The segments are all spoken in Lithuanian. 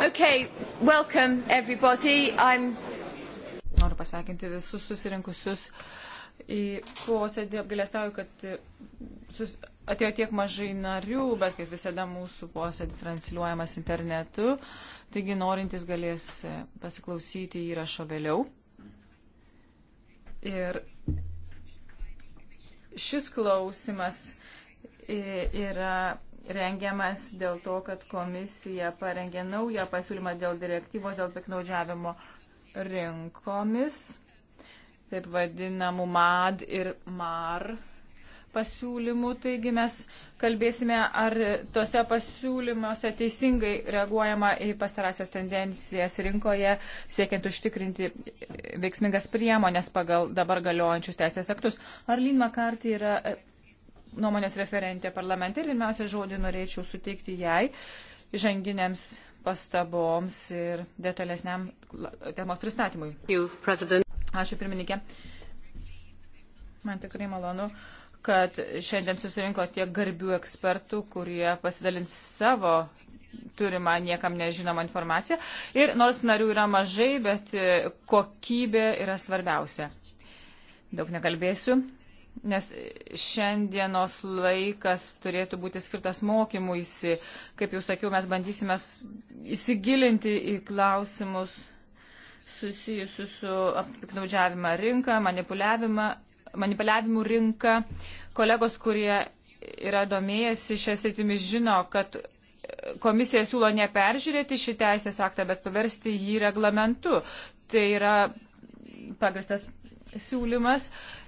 Okay, welcome everybody. I'm... Noriu pasveikinti visus susirinkusius į posėdį. Apgailestauju, kad e, sus... atėjo tiek mažai narių, bet kaip visada mūsų posėdis transliuojamas internetu. Taigi norintys galės e, pasiklausyti įrašo vėliau. Ir šis klausimas e, yra rengiamas dėl to, kad komisija parengė naują pasiūlymą dėl direktyvos dėl piknaudžiavimo rinkomis, taip vadinamų MAD ir MAR pasiūlymų. Taigi mes kalbėsime, ar tose pasiūlymuose teisingai reaguojama į pastarąsias tendencijas rinkoje, siekiant užtikrinti veiksmingas priemonės pagal dabar galiojančius teisės aktus. Ar Lynn McCarthy yra nuomonės referentė parlamente ir pirmiausia žodį norėčiau suteikti jai žanginiams pastaboms ir detalesniam temos pristatymui. Ačiū pirmininkė. Man tikrai malonu, kad šiandien susirinko tiek garbių ekspertų, kurie pasidalins savo turimą niekam nežinomą informaciją. Ir nors narių yra mažai, bet kokybė yra svarbiausia. Daug nekalbėsiu nes šiandienos laikas turėtų būti skirtas mokymuisi. Kaip jau sakiau, mes bandysime įsigilinti į klausimus susijusius su apnaudžiavimą rinką, manipuliavimų rinką. Kolegos, kurie yra domėjęsi šias rytimis, žino, kad komisija siūlo neperžiūrėti šį teisės aktą, bet paversti jį reglamentu. Tai yra pagristas siūlymas. Uh,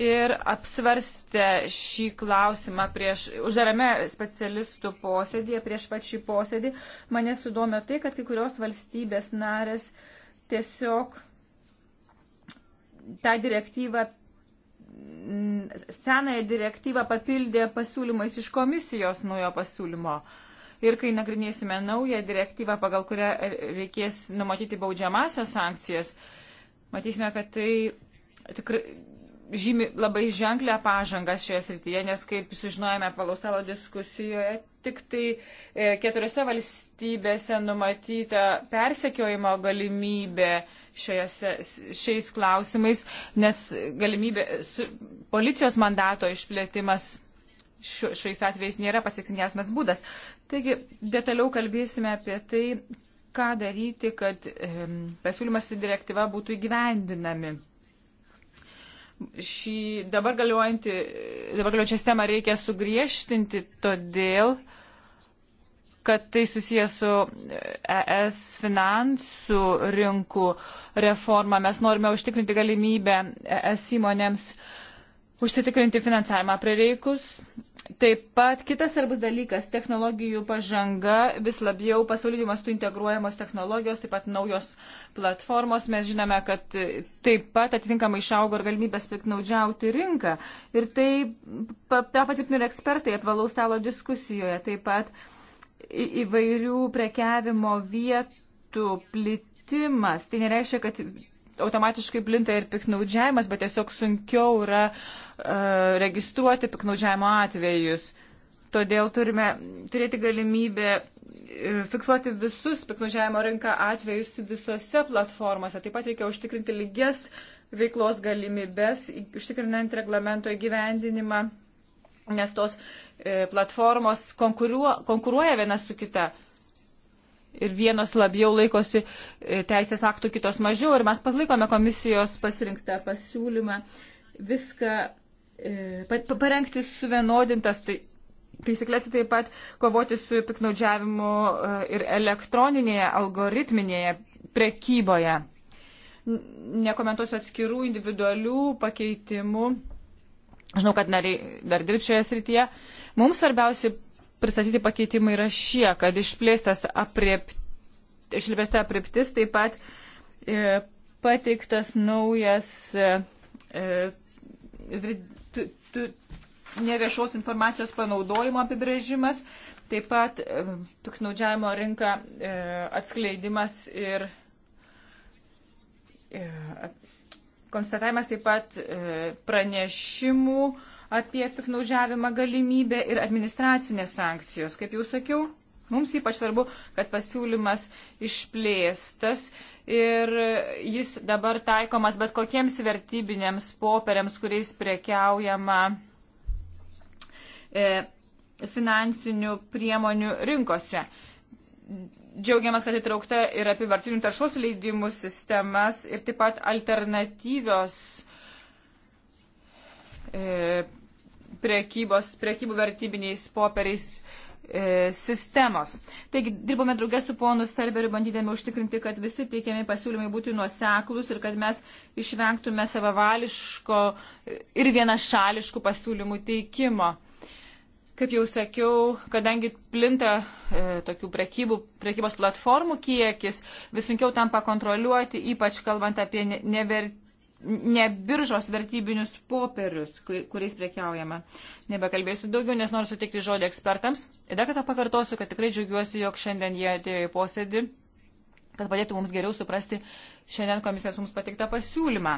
ir apsvarstę šį klausimą prieš uždarame specialistų posėdėje, prieš pat šį posėdį, mane sudomė tai, kad kai kurios valstybės narės tiesiog tą direktyvą, senąją direktyvą papildė pasiūlymais iš komisijos naujo pasiūlymo. Ir kai nagrinėsime naują direktyvą, pagal kurią reikės numatyti baudžiamasias sankcijas, matysime, kad tai tikrai žymi labai ženklę pažangą šioje srityje, nes kaip sužinojame palaustalo diskusijoje, tik tai e, keturiose valstybėse numatyta persekiojimo galimybė šiose, šiais klausimais, nes galimybė su, policijos mandato išplėtimas šiais atvejais nėra pasieksmingiausias būdas. Taigi detaliau kalbėsime apie tai, ką daryti, kad e, pasiūlymas į direktyvą būtų įgyvendinami šį dabar galiuojantį, dabar galiuojančią sistemą reikia sugriežtinti todėl, kad tai susijęs su ES finansų rinkų reforma. Mes norime užtikrinti galimybę ES įmonėms uh, užsitikrinti finansavimą prireikus. Taip pat kitas svarbus dalykas - technologijų pažanga, vis labiau pasauliniu mastu integruojamos technologijos, taip pat naujos platformos. Mes žinome, kad taip pat atitinkamai išaugo ir galimybės piknaudžiauti rinką. Ir tai pa, tą patvirtino ir ekspertai apvalaus stalo diskusijoje. Taip pat įvairių prekiavimo vietų plitimas. Tai nereiškia, kad automatiškai plinta ir piknaudžiavimas, bet tiesiog sunkiau yra e, registruoti piknaudžiavimo atvejus. Todėl turime turėti galimybę e, fiksuoti visus piknaudžiavimo rinką atvejus visose platformose. Taip pat reikia užtikrinti lygias veiklos galimybės, užtikrinant reglamento įgyvendinimą, nes tos e, platformos konkuruoja viena su kita ir vienos labiau laikosi e, teisės aktų, kitos mažiau. Ir mes palaikome komisijos pasirinktą pasiūlymą viską e, parengti suvienodintas. Tai, Taisyklėse taip pat kovoti su piknaudžiavimu e, ir elektroninėje, algoritminėje prekyboje. Nekomentuosiu atskirų individualių pakeitimų. Žinau, kad nariai dar dirb šioje srityje. Mums svarbiausi pristatyti pakeitimai yra šie, kad išplėstas apriept, išplėsta apriptis, taip pat e, pateiktas naujas e, e tu, tu, neviešos informacijos panaudojimo apibrėžimas, taip pat e, piknaudžiavimo rinka e, atskleidimas ir e, konstatavimas taip pat e, pranešimų, e, apie piknaudžiavimą galimybę ir administracinės sankcijos. Kaip jau sakiau, mums ypač svarbu, kad pasiūlymas išplėstas ir jis dabar taikomas bet kokiems vertybinėms popieriams, kuriais prekiaujama e, finansinių priemonių rinkose. Džiaugiamas, kad įtraukta ir apivartinių taršos leidimų sistemas ir taip pat alternatyvios e, prekybos, prekybų vertybiniais popieriais e, sistemos. Taigi dirbome draugė su ponu Ferberiu, bandydami užtikrinti, kad visi teikiami pasiūlymai būtų nuoseklus ir kad mes išvengtume savavališko ir vienašališkų pasiūlymų teikimo kaip jau sakiau, kadangi plinta e, tokių prekybų, prekybos platformų kiekis, vis sunkiau tampa kontroliuoti, ypač kalbant apie never, ne biržos vertybinius popierius, kuriais prekiaujama. Nebekalbėsiu daugiau, nes noriu sutikti žodį ekspertams. Ir dar kartą pakartosiu, kad tikrai džiaugiuosi, jog šiandien jie atėjo į posėdį kad padėtų mums geriau suprasti šiandien komisijos mums patiktą pasiūlymą.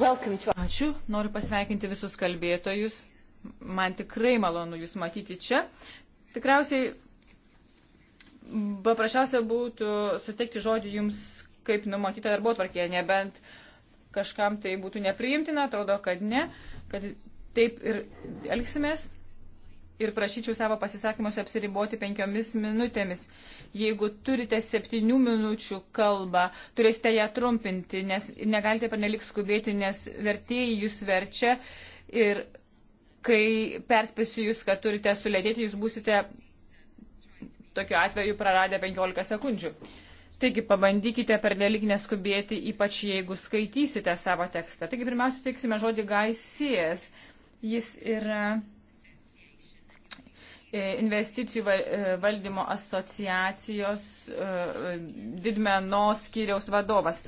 To... Ačiū, noriu pasveikinti visus kalbėtojus. Man tikrai malonu Jūs matyti čia. Tikriausiai paprasčiausia būtų suteikti žodį Jums kaip numatyta darbo tvarkėje, nebent uh, kažkam tai būtų nepriimtina, atrodo, kad ne, kad taip ir elgsimės. Ir prašyčiau savo pasisakymus apsiriboti penkiomis minutėmis. Jeigu turite septynių minučių kalbą, turėsite ją trumpinti, nes negalite pernelik skubėti, nes vertėjai jūs verčia. Ir kai perspėsiu jūs, kad turite sulėtėti, jūs būsite tokiu atveju praradę 15 sekundžių. Uh, Taigi pabandykite per nelik neskubėti, ypač jeigu skaitysite savo tekstą. Taigi pirmiausia, teiksime žodį gaisijas. Jis yra e, investicijų e, valdymo asociacijos e, didmenos skyriaus vadovas.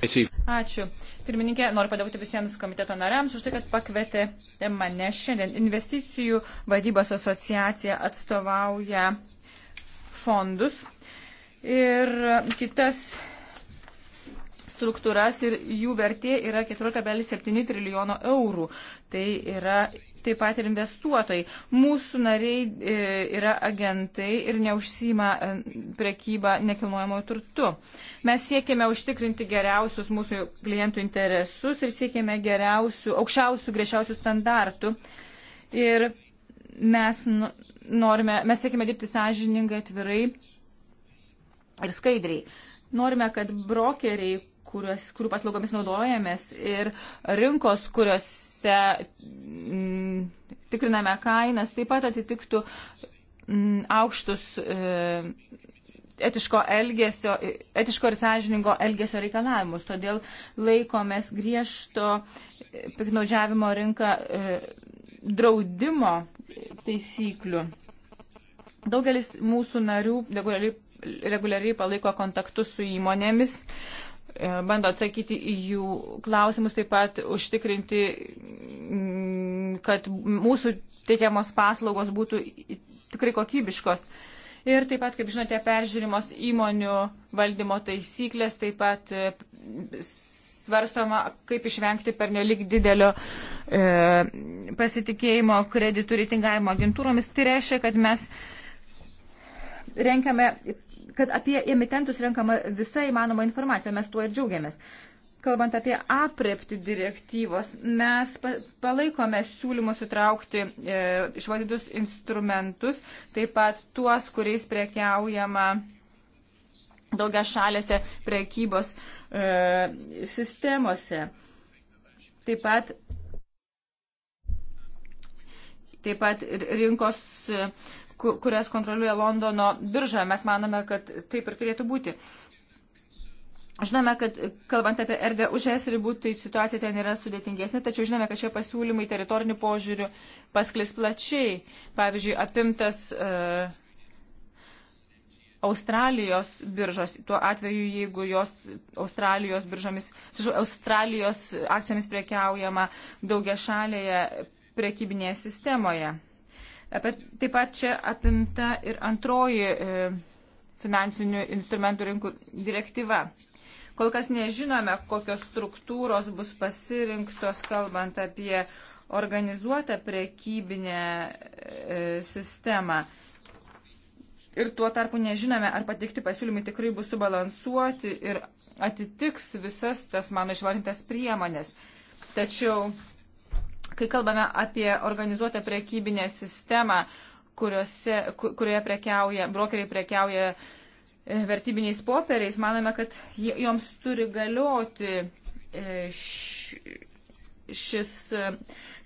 Ačiū. Pirmininkė, noriu padėkoti visiems komiteto nariams už tai, kad pakvietė mane šiandien. Investicijų vadybos asociacija atstovauja fondus ir kitas struktūras ir jų vertė yra 14,7 trilijono eurų. Tai yra taip pat ir investuotojai. Mūsų nariai e, yra agentai ir neužsima e, prekyba nekilnojamojo turtu. Mes siekime užtikrinti geriausius mūsų klientų interesus ir siekime geriausių, aukščiausių, griežčiausių standartų. Ir mes nu, norime, mes siekime dirbti sąžiningai, atvirai ir skaidriai. Norime, kad brokeriai, kurios, kurių paslaugomis naudojamės ir rinkos, kuriuose m, mm, tikriname kainas, taip pat atitiktų m, mm, aukštus m, e, etiško, elgesio, e, etiško ir sąžiningo elgesio reikalavimus. Todėl laikomės griežto e, piknaudžiavimo rinką e, draudimo taisyklių. Daugelis mūsų narių reguliariai reguliariai palaiko kontaktus su įmonėmis, e, bando atsakyti į jų klausimus, taip pat užtikrinti, mm, kad mūsų teikiamos paslaugos būtų tikrai kokybiškos. Ir taip pat, kaip žinote, peržiūrimos įmonių valdymo taisyklės, taip pat e, svarstoma, kaip išvengti pernelik didelio e, pasitikėjimo kreditų reitingavimo agentūromis. Tai reiškia, kad mes renkiame kad apie emitentus renkama visa įmanoma informacija, mes tuo ir džiaugiamės. Kalbant apie aprepti direktyvos, mes palaikome siūlymus sutraukti e, išvadytus instrumentus, taip pat tuos, kuriais prekiaujama daugia šalėse prekybos e, sistemose. Taip pat taip pat rinkos kurias kontroliuoja Londono birža. Mes manome, kad taip ir turėtų būti. Žinome, kad kalbant apie erdvę už es ribų, tai situacija ten yra sudėtingesnė, tačiau žinome, kad šie pasiūlymai teritorinių požiūrių pasklis plačiai. Pavyzdžiui, apimtas uh, Australijos biržos, tuo atveju, jeigu jos Australijos biržomis, sažu, Australijos akcijomis prekiaujama daugia šalėje prekybinėje sistemoje. Apie, taip pat čia apimta ir antroji e, finansinių instrumentų rinkų direktyva. Kol kas nežinome, kokios struktūros bus pasirinktos, kalbant apie organizuotą prekybinę e, sistemą. Ir tuo tarpu nežinome, ar patikti pasiūlymai tikrai bus subalansuoti ir atitiks visas tas mano išvardintas priemonės. Tačiau Kai kalbame apie organizuotą prekybinę sistemą, kuriuose, kurioje prekiauja, brokeriai prekiauja e, vertybiniais popieriais, manome, kad joms turi galioti e, šis e,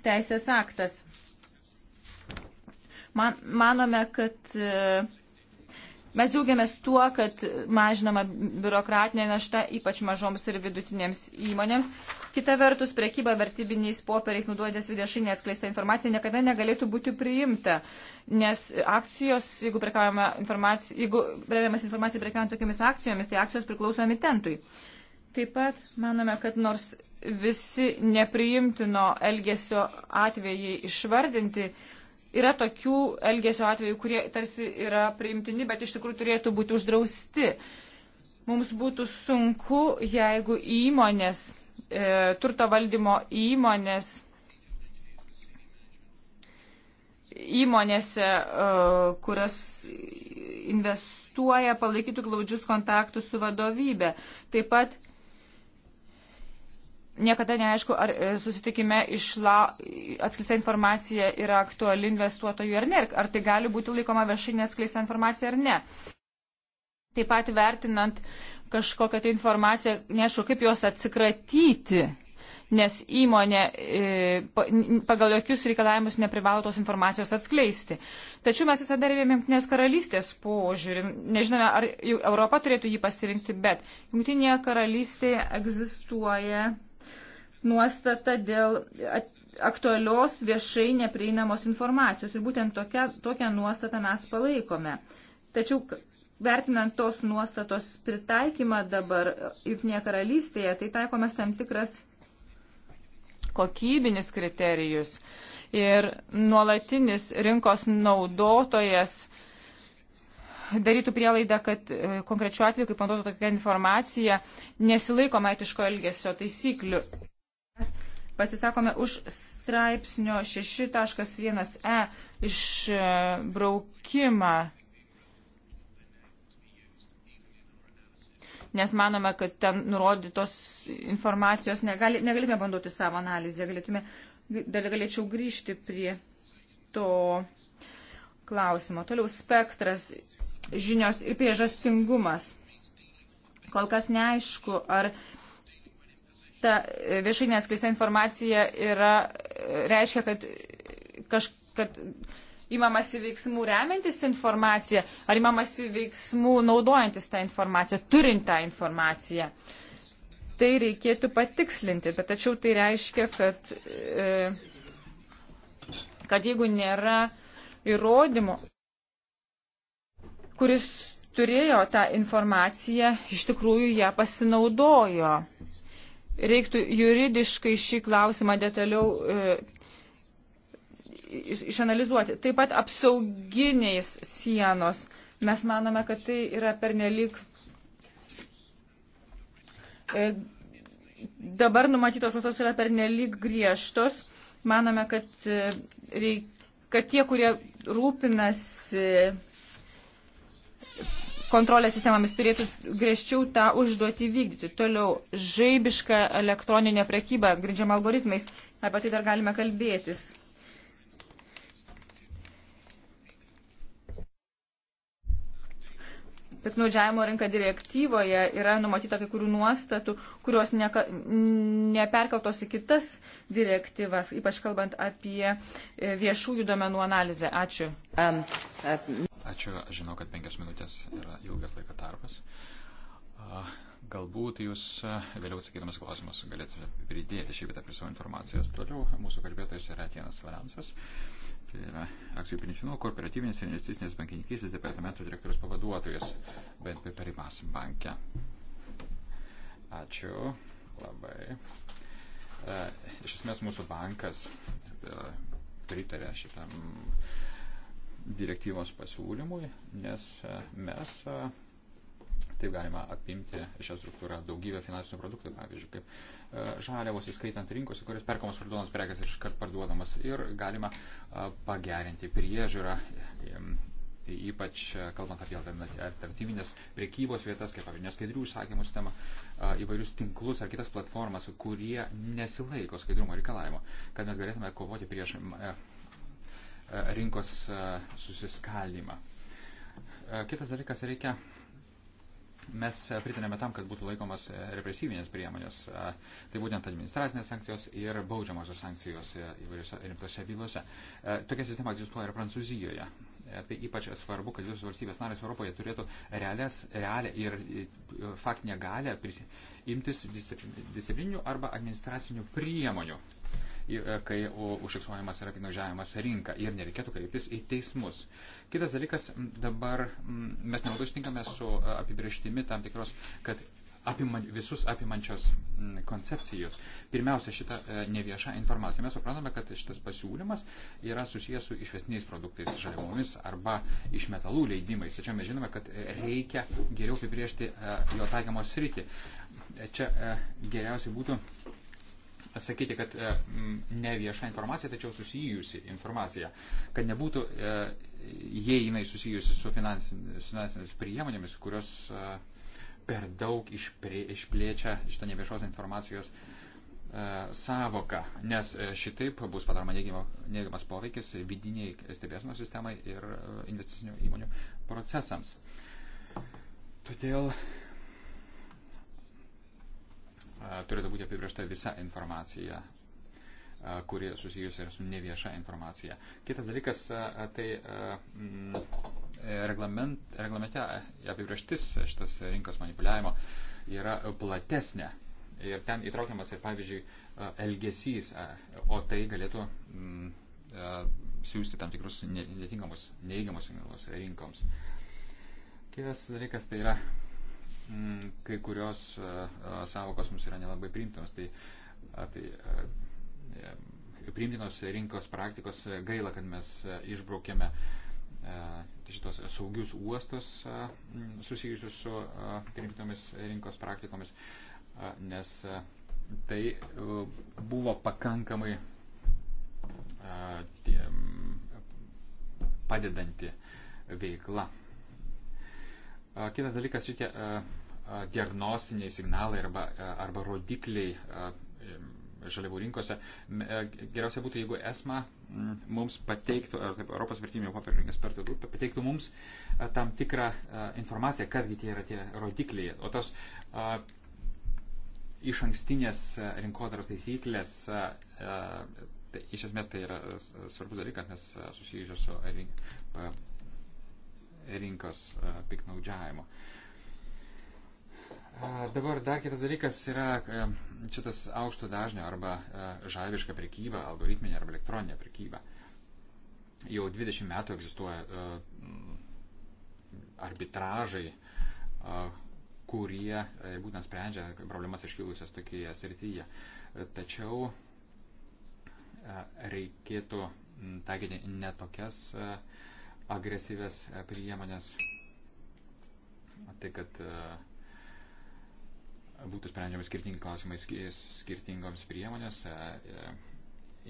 teisės aktas. Man, manome, kad Mes džiaugiamės tuo, kad mažinama biurokratinė našta ypač mažoms ir vidutinėms įmonėms. Kita vertus, prekyba vertybiniais popieriais naudojantys viešai neatskleista informacija niekada negalėtų būti priimta, nes akcijos, jeigu remiamas informacija prekiaujant tokiamis akcijomis, tai akcijos priklauso emitentui. Taip pat manome, kad nors visi nepriimtino elgesio atvejai išvardinti, yra tokių elgesio atvejų, kurie tarsi yra priimtini, bet iš tikrųjų turėtų būti uždrausti. Mums būtų sunku, jeigu įmonės, e, turto valdymo įmonės, įmonėse, e, kurios investuoja, palaikytų glaudžius kontaktus su vadovybė. Taip pat niekada neaišku, ar e, susitikime išla, atskleista informacija yra aktuali investuotojų ar ne, ar tai gali būti laikoma viešai neatskleista informacija ar ne. Taip pat vertinant kažkokią tai informaciją, neaišku, kaip jos atsikratyti, nes įmonė e, pagal jokius reikalavimus neprivalo tos informacijos atskleisti. Tačiau mes visada rėmėm Junktinės karalystės požiūrį. Nežinome, ar Europa turėtų jį pasirinkti, bet Junktinėje karalystėje egzistuoja nuostata dėl aktualios viešai neprieinamos informacijos. Ir būtent tokia, tokią nuostatą mes palaikome. Tačiau vertinant tos nuostatos pritaikymą dabar Junktinėje karalystėje, tai taikomas tam tikras kokybinis kriterijus. Ir nuolatinis rinkos naudotojas darytų prielaidą, kad e, konkrečiu atveju, kaip panaudotų tokią informaciją, nesilaikoma etiško elgesio taisyklių pasisakome už straipsnio 6.1e išbraukimą, nes manome, kad ten nurodytos informacijos negali, negalime bandoti savo analizę, galėtume, dar galėčiau grįžti prie to klausimo. Toliau spektras, žinios ir priežastingumas. Kol kas neaišku, ar ta viešai neatskleista informacija yra, reiškia, kad, kaž, kad įmamasi veiksmų remiantis informaciją ar įmamasi veiksmų naudojantis tą informaciją, turint tą informaciją. Tai reikėtų patikslinti, bet tačiau tai reiškia, kad, e, kad jeigu nėra įrodymo, kuris turėjo tą informaciją, iš tikrųjų ją pasinaudojo reiktų juridiškai šį klausimą detaliau e, išanalizuoti. Taip pat apsauginiais sienos. Mes manome, kad tai yra pernelyg e, dabar numatytos visos yra pernelyg griežtos. Manome, kad, e, reik, kad tie, kurie rūpinasi kontrolės sistemomis turėtų griežčiau tą užduotį vykdyti. Toliau žaibiška elektroninė prekyba, grindžiama algoritmais, apie tai dar galime kalbėtis. piknaudžiavimo rinka direktyvoje yra numatyta kai kurių nuostatų, kurios ne, neperkeltos į kitas direktyvas, ypač kalbant apie viešųjų domenų analizę. Ačiū. Um, um. Ačiū, aš žinau, kad penkias minutės yra ilgas laiko tarpas. Galbūt jūs vėliau atsakydamas klausimus galėtumėte pridėti šį vietą prie savo informacijos. Toliau mūsų kalbėtojas yra Tienas Valensas, tai yra akcijų pinigų kooperatyvinės ir investicinės bankininkystės departamento direktorius pavaduotojas BNP Parimas banke. Ačiū labai. Iš esmės mūsų bankas pritarė šitam direktyvos pasiūlymui, nes e, mes e, taip galima apimti šią struktūrą daugybę finansinių produktų, pavyzdžiui, kaip e, žaliavos, įskaitant rinkose, kurios perkamos parduodamas prekes ir iškart parduodamas. Ir galima pagerinti priežiūrą, tai ypač kalbant apie alternatyvinės priekybos vietas, kaip pavyzdžiui, neskaidrių užsakymų sistemą, įvairius tinklus ar kitas platformas, kurie nesilaiko skaidrumo reikalavimo, kad mes galėtume kovoti prieš E, rinkos e, susiskaldimą. E, kitas dalykas reikia. Mes pritarėme tam, kad būtų laikomas represyvinės priemonės, tai būtent administracinės sankcijos ir baudžiamosios sankcijos įvairiose rimtose bylose. Tokia sistema egzistuoja ir Prancūzijoje. Tai ypač svarbu, kad visos valstybės narės Europoje turėtų realias, realią ir faktinę galę imtis disciplininių arba administracinių priemonių E, kai užfiksuojamas yra piknaudžiavimas rinka ir nereikėtų kreiptis į teismus. Kitas dalykas, dabar mes nelabai sutinkame su e, apibrieštimi tam tikros, kad apiman, visus apimančios koncepcijos. Pirmiausia, šita e, nevieša informacija. Mes suprantame, kad šitas pasiūlymas yra susijęs su išvesniais produktais žaliavomis arba iš metalų leidimais. Tačiau mes žinome, kad reikia geriau apibriežti jo taikymos sritį. Čia geriausiai būtų sakyti, kad e, ne vieša informacija, tačiau susijusi informacija, kad nebūtų, e, jei jinai susijusi su finansinėmis priemonėmis, kurios e, per daug išplėčia šitą neviešos informacijos savoką, nes šitaip bus padaroma neigiamas poveikis vidiniai stebėsino sistemai ir investicinių įmonių procesams. Todėl turėtų būti apibriešta visa informacija kuri susijusi ir su nevieša informacija. Kitas dalykas, tai e, reglament, reglamente apibrieštis šitas rinkos manipuliavimo yra platesnė. Ir ten įtraukiamas ir, pavyzdžiui, elgesys, o tai galėtų siūsti tam tikrus netinkamus, neįgiamus signalus rinkoms. Kitas dalykas tai yra Mm, kai kurios e, e, savokos mums yra nelabai priimtinos. Tai, tai e, priimtinos rinkos praktikos gaila, kad mes išbraukėme šitos saugius uostus susijusius su priimtinomis rinkos praktikomis, nes tai buvo pakankamai padedanti veikla. Kitas dalykas, šitie diagnostiniai signalai arba, arba rodikliai žaliavų rinkose. Geriausia būtų, jeigu ESMA mums pateiktų, ar taip, Europos vertybinio popierų ekspertų grupė pateiktų mums tam tikrą informaciją, kasgi tie yra tie rodikliai. O tos a, iš ankstinės rinkodaros taisyklės, a, a, tai, iš esmės tai yra svarbus dalykas, nes susijusios su rinkos e, piknaudžiavimo. E, dabar dar kitas dalykas yra e, šitas aukšto dažnio arba žaiviška prekyba, algoritminė arba elektroninė prekyba. Jau 20 metų egzistuoja arbitražai, kurie būtent sprendžia problemas iškilusias tokioje srityje. Tačiau reikėtų taikyti ne tokias uh, agresyves e, priemonės. Tai kad e, būtų sprendžiami skirtingi klausimai skirtingoms priemonės. E,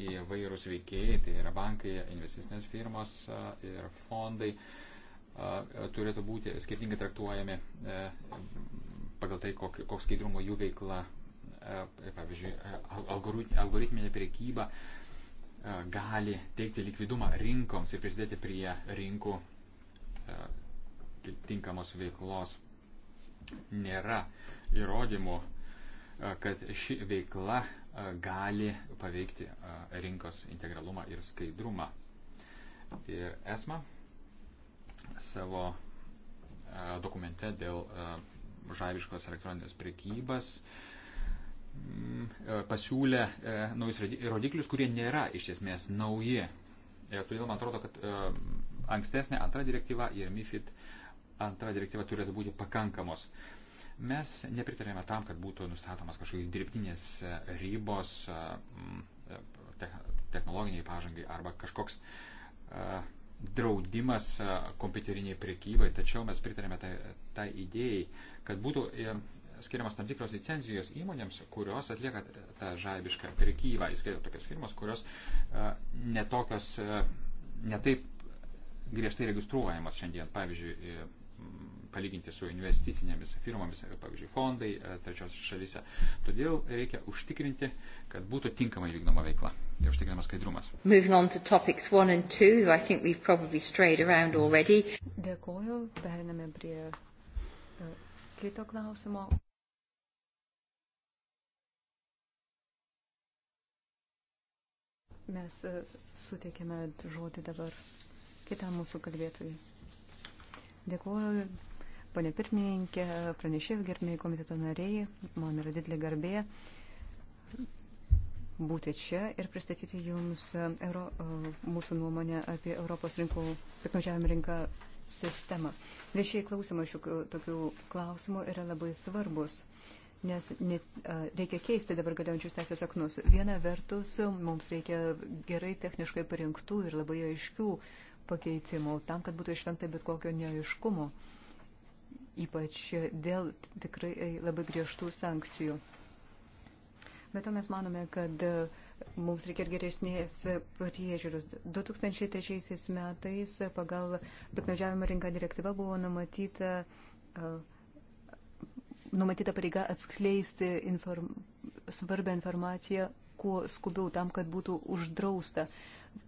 įvairūs veikėjai, tai yra bankai, investicinės firmos ir fondai turėtų būti skirtingai traktuojami pagal tai, koks skaidrumo jų veikla, pavyzdžiui, algoritminė priekyba E, gali teikti likvidumą rinkoms ir prisidėti prie rinkų e, tinkamos veiklos. Nėra įrodymų, e, kad ši veikla gali paveikti rinkos integralumą ir skaidrumą. Ir ESMA savo dokumente dėl žaiviškos elektroninės prekybas uh, Mm, e, pasiūlė e, naujus rodiklius, kurie nėra iš esmės nauji. Ir e, todėl man atrodo, kad ankstesnė antra direktyva ir MIFID antra direktyva turėtų būti pakankamos. Mes nepritarėme tam, kad būtų nustatomas kažkokios dirbtinės rybos technologiniai pažangai arba kažkoks draudimas kompiuteriniai priekybai, tačiau mes pritarėme tai, tai idėjai, kad būtų skiriamas tam tikros licenzijos įmonėms, kurios atlieka tą žaibišką prekybą, įskaitant tokias firmas, kurios e, netokios, e, netaip griežtai registruojamas šiandien, pavyzdžiui, e, palyginti su investicinėmis firmomis, pavyzdžiui, fondai trečios šalyse. Todėl reikia užtikrinti, kad būtų tinkamai vykdoma veikla ir užtikrinamas skaidrumas. Two, Dėkuoju, periname prie kito klausimo. Mes e, suteikėme žodį dabar kitam mūsų kalbėtojui. Dėkuoju, ponė pirmininkė, pranešėjų gerbėjai komiteto nariai. Man yra didelė garbė būti čia ir pristatyti jums e, Euro, e, mūsų nuomonę apie Europos rinkų piknaudžiavimo rinką sistemą. Viešiai klausimai šių tokių klausimų yra labai svarbus nes net, reikia keisti dabar galiojančius teisės aknus. Viena vertus, mums reikia gerai techniškai parinktų ir labai aiškių pakeitimų, tam, kad būtų išvengta bet kokio neaiškumo, ypač dėl tikrai labai griežtų sankcijų. Bet to mes manome, kad mums reikia ir geresnės priežiūros. 2003 metais pagal piknaudžiavimo rinką direktyva buvo numatyta uh, numatyta pareiga atskleisti inform, svarbią informaciją kuo skubiau tam, kad būtų uždrausta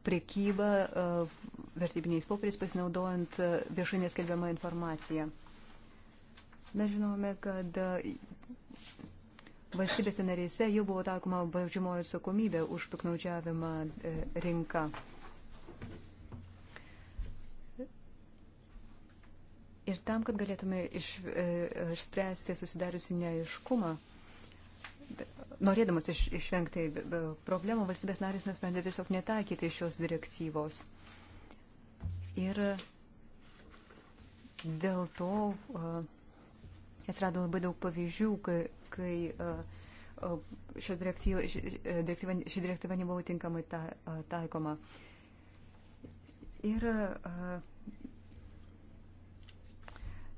priekyba uh, vertybiniais popieriais pasinaudojant uh, viešai neskelbiamą informaciją. Mes žinome, kad uh, valstybėse narėse jau buvo taikoma baudžiamoji atsakomybė už piknaudžiavimą e, rinką. Ir tam, kad galėtume iš, e, išspręsti susidariusi neaiškumą, norėdamas iš, išvengti e, problemų, valstybės narės nusprendė tiesiog netaikyti šios direktyvos. Ir dėl to e, atsirado labai daug pavyzdžių, kai, kai šios direktyva, ši, direktyva, ši direktyva nebuvo tinkamai ta, taikoma. Ir uh,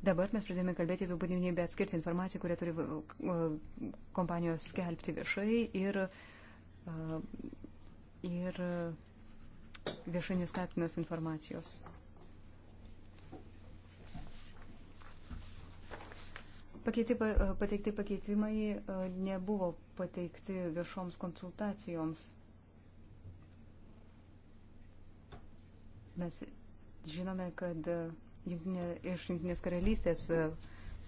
Dabar mes pradėjome kalbėti apie būtinybę atskirti informaciją, kurią turi kompanijos skelbti viešai ir, ir viešai neskelbtinos informacijos. Pakeiti, pateikti pakeitimai nebuvo pateikti viešoms konsultacijoms. Mes žinome, kad iš Junktinės karalystės e,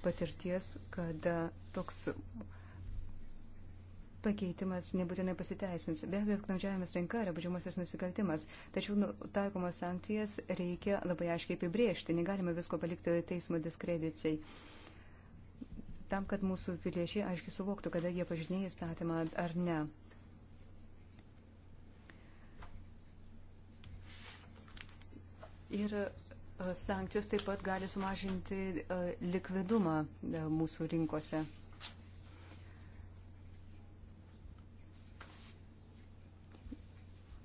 patirties, kad e, toks pakeitimas nebūtinai pasiteisins. Be abejo, piknaudžiavimas rinka yra baudžiamasis nusikaltimas, tačiau nu, taikomas sankcijas reikia labai aiškiai apibriežti, negalime visko palikti teismo diskredicijai. Tam, kad mūsų piliečiai aiškiai suvoktų, kada jie pažinėja įstatymą ar ne. Ir Sankcijos taip pat gali sumažinti e, likvidumą e, mūsų rinkose.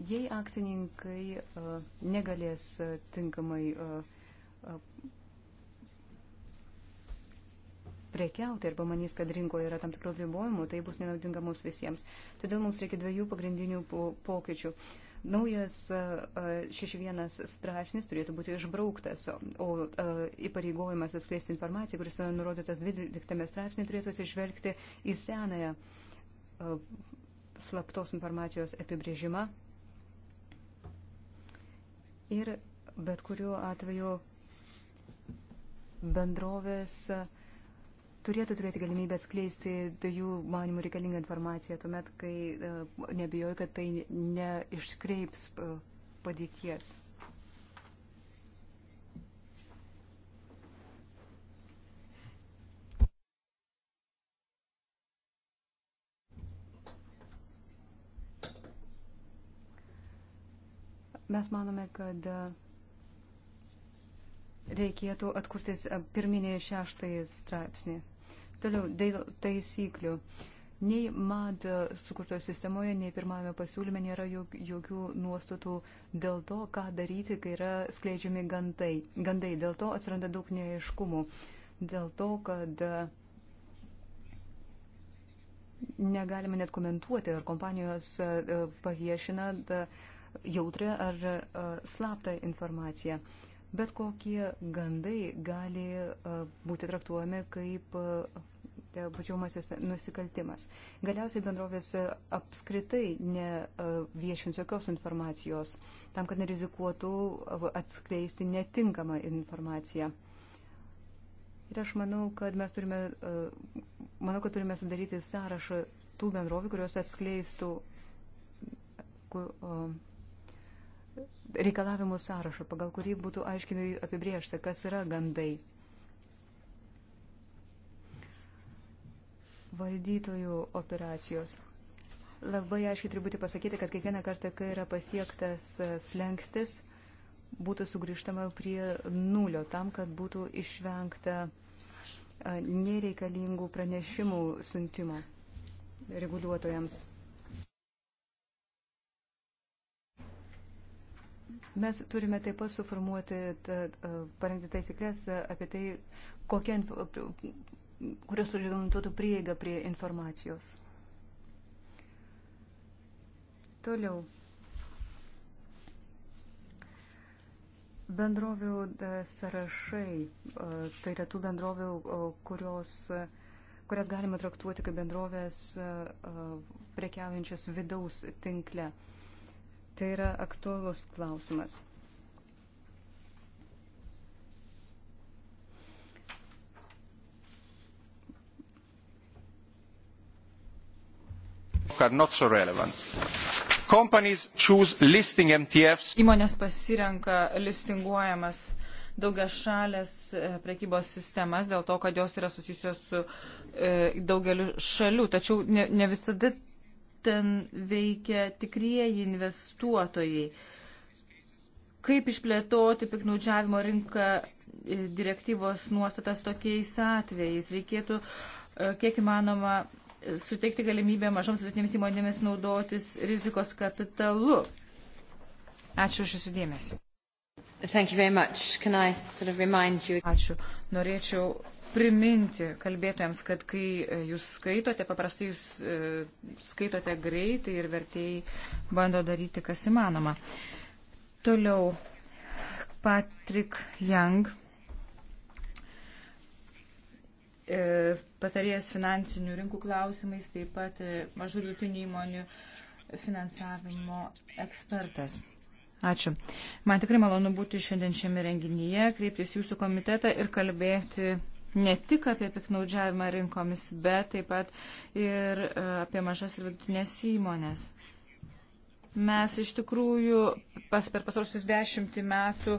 Jei akcininkai e, negalės tinkamai prekiauti arba manys, kad rinkoje yra tam tikrų ribojimų, tai bus nenaudinga mums visiems. Todėl mums reikia dviejų pagrindinių pokyčių. Po Naujas 61 straipsnis turėtų būti išbrauktas, o įpareigojimas atskleisti informaciją, kuris nurodytas 12 straipsnį, turėtų atsižvelgti į senąją slaptos informacijos apibrėžimą. Ir bet kuriuo atveju bendrovės uh, turėtų turėti galimybę atskleisti tai jų manimų reikalingą informaciją, tuomet, kai e, nebijoju, kad tai neiškreips e, padėties. Mes manome, kad e, reikėtų atkurti pirminį šeštąjį straipsnį. Toliau, dėl taisyklių. Nei MAD sukurtoje sistemoje, nei pirmame pasiūlyme nėra jokių nuostatų dėl to, ką daryti, kai yra skleidžiami gandai. gandai. Dėl to atsiranda daug neaiškumų. Dėl to, kad negalime net komentuoti, ar kompanijos e, e, paviešina jautrę ar e, slaptą informaciją. Bet kokie gandai gali būti traktuojami kaip E, baudžiamasis nusikaltimas. Galiausiai bendrovės e, apskritai neviešins e, jokios informacijos, tam, kad nerizikuotų atskleisti netinkamą informaciją. Ir aš manau, kad mes turime, manau, kad turime sudaryti sąrašą tų bendrovių, kurios atskleistų reikalavimų sąrašą, pagal kurį būtų aiškiai apibriešta, kas yra gandai. valdytojų operacijos. Labai aiškiai turi būti pasakyti, kad kiekvieną kartą, kai yra pasiektas e, slengstis, būtų sugrįžtama prie nulio tam, kad būtų išvengta e, nereikalingų pranešimų siuntimo reguliuotojams. Mes turime taip pat suformuoti, e, parengti taisyklės apie tai, kokia kurios reglamentuotų prieigą prie informacijos. Toliau. Bendrovių sąrašai, tai yra tų bendrovių, kurios, kurias galima traktuoti kaip bendrovės prekiaujančias vidaus tinkle. Tai yra aktuolus klausimas. are not so relevant. Companies choose listing MTFs. Įmonės pasirenka listinguojamas daugia šalės e, prekybos sistemas dėl to, kad jos yra susijusios su e, daugeliu šalių, tačiau ne, ne visada ten veikia tikrieji investuotojai. Kaip išplėtoti piknaudžiavimo rinką e, direktyvos nuostatas tokiais atvejais? Reikėtų e, kiek įmanoma suteikti galimybę mažoms vidutinėms įmonėmis naudotis rizikos kapitalu. Ačiū už Jūsų dėmesį. Sort of Ačiū. Norėčiau priminti kalbėtojams, kad kai e, jūs skaitote, paprastai jūs e, skaitote greitai ir vertėjai bando daryti, kas įmanoma. Toliau Patrick Young E, patarėjas finansinių rinkų klausimais, taip pat e, mažų liutinių įmonių finansavimo ekspertas. Ačiū. Man tikrai malonu būti šiandien šiame renginyje, kreiptis jūsų komitetą ir kalbėti ne tik apie piknaudžiavimą rinkomis, bet taip pat ir e, apie mažas ir vidutinės įmonės. Mes iš tikrųjų pas, per pasarosius dešimtį metų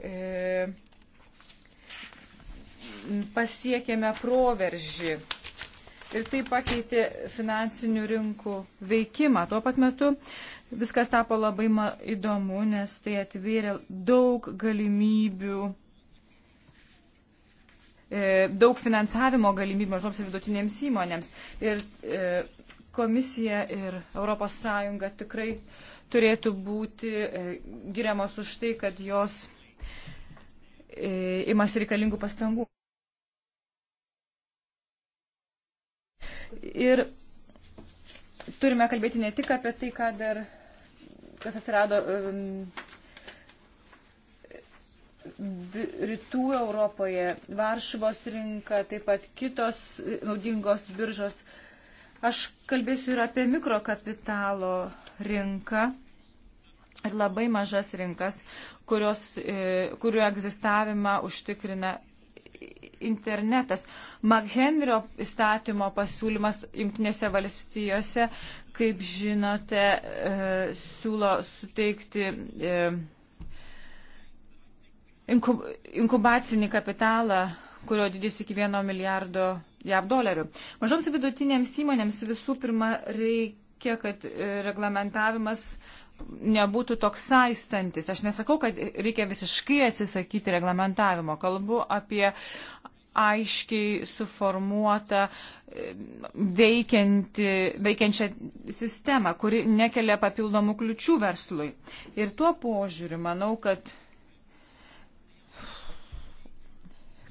e, pasiekėme proveržį. Ir tai pakeitė finansinių rinkų veikimą. Tuo pat metu viskas tapo labai įdomu, nes tai atvėrė daug galimybių, e, daug finansavimo galimybių mažoms ir vidutinėms įmonėms. Ir e, komisija ir ES tikrai turėtų būti e, giriamos už tai, kad jos E, imasi reikalingų pastangų. Ir turime kalbėti ne tik apie tai, ką dar, kas atsirado um, rytų Europoje, Varšuvos rinka, taip pat kitos naudingos biržos. Aš kalbėsiu ir apie mikrokapitalo rinką ir labai mažas rinkas, kurios, e, kurių egzistavimą užtikrina internetas. Maghenrio įstatymo pasiūlymas Junktinėse valstijose, kaip žinote, e, siūlo suteikti e, inkubacinį kapitalą, kurio didys iki vieno milijardo jav dolerių. Mažoms vidutinėms įmonėms visų pirma reikia, kad reglamentavimas uh, nebūtų toks saistantis. Aš nesakau, kad reikia visiškai atsisakyti reglamentavimo. Kalbu apie aiškiai suformuotą veikianti, veikiančią sistemą, kuri nekelia papildomų kliučių verslui. Ir tuo požiūriu manau, kad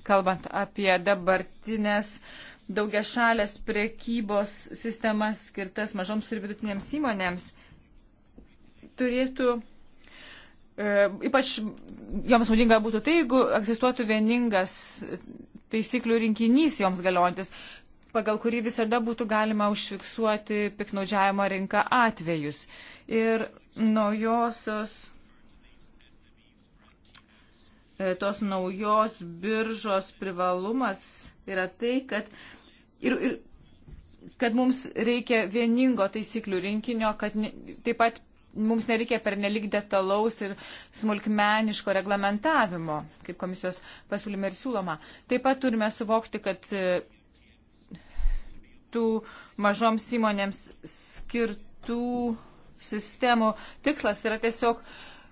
kalbant apie dabartinės daugia šalės prekybos sistemas skirtas mažoms ir vidutinėms įmonėms, turėtų e, ypač joms naudinga būtų tai, jeigu egzistuotų vieningas taisyklių rinkinys joms galiojantis, pagal kurį visada būtų galima užfiksuoti piknaudžiavimo rinką atvejus. Ir naujosios, e, tos naujos biržos privalumas yra tai, kad ir, ir kad mums reikia vieningo taisyklių rinkinio, kad ne, taip pat mums nereikia pernelik detalaus ir smulkmeniško reglamentavimo, kaip komisijos pasiūlyme ir siūloma. Taip pat turime suvokti, kad e, tų mažoms įmonėms skirtų sistemų tikslas yra tiesiog e,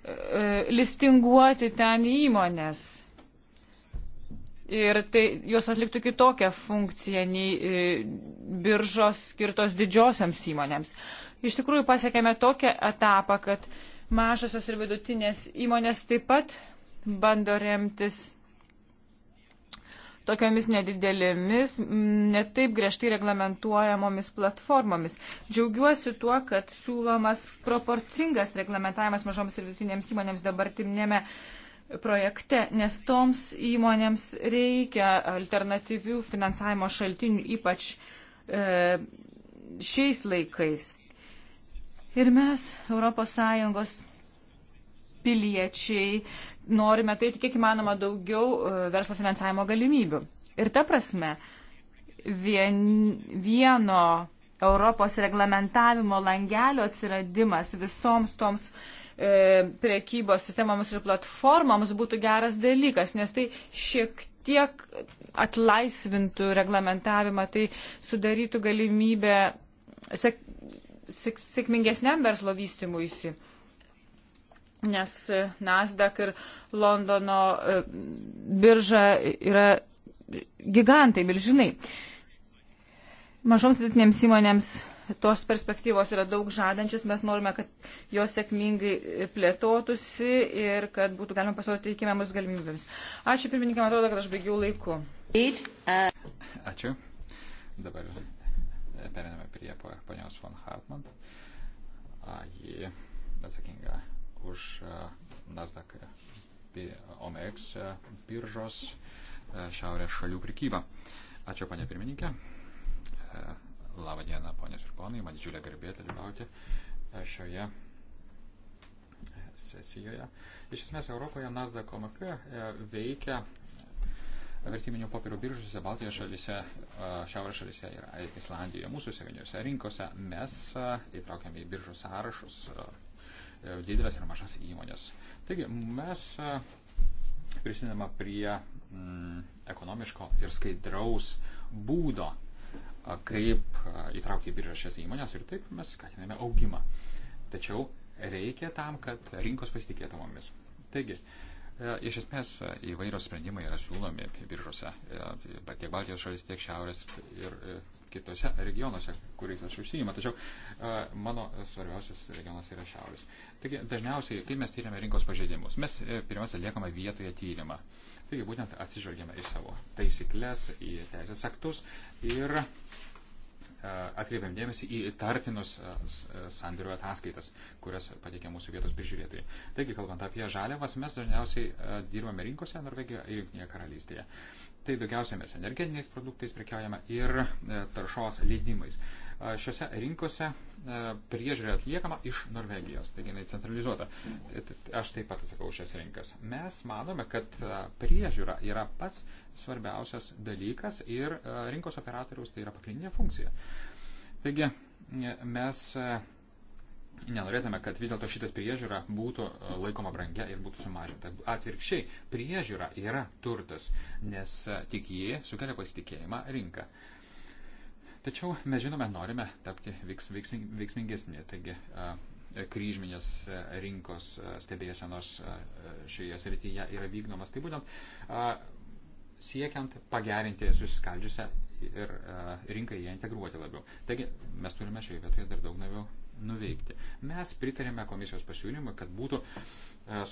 e, listinguoti ten įmonės ir tai jos atliktų kitokią funkciją nei e, biržos skirtos didžiosiams įmonėms. Iš tikrųjų pasiekėme tokią etapą, kad mažosios ir vidutinės įmonės taip pat bando remtis tokiamis nedidelėmis, netaip griežtai reglamentuojamomis platformomis. Džiaugiuosi tuo, kad siūlomas proporcingas reglamentavimas mažoms ir vidutinėms įmonėms dabartinėme projekte, nes toms įmonėms reikia alternatyvių finansavimo šaltinių, ypač e, šiais laikais. Ir mes, ES piliečiai, norime turėti kiek įmanoma daugiau e, verslo finansavimo galimybių. Ir ta prasme, vien, vieno Europos reglamentavimo langelio atsiradimas visoms toms uh, E, priekybos sistemoms ir platformoms būtų geras dalykas, nes tai šiek tiek atlaisvintų reglamentavimą, tai sudarytų galimybę sėk, sėk, sėkmingesniam verslo vystimuisi. Nes e, Nasdaq ir Londono e, birža yra gigantai, milžinai. Mažoms vidutinėms įmonėms tos perspektyvos yra daug žadančios, mes norime, kad jos sėkmingai plėtotųsi ir kad būtų galima pasinaudoti įkimiamus galimybėms. Ačiū pirmininkė, man atrodo, kad aš baigiau laiku. Ačiū. Dabar e, periname prie ponios von Hartmann. Ji atsakinga už e, Nasdaq OMX e, biržos šiaurės šalių prikybą. Ačiū, panė pirmininkė Labą dieną, ponės ir ponai, man didžiulė garbė dalyvauti e, šioje e, sesijoje. Iš esmės Europoje Nasdaq OMK e, veikia vertybinių popierių biržose, Baltijos šalyse, Šiaurės šalyse ir Islandijoje. Mūsų sėviniuose rinkose mes įtraukiame į biržų sąrašus didelės ir mažas įmonės. Taigi mes prisidedame prie mm, ekonomiško ir skaidraus būdo kaip įtraukti į biržą šias įmonės ir taip mes skatiname augimą. Tačiau reikia tam, kad rinkos pasitikėtų mumis. Taigi, e, Iš esmės e, įvairios sprendimai yra siūlomi biržose, e, tiek Baltijos šalis, tiek Šiaurės ir kitose regionuose, kuriais aš užsijimą. Tačiau mano svarbiausias regionas yra Šiaurės. Taigi dažniausiai, kai mes tyriame rinkos pažeidimus, mes pirmiausia liekame vietoje tyrimą. Taigi būtent atsižvelgėme į savo taisyklės, į teisės aktus ir e, atkreipiam dėmesį į tartinus e, e, sandėrių ataskaitas, kurias pateikia mūsų vietos prižiūrėtojai. Taigi, kalbant apie žaliavas, mes dažniausiai dirbame rinkose Norvegijoje ir Junktinėje karalystėje. Tai daugiausia mes energetiniais produktais prekiaujame ir e, taršos leidimais. E, Šiuose rinkose e, priežiūrė atliekama iš Norvegijos, taigi jinai centralizuota. Aš taip pat atsakau šias rinkas. Mes manome, kad priežiūra yra pats svarbiausias dalykas ir rinkos operatoriaus tai yra pagrindinė funkcija. Taigi mes nenorėtume, kad vis dėlto šitas priežiūra būtų e, laikoma brangia ir būtų sumažinta. Atvirkščiai, priežiūra yra turtas, nes e, tik jie sukelia pasitikėjimą rinką. Tačiau mes žinome, norime tapti veiks, veiksming, veiksmingesni, taigi e, kryžminės rinkos stebėsenos šioje srityje yra vykdomas. Tai būtent siekiant pagerinti susiskaldžiusią ir rinką ją integruoti labiau. Taigi mes turime šioje vietoje dar daug labiau nuveikti. Mes pritarėme komisijos pasiūlymui, kad būtų e,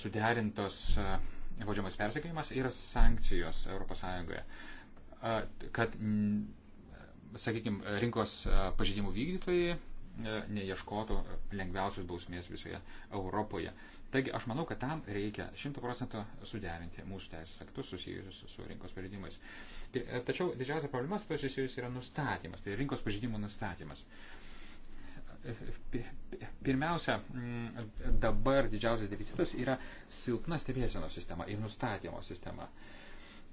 suderintos e, baudžiamas persekėjimas ir sankcijos ES, e, kad, sakykime, rinkos pažydimų vykdytojai neieškotų lengviausios bausmės visoje Europoje. Taigi aš manau, kad tam reikia 100 procentų suderinti mūsų teisės aktus susijusius su rinkos pažydimais. Tačiau didžiausia problema su to susijus yra nustatymas, tai rinkos pažydimų nustatymas. Uh, pirmiausia, mm, dabar didžiausias deficitas yra silpna stebėsienos sistema ir nustatymo sistema.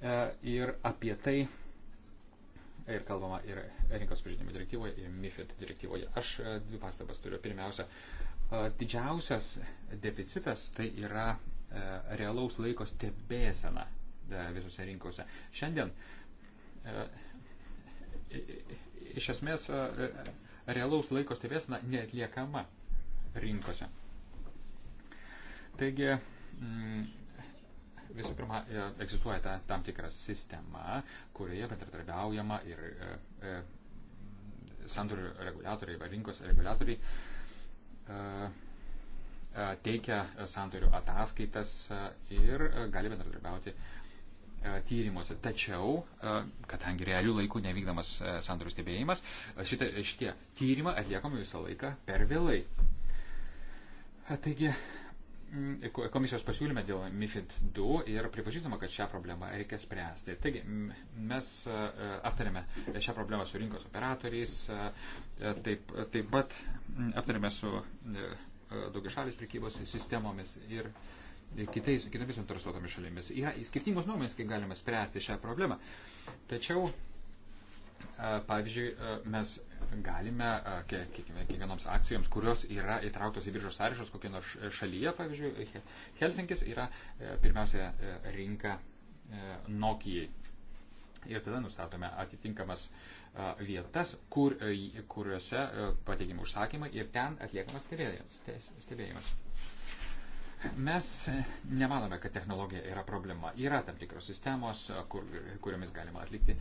E, ir apie tai ir kalbama ir rinkos pažydimo direktyvoje, ir MIFID direktyvoje. Aš e, dvi pastabas turiu. Pirmiausia, e, didžiausias deficitas tai yra realaus laiko stebėsena visose rinkose. Šiandien iš esmės realaus laiko stebėsena neatliekama rinkose. Taigi, mm, visų pirma, e, egzistuoja ta, tam tikra sistema, kurioje bendradarbiaujama ir e, e, sandorių reguliatoriai, va, rinkos reguliatoriai e, e teikia sandorių ataskaitas e, ir gali bendradarbiauti E, tyrimuose. Tačiau, e, kadangi realių laikų nevykdamas e, sandorių stebėjimas, šitą, šitie tyrimą atliekami visą laiką per vėlai. Taigi, mm, komisijos pasiūlyme dėl MIFID 2 ir pripažįstama, kad šią problemą reikia spręsti. Taigi, mes aptarėme šią problemą su rinkos operatoriais, taip, taip pat aptarėme su daugiašalės prekybos sistemomis ir uh, kitais, kitomis interesuotomis šalimis. Yra skirtingos nuomonės, kaip galima spręsti šią problemą. Tačiau, pavyzdžiui, mes galime kiekvienoms akcijoms, kurios yra įtrauktos į biržos sąrašus kokie nors šalyje, pavyzdžiui, Helsinkis yra e, pirmiausia e, rinka e, Nokijai. Ir tada nustatome atitinkamas vietas, kur, kuriuose pateikiami užsakymai ir ten atliekamas stebėjimas. stebėjimas. Mes e, nemanome, kad technologija yra problema. Yra tam tikros sistemos, kur, kuriomis galima atlikti e,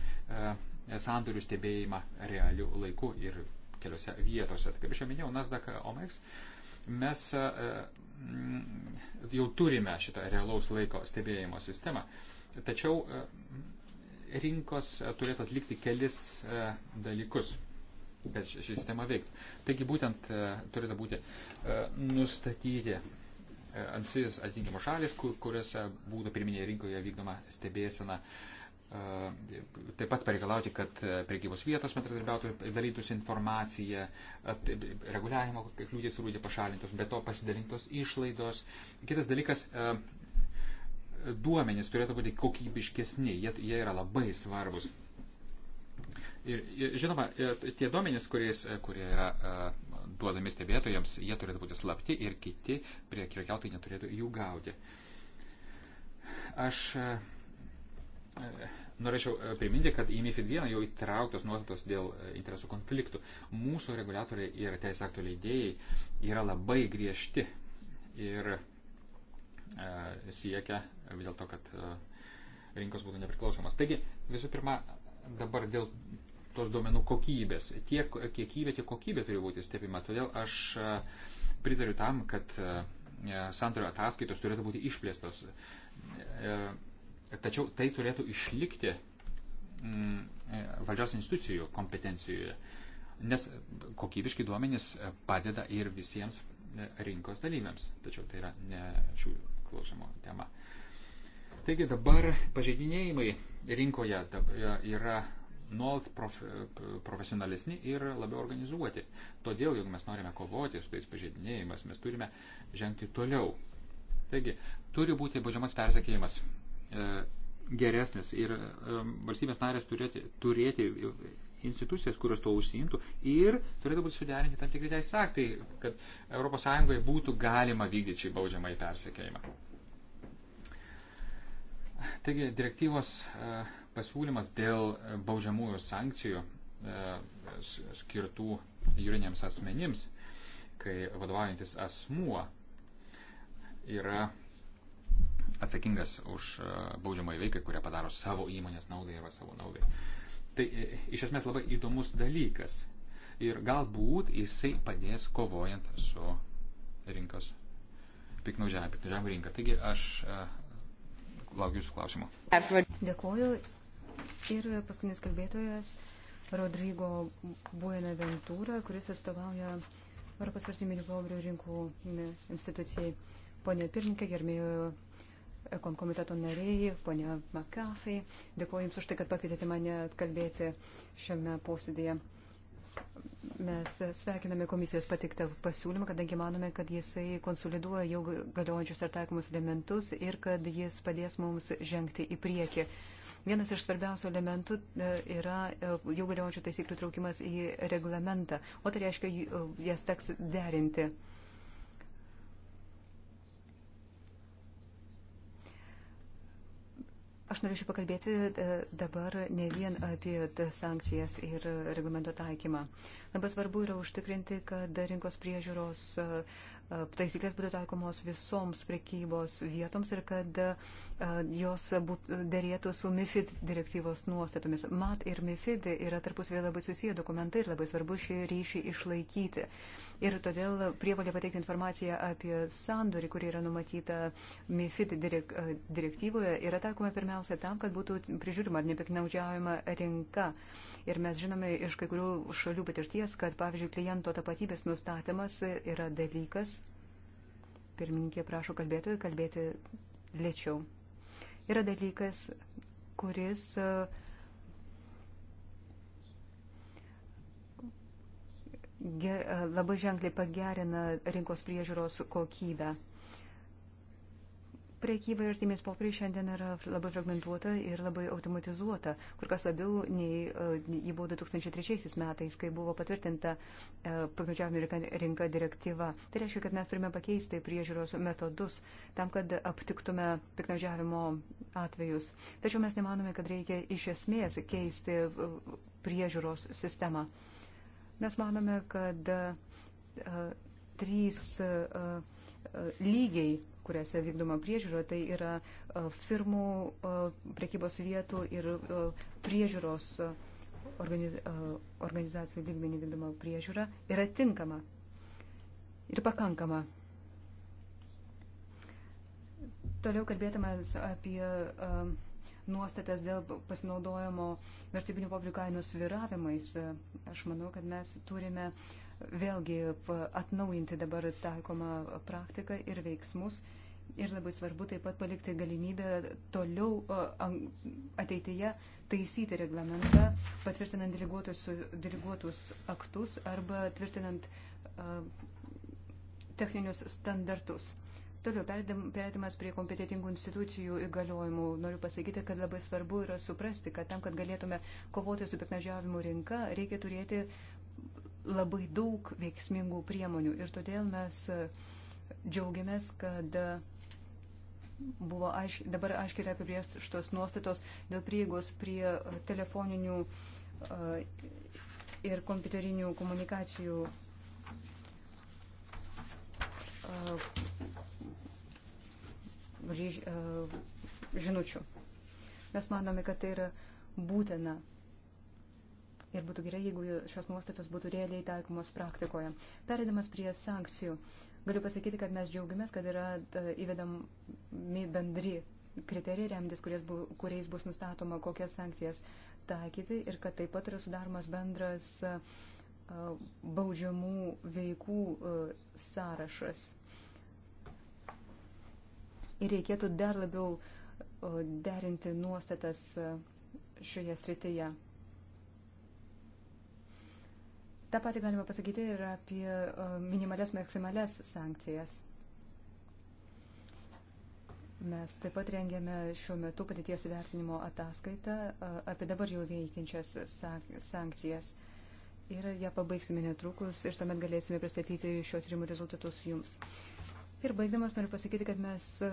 sandorių stebėjimą realių laikų ir keliose vietose. Tai kaip aš jau minėjau, Nasdaq OMX mes e, jau turime šitą realaus laiko stebėjimo sistemą. Tačiau rinkos turėtų atlikti kelis dalykus kad ši sistema veiktų. Taigi būtent turėtų būti nustatyti ankstyvis atitinkimo šalis, kur, kuriuose būtų pirminėje rinkoje vykdoma stebėsena. E, taip pat pareikalauti, kad e, prekybos vietos bendradarbiautų, dalytųsi informacija, e, reguliavimo kliūtis rūdė pašalintos, be to pasidalintos išlaidos. Kitas dalykas, duomenys turėtų būti kokybiškesni, jie, jie yra labai svarbus. Ir, ir žinoma, tie duomenys, kuriais, kurie yra duodami stebėtojams, jie turėtų būti slapti ir kiti prekiautai neturėtų jų gauti. Aš e, e, norėčiau e, priminti, kad į MIFID 1 jau įtrauktos nuostatos dėl interesų konfliktų. Mūsų reguliatoriai ir teisės aktų leidėjai yra labai griežti ir siekia vis dėlto, kad rinkos būtų nepriklausomas. Taigi, visų pirma, dabar dėl tos duomenų kokybės. Tiek kiekybė, tiek kokybė turi būti stebima. Todėl aš e, pritariu tam, kad e, santorio ataskaitos turėtų būti išplėstos. E, tačiau tai turėtų išlikti mm, valdžios institucijų kompetencijoje, nes kokybiški duomenys padeda ir visiems rinkos dalyviams. Tačiau tai yra ne šių klausimo tema. Taigi dabar pažeidinėjimai rinkoje yra nuolat profe, profesionalesni ir labiau organizuoti. Todėl, jeigu mes norime kovoti su tais pažeidinėjimais, mes turime žengti toliau. Taigi, turi būti baudžiamas persekėjimas e, geresnis ir e, valstybės narės turėti, turėti institucijas, kurios to užsiimtų ir turėtų būti suderinti tam tikri teisės aktai, kad ES būtų galima vykdyti šį baudžiamąjį persekėjimą. Taigi, direktyvos. E, pasiūlymas dėl baudžiamųjų sankcijų e, skirtų jūriniams asmenims, kai vadovaujantis asmuo yra atsakingas už e, baudžiamąjį veiką, kurią padaro savo įmonės naudai arba savo naudai. Tai e, iš esmės labai įdomus dalykas. Ir galbūt jisai padės kovojant su rinkos piknaudžiavimu, piknaudžiavimu rinka. Taigi aš laukiu jūsų klausimų. Dėkuoju Ir paskutinis kalbėtojas Rodrygo Buenaventūra, kuris atstovauja Europos vertiminių pobrio rinkų institucijai. Pone pirmininkė, gerbėjo Ekon komiteto nariai, ponia Makasai, dėkuoju Jums už tai, kad pakvietėte mane kalbėti šiame posėdėje. Mes sveikiname komisijos patiktą pasiūlymą, kadangi manome, kad jisai konsoliduoja jau galiojančius ir taikomus elementus ir kad jis padės mums žengti į priekį. Vienas iš svarbiausių elementų e, yra e, jau galiojančių taisyklių traukimas į reglamentą, o tai reiškia, e, jas teks derinti. Aš norėčiau pakalbėti dabar ne vien apie sankcijas ir reglamento taikymą. Labai svarbu yra užtikrinti, kad rinkos priežiūros uh, taisyklės būtų taikomos visoms prekybos vietoms ir kad jos dėrėtų su MIFID direktyvos nuostatomis. MAT ir MIFID yra tarpusvėje labai susiję dokumentai ir labai svarbu šį ryšį išlaikyti. Ir todėl prievalė pateikti informaciją apie sandorį, kuri yra numatyta MIFID direk direktyvoje, yra taikoma pirmiausia tam, kad būtų prižiūrima ar nepiknaudžiaujama rinka. Ir mes žinome iš kai kurių šalių patirties, kad, pavyzdžiui, kliento tapatybės nustatymas yra dalykas, Pirmininkė prašo kalbėtojų kalbėti lėčiau. Yra dalykas, kuris e, e, labai ženkliai pagerina rinkos priežiūros kokybę. Prekyba ir artimės popieriai šiandien yra labai fragmentuota ir labai automatizuota, kur kas labiau nei e, jį buvo 2003 metais, kai buvo patvirtinta e, pagnodžiavimo rinka direktyva. Tai reiškia, kad mes turime pakeisti priežiūros metodus tam, kad aptiktume piknaudžiavimo atvejus. Tačiau mes nemanome, kad reikia iš esmės keisti e, priežiūros sistemą. Mes manome, kad uh, trys uh, uh, lygiai kuriuose vykdoma priežiūra, tai yra e, firmų, e, prekybos vietų ir e, priežiūros organizacijų lygmenį vykdoma priežiūra yra tinkama ir pakankama. Toliau kalbėtumės apie nuostatas dėl pasinaudojimo vertybinių publikavimų sviravimais. Aš manau, kad mes turime uh, vėlgi atnaujinti dabar taikomą praktiką ir veiksmus. Ir labai svarbu taip pat palikti galimybę toliau ateityje taisyti reglamentą, patvirtinant diriguotus, diriguotus aktus arba tvirtinant techninius standartus. Toliau, perėdamas prie kompetitingų institucijų įgaliojimų, noriu pasakyti, kad labai svarbu yra suprasti, kad tam, kad galėtume kovoti su piknažiavimu rinka, reikia turėti uh, labai daug veiksmingų priemonių ir todėl mes e, džiaugiamės, kad e, buvo aiš, dabar aiškiai apibrieštos nuostatos dėl prieigos prie e, telefoninių ir kompiuterinių komunikacijų žinučių. Mes manome, kad tai yra būtina ir būtų gerai, jeigu šios nuostatos būtų realiai taikomos praktikoje. Perėdamas prie sankcijų, galiu pasakyti, kad mes džiaugiamės, kad yra e, įvedami bendri kriterijai remdis, bu, kuriais bus nustatoma, kokias sankcijas taikyti ir kad taip pat yra sudaromas bendras e, baudžiamų veikų e, sąrašas. Ir reikėtų dar labiau derinti nuostatas šioje srityje. Ta pati galima pasakyti ir apie e, minimales, maksimales sankcijas. Mes taip pat rengėme šiuo metu padėties vertinimo ataskaitą e, apie dabar jau veikiančias sankcijas. Ir ją pabaigsime netrukus ir tuomet galėsime pristatyti šio tyrimo rezultatus jums. Ir baigdamas noriu pasakyti, kad mes e,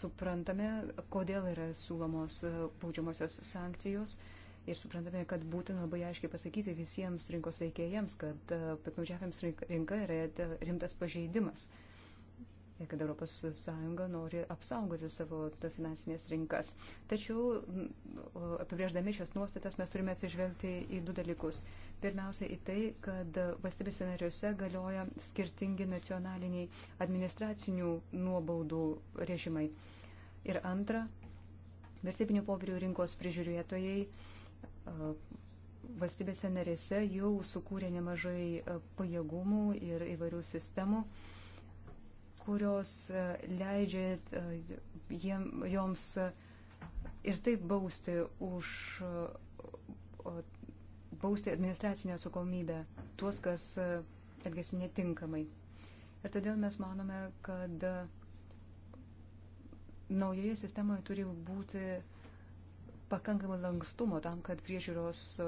suprantame, kodėl yra siūlomos baudžiamosios sankcijos. Uh, Ir suprantame, kad būtina labai aiškiai pasakyti visiems rinkos veikėjams, kad e, piknaudžiavėms rinka yra rimtas pažeidimas. Ir kad ES nori apsaugoti savo finansinės rinkas. Tačiau apibrėždami šias nuostatas mes turime atsižvelgti į du dalykus. Pirmiausia, į tai, kad valstybės scenariuose galioja skirtingi nacionaliniai administracinių nuobaudų režimai. Ir antra, vertybinių popierių rinkos prižiūrėtojai valstybėse narėse jau sukūrė nemažai pajėgumų ir įvairių sistemų, kurios leidžia jiem, joms ir taip bausti už bausti administracinę atsakomybę tuos, kas elgesi netinkamai. Ir todėl mes manome, kad naujoje sistemoje turi būti uh, pakankamai lankstumo tam, kad priežiūros e,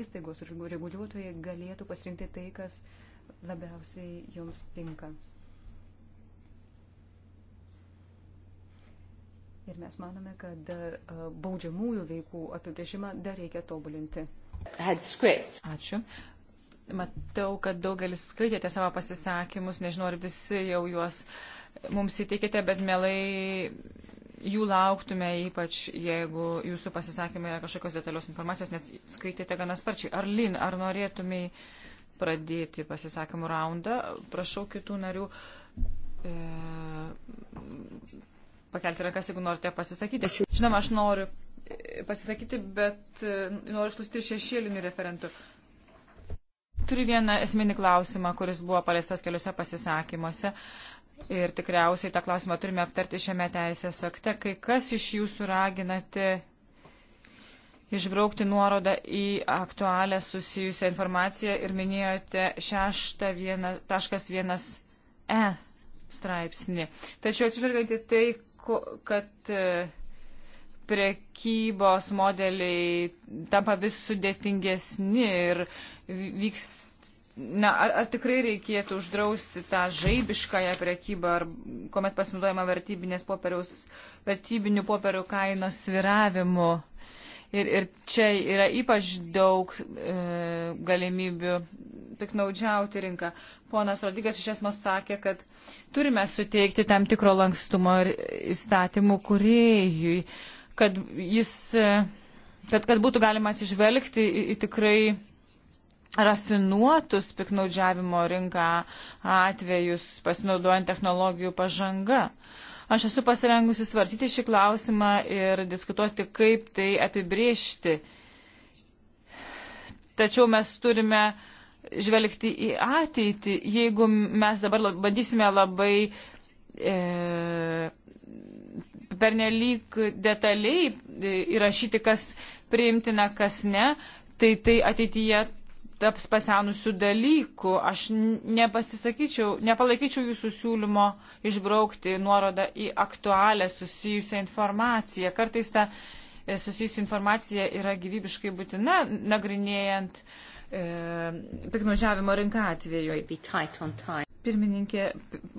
įstaigos ir reguliuotojai galėtų pasirinkti tai, kas labiausiai joms tinka. Ir mes manome, kad e, baudžiamųjų veikų apibrėžimą dar reikia tobulinti. Ačiū. Matau, kad daugelis skaitėte savo pasisakymus, nežinau, ar visi jau juos mums įteikėte, bet mielai jų lauktume, ypač jeigu jūsų pasisakymai yra kažkokios detalios informacijos, nes skaitėte gana sparčiai. Ar Lin, ar norėtumai pradėti pasisakymų raundą? Prašau kitų narių. E, pakelti rankas, jeigu norite pasisakyti. Žinoma, aš noriu e, pasisakyti, bet e, noriu išklausyti šešėlinių referentų. Turiu vieną esminį klausimą, kuris buvo paliestas keliuose pasisakymuose ir tikriausiai tą klausimą turime aptarti šiame teisės akte. Kai kas iš jūsų raginate išbraukti nuorodą į aktualią susijusią informaciją ir minėjote 6.1.e straipsnį. Tačiau atsižvelgiant į tai, kad e, prekybos modeliai tampa vis sudėtingesni ir vyksta Na, ar, ar tikrai reikėtų uždrausti tą žaibiškąją prekybą, ar kuomet pasinaudojama vertybinės popieriaus, vertybinių popierių kainos sviravimu? Ir, ir čia yra ypač daug e, galimybių piknaudžiauti rinką. Ponas Rodrigas iš esmės sakė, kad turime suteikti tam tikro lankstumo ir įstatymų kuriejui, kad, jis, e, kad, kad būtų galima atsižvelgti į, į tikrai rafinuotus piknaudžiavimo rinką atvejus, pasinaudojant technologijų pažanga. Aš esu pasirengusi svarsyti šį klausimą ir diskutuoti, kaip tai apibriežti. Tačiau mes turime žvelgti į ateitį, jeigu mes dabar bandysime labai e, pernelyg detaliai e, įrašyti, kas priimtina, kas ne, tai tai ateityje taps pasenusių dalykų. Aš nepasisakyčiau, nepalaikyčiau jūsų siūlymo išbraukti nuorodą į aktualią susijusią informaciją. Kartais ta e, susijusi informacija yra gyvybiškai būtina, nagrinėjant e, piknužiavimo rinką atveju. Pirmininkė,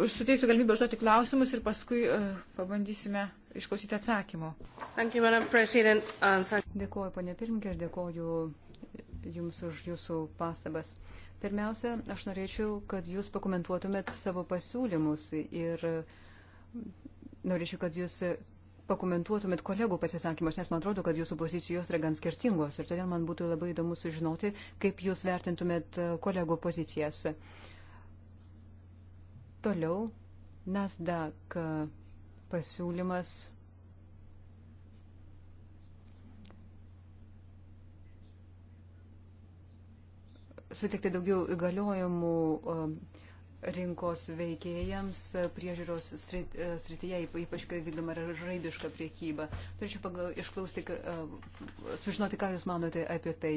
aš suteiksiu galimybę užduoti klausimus ir paskui e, pabandysime išklausyti atsakymų. You, Dėkuoju, ponė pirmininkė, ir dėkuoju Jums už Jūsų pastabas. Pirmiausia, aš norėčiau, kad Jūs pakomentuotumėt savo pasiūlymus ir norėčiau, kad Jūs pakomentuotumėt kolegų pasisakymus, nes man atrodo, kad Jūsų pozicijos yra gan skirtingos ir todėl man būtų labai įdomu sužinoti, kaip Jūs vertintumėt kolegų pozicijas. Toliau, NASDAQ pasiūlymas sutikti daugiau įgaliojimų um, rinkos veikėjams uh, priežiūros uh, srityje, ypač kai vykdoma žaibiška priekyba. Turėčiau išklausyti, uh, sužinoti, ką Jūs manote apie tai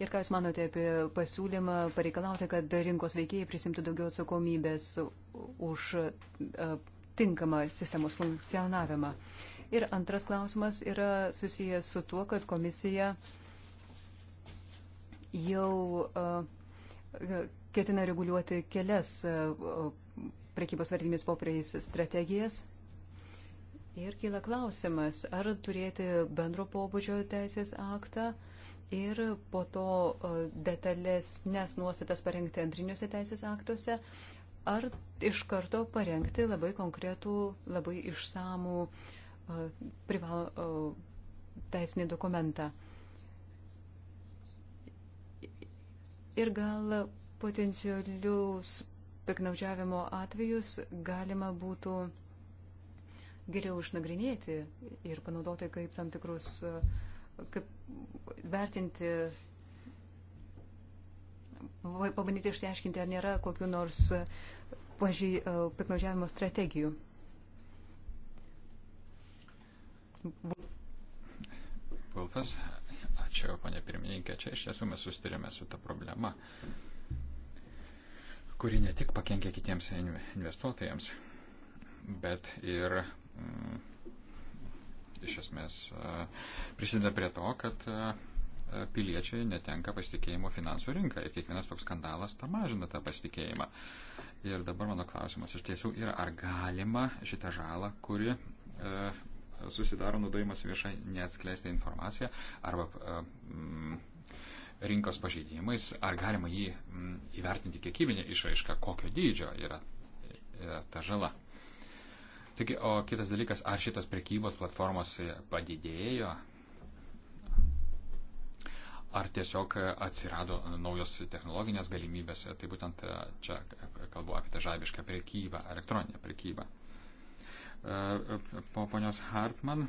ir ką Jūs manote apie pasiūlymą pareikalauti, kad rinkos veikėjai prisimtų daugiau atsakomybės už tinkamą sistemos funkcionavimą. Ir antras klausimas yra susijęs su tuo, kad komisija uh, jau ketina reguliuoti kelias prekybos vertimis popieriais strategijas. Ir kyla klausimas, ar turėti bendro pobūdžio teisės aktą ir po to detalesnės nuostatas parengti antriniuose teisės aktuose, ar iš karto parengti labai konkretų, labai išsamų privalo teisinį dokumentą. ir gal potencialius piknaudžiavimo atvejus galima būtų geriau išnagrinėti ir panaudoti kaip tam tikrus, kaip vertinti, pabandyti išteiškinti, ar nėra kokiu nors paži, piknaudžiavimo strategijų. Wolfas, Tačiau, ponė pirmininkė, čia iš tiesų mes sustarėme su ta problema, kuri ne tik pakenkia kitiems investuotojams, bet ir mm, iš esmės prisideda prie to, kad piliečiai netenka pasitikėjimo finansų rinką ir kiekvienas toks skandalas tą mažina tą pasitikėjimą. Ir dabar mano klausimas iš tiesų yra, ar galima šitą žalą, kuri susidaro nudojimas viešai neatskleistą informaciją arba mm, rinkos pažeidimais, ar galima jį mm, įvertinti kiekybinę išraišką, kokio dydžio yra e, ta žala. Taigi, o kitas dalykas, ar šitos prekybos platformos padidėjo, ar tiesiog atsirado naujos technologinės galimybės, tai būtent e, čia kalbu apie tą žaibišką prekybą, elektroninę prekybą. E, po ponios Hartman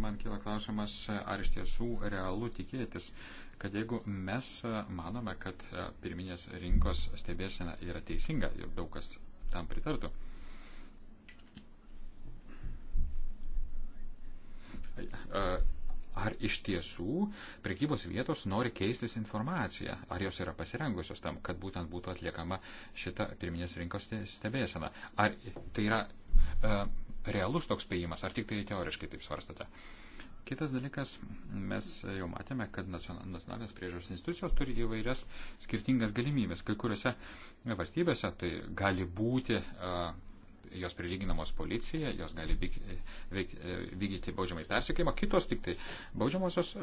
man kila klausimas, ar iš tiesų realu tikėtis, kad jeigu mes manome, kad e, pirminės rinkos stebėsena yra teisinga ir daug kas tam pritartų. E, ar iš tiesų prekybos vietos nori keistis informaciją, ar jos yra pasirengusios tam, kad būtent būtų atliekama šita pirminės rinkos stebėsena. Ar tai yra realus toks spėjimas, ar tik tai teoriškai taip svarstate? Kitas dalykas, mes jau matėme, kad nacionalinės priežiūros institucijos turi įvairias skirtingas galimybės. Kai kuriuose valstybėse tai gali būti jos prilyginamos policija, jos gali vykdyti baudžiamai persikėjimą, kitos tik tai baudžiamosios,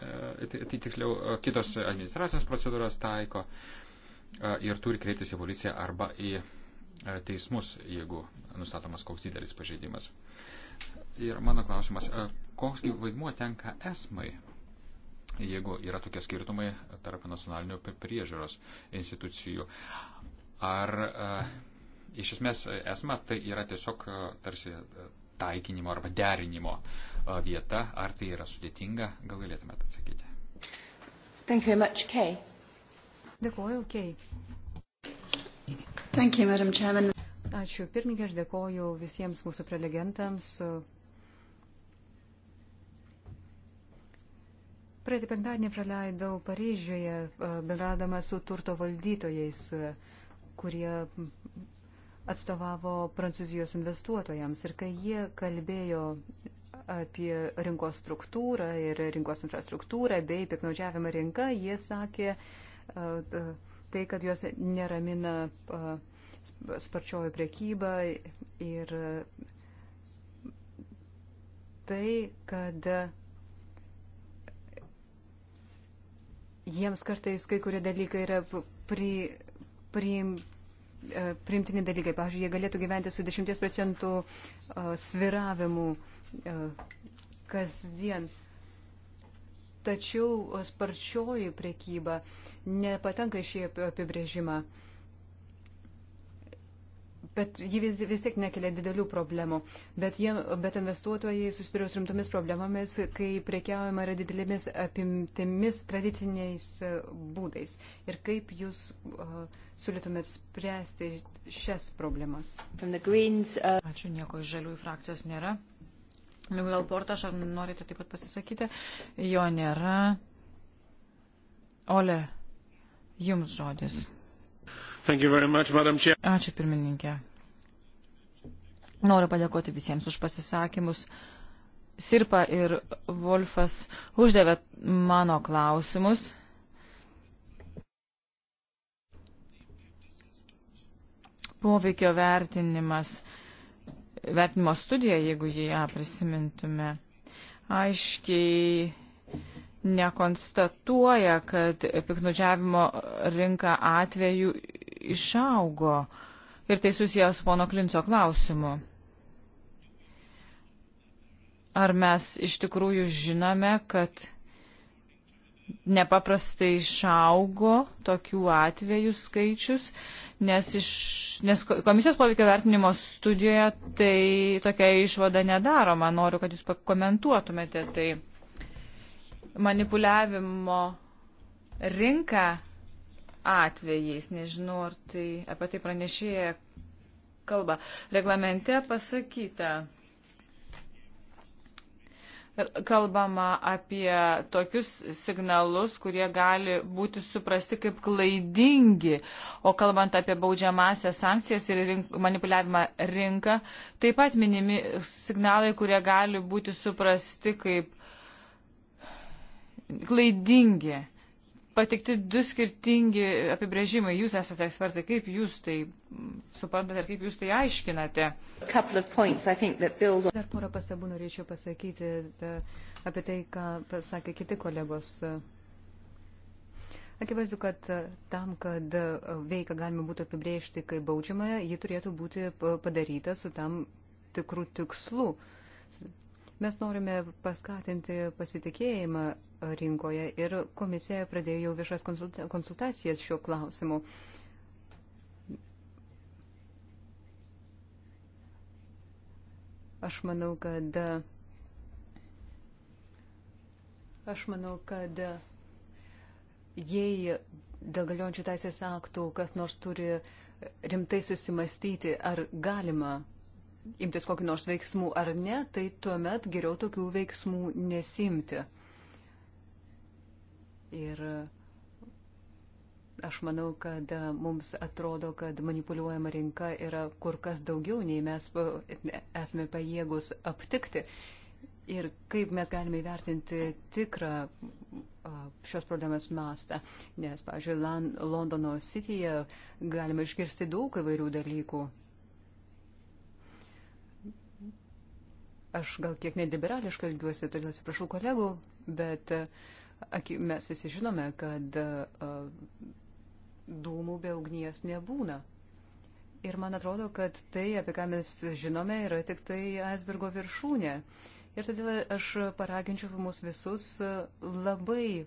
tai tiksliau, kitos administracijos procedūros taiko ir turi kreiptis į policiją arba į E, teismus, jeigu nustatomas koks didelis pažeidimas. Ir mano klausimas, e, koksgi vaidmuo tenka esmai, jeigu yra tokie skirtumai tarp nacionalinių priežiūros institucijų. Ar e, iš esmės esma tai yra tiesiog tarsi taikinimo arba derinimo vieta, ar tai yra sudėtinga, gal galėtumėte atsakyti. Much, Kay. Dėkuoju, Kei. Okay. Thank you, Madam Chairman. Ačiū pirmininkė, aš dėkoju visiems mūsų prelegentams. Praeitį penktadienį praleidau Paryžiuje, bendradama su turto valdytojais, kurie atstovavo prancūzijos investuotojams. Ir kai jie kalbėjo apie rinkos struktūrą ir rinkos infrastruktūrą bei piknaudžiavimą rinką, jie sakė, uh, uh, tai, kad juos neramina sparčioji priekyba ir tai, kad jiems kartais kai kurie dalykai yra pri, priimti priimtini dalykai. Pavyzdžiui, jie galėtų gyventi su 10 procentų sviravimu kasdien tačiau sparčioji priekyba nepatenka į šį apibrėžimą. Bet ji vis, vis tiek nekelia didelių problemų. Bet, jie, bet investuotojai susiduria su rimtomis problemomis, kai priekiaujama yra didelėmis apimtimis tradiciniais e, būdais. Ir kaip jūs uh, siūlytumėt spręsti šias problemas? Greens, uh... Ačiū, nieko iš žaliųjų frakcijos nėra. Miguel Portas, ar norite taip pat pasisakyti? Jo nėra. Ole, jums žodis. Much, Ačiū pirmininkė. Noriu padėkoti visiems už pasisakymus. Sirpa ir Wolfas uždavė mano klausimus. Poveikio vertinimas vertinimo studija, jeigu ją prisimintume, aiškiai nekonstatuoja, kad piknudžiavimo rinka atveju išaugo. Ir tai susijęs su pono Klinco klausimu. Ar mes iš tikrųjų žinome, kad nepaprastai išaugo tokių atvejų skaičius nes, iš, nes komisijos poveikio vertinimo studijoje tai tokia išvada nedaroma. Noriu, kad jūs pakomentuotumėte tai manipuliavimo rinką atvejais. Nežinau, ar tai apie tai pranešėja kalba. Reglamente pasakyta kalbama apie tokius signalus, kurie gali būti suprasti kaip klaidingi. O kalbant apie baudžiamąsias sankcijas ir rink, manipuliavimą rinką, taip pat minimi signalai, kurie gali būti suprasti kaip klaidingi patikti du skirtingi apibrėžimai. Jūs esate ekspertai, kaip jūs tai suprantate ir kaip jūs tai aiškinate? Dar porą pastabų norėčiau pasakyti apie tai, ką pasakė kiti kolegos. Akivaizdu, kad e, tam, kad e, veiką galima būtų apibrėžti kaip baudžiamąją, ji turėtų būti padaryta su tam tikrų tikslų. Mes norime paskatinti pasitikėjimą rinkoje ir komisija pradėjo jau viešas konsultacijas šiuo klausimu. Aš manau, kad Aš manau, kad jei dėl galiojančių teisės aktų kas nors turi rimtai susimastyti, ar galima imtis kokį nors veiksmų ar ne, tai tuomet geriau tokių veiksmų nesimti. Ir aš manau, kad mums atrodo, kad manipuliuojama rinka yra kur kas daugiau, nei mes e, esame pajėgus aptikti. Ir kaip mes galime įvertinti tikrą šios problemas mastą. Nes, pavyzdžiui, Londono Cityje galima išgirsti daug įvairių dalykų. Aš gal kiek neliberališkai elgiuosi, todėl atsiprašau kolegų, bet uh, Mes visi žinome, kad dūmų be ugnies nebūna. Ir man atrodo, kad tai, apie ką mes žinome, yra tik tai aisbergo viršūnė. Ir todėl aš paraginčiau mus visus labai,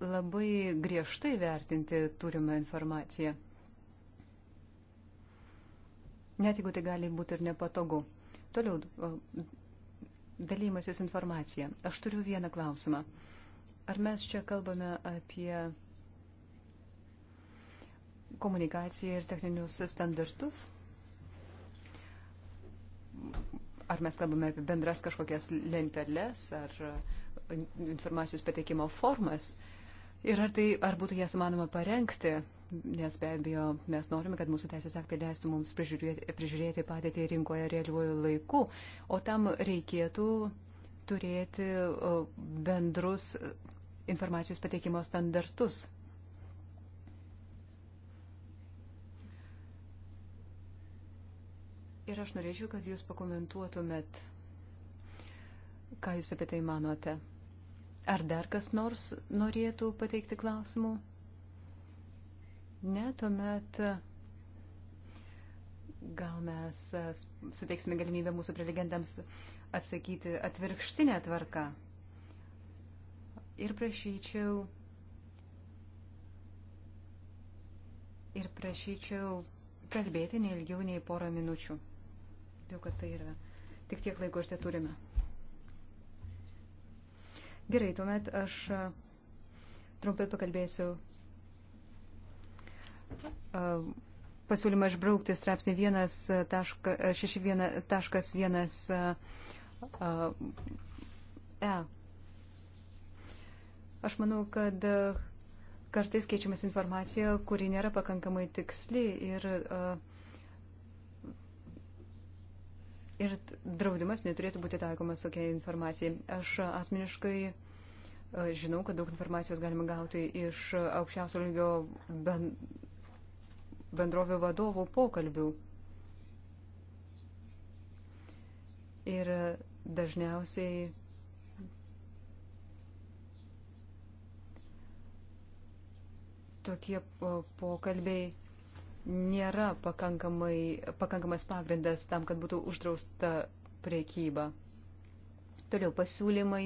labai griežtai vertinti turimą informaciją. Net jeigu tai gali būti ir nepatogu. Toliau, dalymasis informacija. Aš turiu vieną klausimą. Ar mes čia kalbame apie komunikaciją ir techninius standartus? Ar mes kalbame apie bendras kažkokias lenteles ar informacijos pateikimo formas? Ir ar, tai, ar būtų jas manoma parengti nes be abejo mes norime, kad mūsų teisės aktai leistų mums prižiūrėti, prižiūrėti padėtį rinkoje realiuoju laiku, o tam reikėtų turėti bendrus informacijos pateikimo standartus. Ir aš norėčiau, kad jūs pakomentuotumėt, ką jūs apie tai manote. Ar dar kas nors norėtų pateikti klausimų? Ne, tuomet gal mes e, suteiksime galimybę mūsų prelegentams atsakyti atvirkštinę tvarką. Ir prašyčiau. Ir prašyčiau kalbėti neilgiau nei porą minučių. Jau kad tai yra. Tik tiek laiko aš te turime. Gerai, tuomet aš e, trumpai pakalbėsiu pasiūlymą išbraukti straipsnį 1.61.1e. Aš manau, kad kartais keičiamas informacija, kuri nėra pakankamai tiksli ir, ir draudimas neturėtų būti taikomas tokiai informacijai. Aš asmeniškai žinau, kad daug informacijos galima gauti iš aukščiausio lygio bendrovių vadovų pokalbių. Ir dažniausiai tokie pokalbiai nėra pakankamas pagrindas tam, kad būtų uždrausta priekyba. Toliau pasiūlymai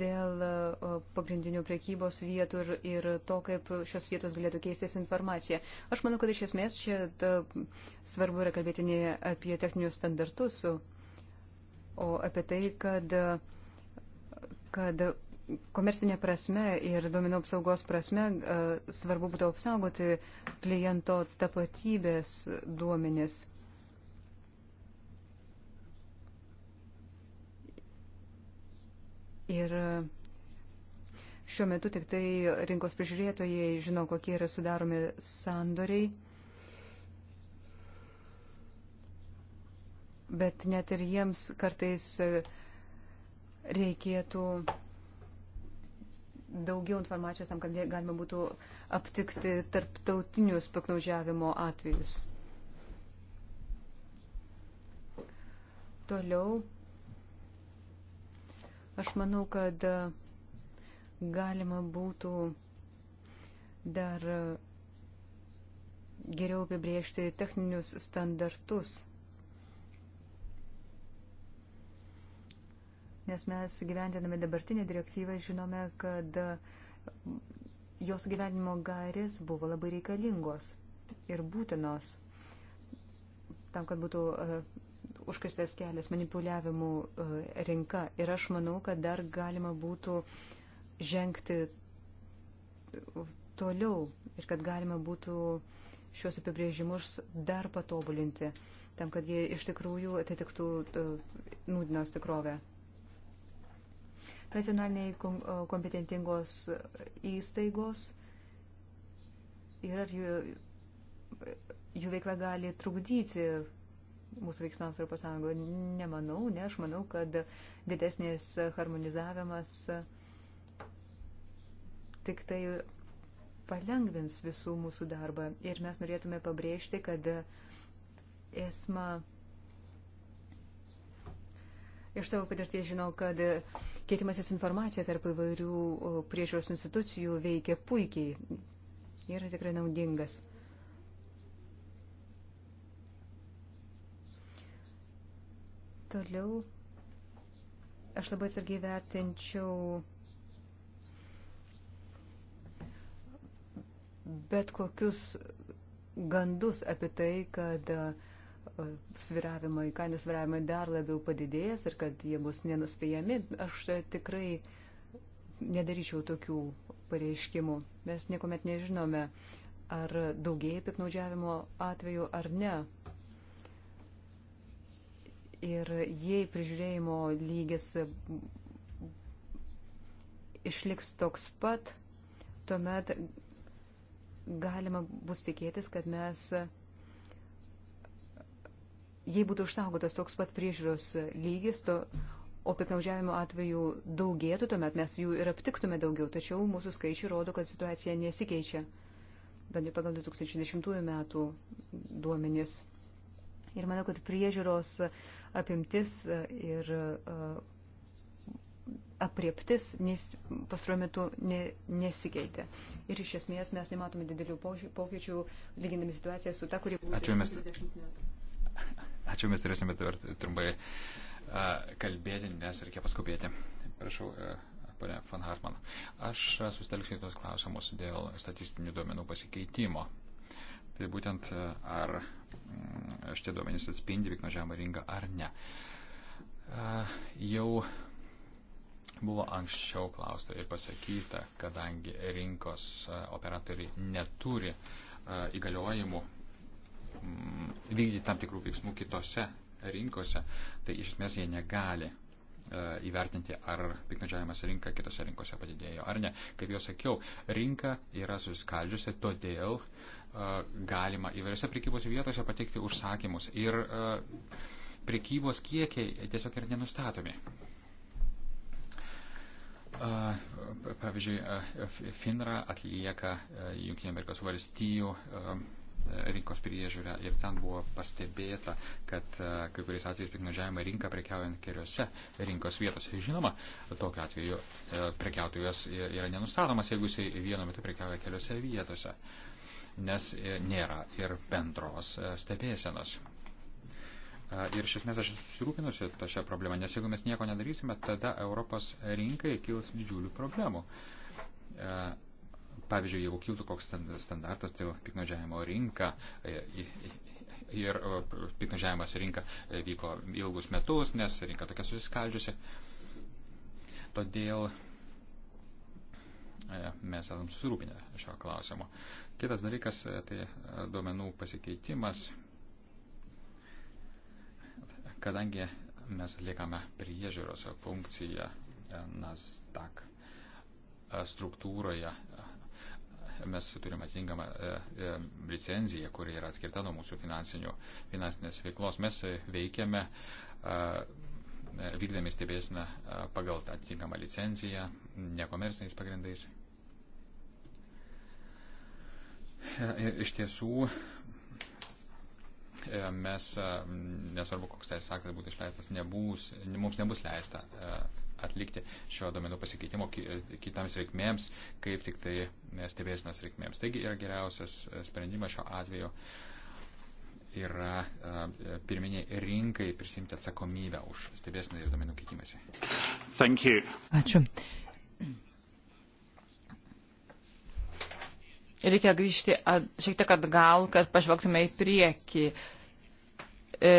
dėl e, pagrindinių priekybos vietų ir, ir to, kaip šios vietos galėtų keistis informacija. Aš manau, kad iš esmės čia ta, svarbu yra kalbėti ne apie techninius standartus, o apie tai, kad, kad komercinė prasme ir duomenų apsaugos prasme e, svarbu būtų apsaugoti kliento tapatybės duomenis. Ir e, šiuo metu tik tai rinkos prižiūrėtojai žino, kokie yra sudaromi sandoriai. Bet net ir jiems kartais e, reikėtų daugiau informacijos tam, kad galima būtų aptikti tarptautinius paknaudžiavimo atvejus. Toliau Aš manau, kad e, galima būtų dar e, geriau apibriežti techninius standartus. Nes mes gyvendiname dabartinę direktyvą, žinome, kad e, jos gyvenimo gairės buvo labai reikalingos ir būtinos tam, kad būtų užkristas kelias manipuliavimų e, rinka ir aš manau, kad dar galima būtų žengti toliau ir kad galima būtų šios apibrėžimus dar patobulinti, tam, kad jie iš tikrųjų atitiktų e, nūdinos tikrovę. Nacionaliniai e, kompetentingos įstaigos ir ar jų, jų veikla gali trukdyti mūsų veiksmams Europos Sąjungoje. Nemanau, ne, aš manau, kad didesnis harmonizavimas tik tai palengvins visų mūsų darbą. Ir mes norėtume pabrėžti, kad esma iš savo patirties žinau, kad keitimasis informacija tarp įvairių priežiūros institucijų veikia puikiai ir yra tikrai naudingas. Toliau aš labai atsargiai vertinčiau bet kokius gandus apie tai, kad sviravimai, kainų sviravimai dar labiau padidėjęs ir kad jie bus nenuspėjami. Aš tikrai nedaryčiau tokių pareiškimų. Mes niekuomet nežinome, ar daugėja piknaudžiavimo atveju ar ne ir jei prižiūrėjimo lygis išliks toks pat, tuomet galima bus tikėtis, kad mes, jei būtų išsaugotas toks pat priežiūros lygis, to, o piknaudžiavimo atveju daugėtų, tuomet mes jų ir aptiktume daugiau, tačiau mūsų skaičiai rodo, kad situacija nesikeičia, bent jau pagal 2010 metų duomenis. Ir manau, kad priežiūros uh, apimtis e, ir e, apriektis pastaruoju metu nesikeitė. Ir iš esmės mes nematome didelių pokyčių, lygindami situaciją su ta, kuri buvo. Ačiū, mes. Ačiū, mes turėsime dabar trumpai uh, kalbėti, nes reikia paskubėti. Prašau, uh, ponia von Hartman. Aš uh, sustelksiu į tos klausimus dėl statistinių duomenų pasikeitimo. Tai būtent uh, ar. Uh, Mm, šitie duomenys atspindi piknaudžiavimo rinką ar ne. Jau buvo anksčiau klausta ir pasakyta, kadangi rinkos operatoriai neturi įgaliojimų mm, vykdyti tam tikrų veiksmų kitose rinkose, tai iš esmės jie negali įvertinti, ar piknaudžiavimas rinka kitose rinkose padidėjo ar ne. Kaip jau sakiau, rinka yra suskaldžiusi, todėl uh, galima įvairiose prekybos vietose pateikti užsakymus ir prekybos kiekiai tiesiog yra nenustatomi. Pavyzdžiui, Finra atlieka Junktinių Amerikos valstijų rinkos priežiūrę ir ten buvo pastebėta, kad kai kuriais atvejais piknaudžiavimą rinką prekiaujant keliose rinkos vietose. Žinoma, tokiu atveju prekiautojas yra nenustatomas, jeigu jis vienu metu prekiauja keliose vietose. Uh, nes e, nėra ir bendros e, stebėsenos. E, ir iš esmės aš susirūpinusiu tą šią problemą, nes jeigu mes nieko nedarysime, tada Europos rinkai kils didžiulių problemų. Pavyzdžiui, jeigu kiltų koks standartas dėl tai piknaudžiavimo rinka ir piknaudžiavimas rinka vyko ilgus metus, nes rinka tokia susiskaldžiusi. Todėl E, mes esam susirūpinę šio klausimo. Kitas dalykas e, - tai e, duomenų pasikeitimas, kadangi mes atliekame priežiūros funkciją NASDAQ struktūroje. Mes turime atitinkamą licenciją, kuri yra atskirta nuo mūsų finansinės veiklos. Mes veikiame vykdami stebėsiną pagal atitinkamą licenciją, nekomerciniais pagrindais. E, ir iš tiesų e, mes, e, nesvarbu, koks teisės aktas būtų išleistas, nebus, mums nebus leista atlikti šio domenų pasikeitimo kitams reikmėms, kaip tik tai stebėsinas reikmėms. Taigi yra geriausias sprendimas šiuo atveju yra pirminiai rinkai prisimti atsakomybę už stebėsiną ir domenų keitimąsi. Ačiū. Reikia grįžti at, šiek tiek atgal, kad pažvelgtume į priekį. E,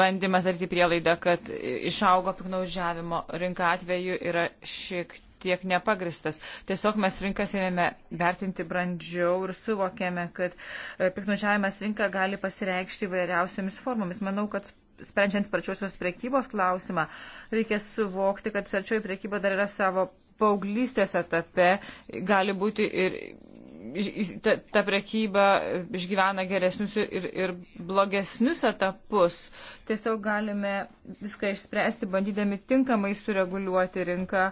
bandymas daryti prielaidą, kad išaugo piknaudžiavimo rinka atveju yra šiek tiek nepagristas. Tiesiog mes rinkas ėmėme vertinti brandžiau ir suvokėme, kad e, piknaudžiavimas rinka gali pasireikšti vairiausiamis formomis. Manau, kad sprendžiant sparčiosios priekybos klausimą, reikia suvokti, kad sparčioji priekyba dar yra savo paauglystės etape, gali būti ir ta, ta prekyba išgyvena geresnius ir, ir blogesnius etapus. Tiesiog galime viską išspręsti, bandydami tinkamai sureguliuoti rinką,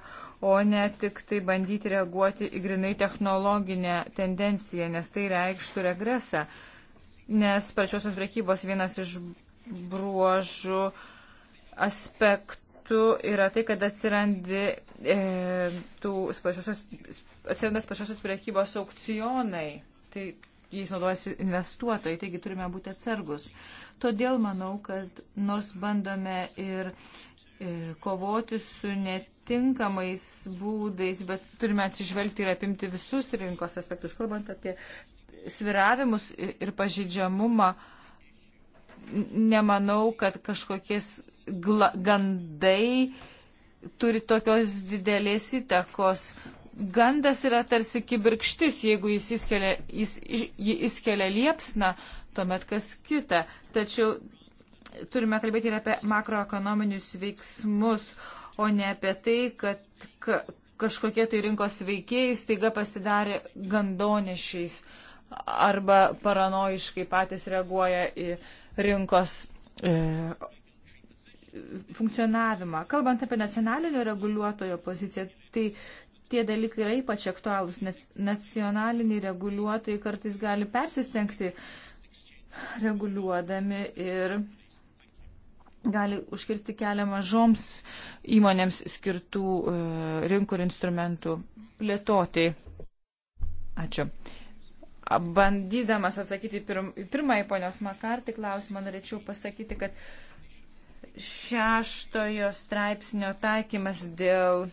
o ne tik tai bandyti reaguoti į grinai technologinę tendenciją, nes tai reikštų regresą. Nes pačiosios prekybos vienas iš bruožų aspekt metu yra tai, kad atsirandi, e, spašiosios, atsiranda spašiosios priekybos aukcionai. Tai jais naudojasi investuotojai, taigi turime būti atsargus. Todėl manau, kad nors bandome ir e, kovoti su netinkamais būdais, bet turime atsižvelgti ir apimti visus rinkos aspektus, kalbant apie sviravimus ir pažydžiamumą. Nemanau, kad kažkokiais gandai turi tokios didelės įtakos. Gandas yra tarsi kibirkštis, jeigu jis įskelia, jis, jį įskelia liepsną, tuomet kas kita. Tačiau turime kalbėti ir apie makroekonominius veiksmus, o ne apie tai, kad ka, kažkokie tai rinkos veikėjai staiga pasidarė gandonešiais arba paranoiškai patys reaguoja į rinkos e, funkcionavimą. Kalbant apie nacionalinio reguliuotojo poziciją, tai tie dalykai yra ypač aktualūs. Nacionaliniai reguliuotojai kartais gali persistengti reguliuodami ir gali užkirsti kelią mažoms įmonėms skirtų e, rinkų ir instrumentų plėtoti. Ačiū. Bandydamas atsakyti pirmąjį ponios Makartį klausimą, norėčiau pasakyti, kad šeštojo straipsnio taikymas dėl e,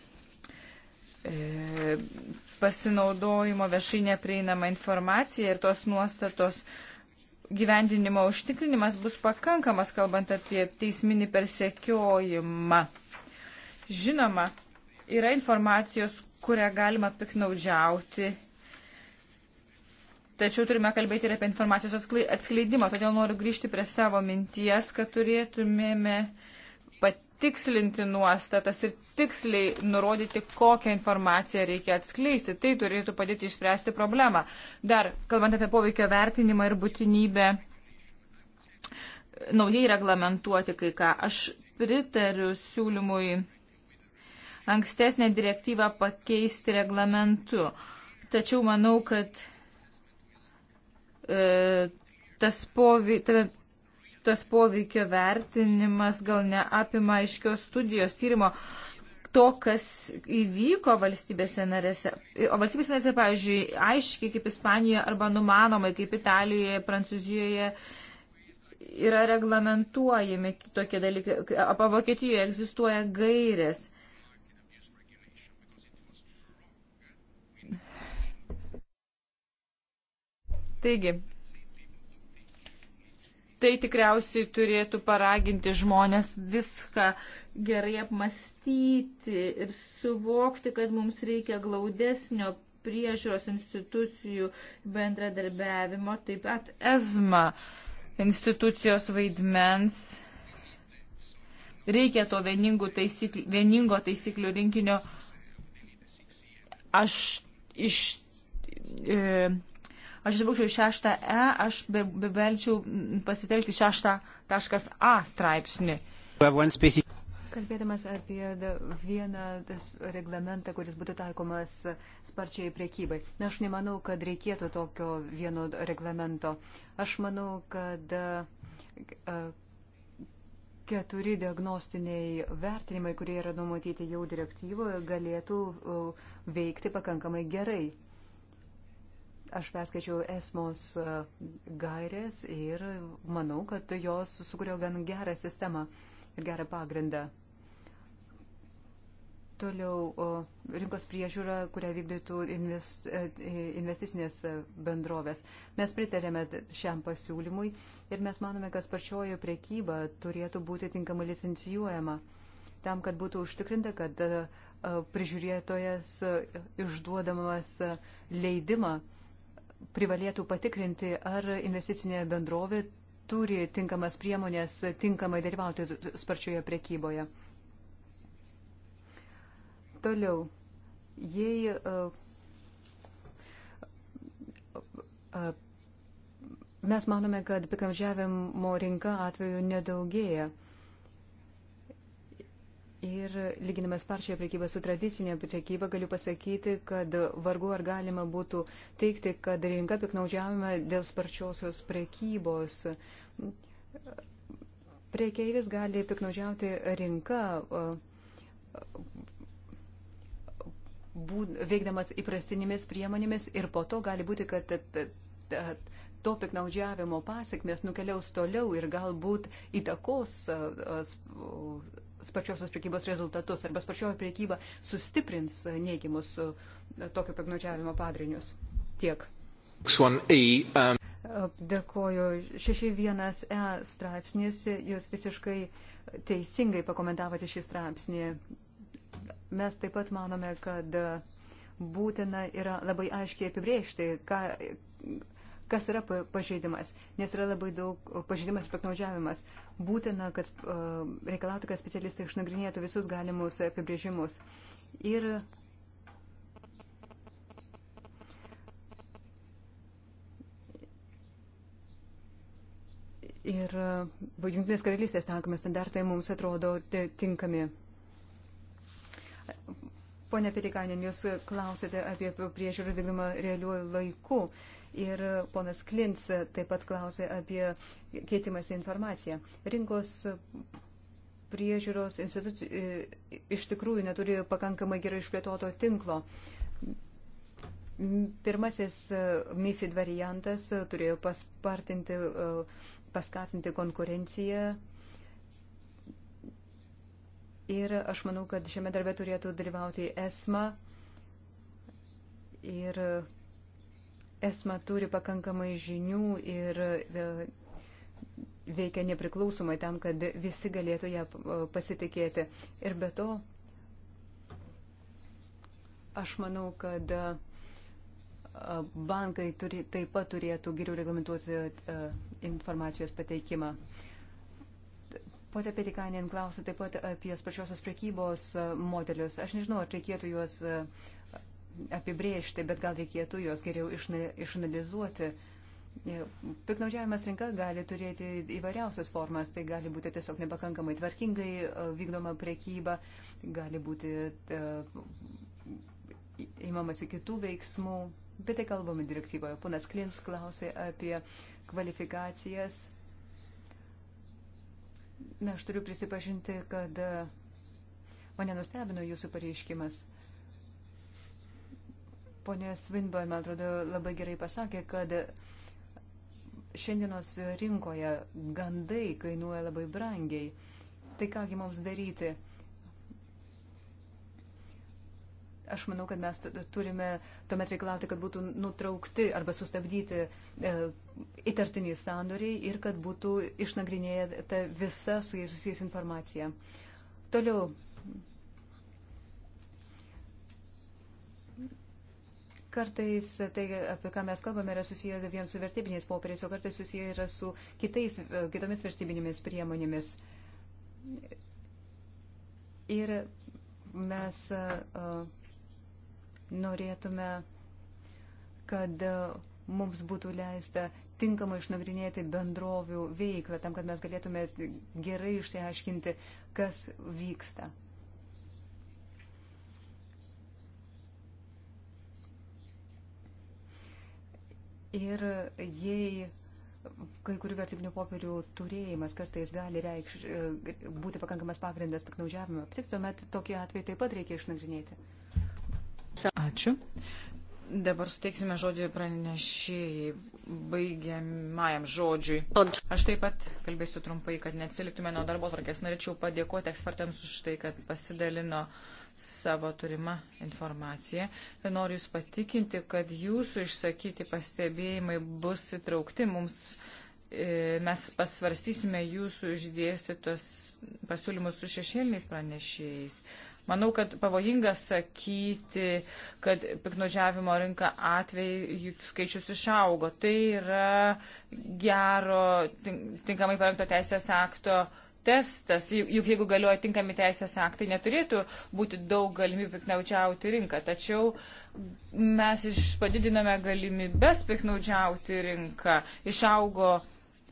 pasinaudojimo viešai neprieinama informacija ir tos nuostatos gyvendinimo užtikrinimas bus pakankamas, kalbant apie teisminį persekiojimą. Žinoma, yra informacijos, kurią galima piknaudžiauti Tačiau turime kalbėti ir apie informacijos atskleidimą, todėl noriu grįžti prie savo minties, kad turėtumėme patikslinti nuostatas ir tiksliai nurodyti, kokią informaciją reikia atskleisti. Tai turėtų padėti išspręsti problemą. Dar, kalbant apie poveikio vertinimą ir būtinybę naujai reglamentuoti kai ką, aš pritariu siūlymui ankstesnę direktyvą pakeisti reglamentu. Tačiau manau, kad E, tas, povy, tai tas poveikio vertinimas gal neapima aiškios studijos tyrimo to, kas įvyko valstybėse narėse. O valstybėse narėse, pavyzdžiui, aiškiai kaip Ispanijoje arba numanomai kaip Italijoje, Prancūzijoje yra reglamentuojami tokie dalykai. O Vokietijoje egzistuoja gairės. Taigi, tai tikriausiai turėtų paraginti žmonės viską gerai apmastyti ir suvokti, kad mums reikia glaudesnio priežiūros institucijų bendradarbiavimo, taip pat ESMA institucijos vaidmens. Reikia to taisyklių, vieningo taisyklių rinkinio. Aš iš. E, Aš žvelgčiau į 6E, aš bebelčiau be pasitelkti 6.A straipsnį. Kalbėdamas apie vieną reglamentą, kuris būtų taikomas sparčiai priekybai. Na, aš nemanau, kad reikėtų tokio vieno reglamento. Aš manau, kad keturi diagnostiniai vertinimai, kurie yra numatyti jau direktyvoje, galėtų veikti pakankamai gerai. Aš perskaičiau esmos e, gairės ir manau, kad jos sukuria gan gerą sistemą ir gerą pagrindą. Toliau rinkos priežiūra, kurią vykdytų e, e, investicinės bendrovės. Mes pritarėme šiam pasiūlymui ir mes manome, kad sparčiojo priekyba turėtų būti tinkamai licencijuojama tam, kad būtų užtikrinta, kad prižiūrėtojas išduodamas leidimą privalėtų patikrinti, ar investicinė bendrovė turi tinkamas priemonės tinkamai dalyvauti sparčioje prekyboje. Toliau, jei uh, uh, mes manome, kad piknamžiavimo rinka atveju nedaugėja, uh, Ir lyginamas parčioje prekyba su tradicinė prekyba, galiu pasakyti, kad vargu ar galima būtų teikti, kad rinka piknaudžiavime dėl sparčiosios prekybos. Prekeivis gali piknaudžiauti rinką, būd, veikdamas įprastinėmis priemonėmis ir po to gali būti, kad to piknaudžiavimo pasiekmes nukeliaus toliau ir galbūt įtakos sparčiosios priekybos rezultatus arba sparčioji priekyba sustiprins neigiamus e, tokio pagnočiavimo padarinius. Tiek. E, um, e, dėkoju. 6.1e straipsnis, jūs visiškai teisingai pakomentavote šį straipsnį. Mes taip pat manome, kad būtina yra labai aiškiai apibriežti, ką, kas yra pažeidimas, nes yra labai daug pažeidimas piknaudžiavimas. Būtina, kad reikalauti, kad specialistai išnagrinėtų visus galimus apibrėžimus. Ir Ir e, Junktinės karalystės taikomi standartai mums atrodo tinkami. Pone Pitikanin, jūs klausėte apie priežiūrą vykdomą realiuoju laiku ir ponas Klins taip pat klausė apie keitimas informaciją. Rinkos priežiūros institucijų iš tikrųjų neturi pakankamai gerai išplėtoto tinklo. Pirmasis e, MIFID variantas turėjo paspartinti, e, paskatinti konkurenciją. Ir aš manau, kad šiame darbe turėtų dalyvauti ESMA ir esma turi pakankamai žinių ir e, veikia nepriklausomai tam, kad visi galėtų ją e, pasitikėti. Ir be to, aš manau, kad e, bankai turi, taip pat turėtų geriau reglamentuoti informacijos pateikimą. Pote Petikanin klausė taip pat apie sparčiosios prekybos modelius. Aš nežinau, ar reikėtų juos uh, apibriežti, bet gal reikėtų juos geriau išanalizuoti. E, Piknaudžiavimas rinka gali turėti įvairiausias formas, tai gali būti tiesiog nepakankamai tvarkingai e, vykdoma prekyba, gali būti e, įmamasi kitų veiksmų, bet tai kalbame direktyvoje. Ponas Klins klausė apie kvalifikacijas. Na, aš turiu prisipažinti, kad mane nustebino jūsų pareiškimas. Pone Svinburn, man atrodo, labai gerai pasakė, kad šiandienos rinkoje gandai kainuoja labai brangiai. Tai kągi mums daryti? Aš manau, kad mes turime tuomet reikalauti, kad būtų nutraukti arba sustabdyti e, įtartiniai sandoriai ir kad būtų išnagrinėta visa su jais susijęs informacija. Toliau, Kartais tai, apie ką mes kalbame, yra susiję vien su vertybiniais popieriais, o kartais susiję yra su kitais, e, kitomis vertybinėmis priemonėmis. Ir mes e, e, norėtume, kad mums būtų leista tinkamai išnagrinėti bendrovių veiklą, tam, kad mes galėtume gerai išsiaiškinti, kas vyksta. Ir jei kai kurių vertybinių popierių turėjimas kartais gali reikš, e, būti pakankamas pagrindas piknaudžiavimo, tik tuomet tokie atvejai taip pat reikia išnagrinėti. Ačiū. Dabar suteiksime žodį pranešėjai, baigiamajam žodžiui. Aš taip pat kalbėsiu trumpai, kad neatsiliktume nuo darbo tvarkės. Norėčiau padėkoti ekspertams už tai, kad pasidalino uh, savo turimą informaciją. Ir noriu Jūs patikinti, kad Jūsų išsakyti pastebėjimai bus įtraukti mums. E, mes pasvarstysime Jūsų išdėstytos pasiūlymus su šešėliniais pranešėjais. Manau, kad pavojinga sakyti, kad piknožiavimo rinka atvejai skaičius išaugo. Tai yra gero, tinkamai parengto teisės akto uh, testas, juk jeigu galioja tinkami teisės aktai, neturėtų būti daug galimybių piknaudžiauti rinką. Tačiau mes padidiname galimybės piknaudžiauti rinką, išaugo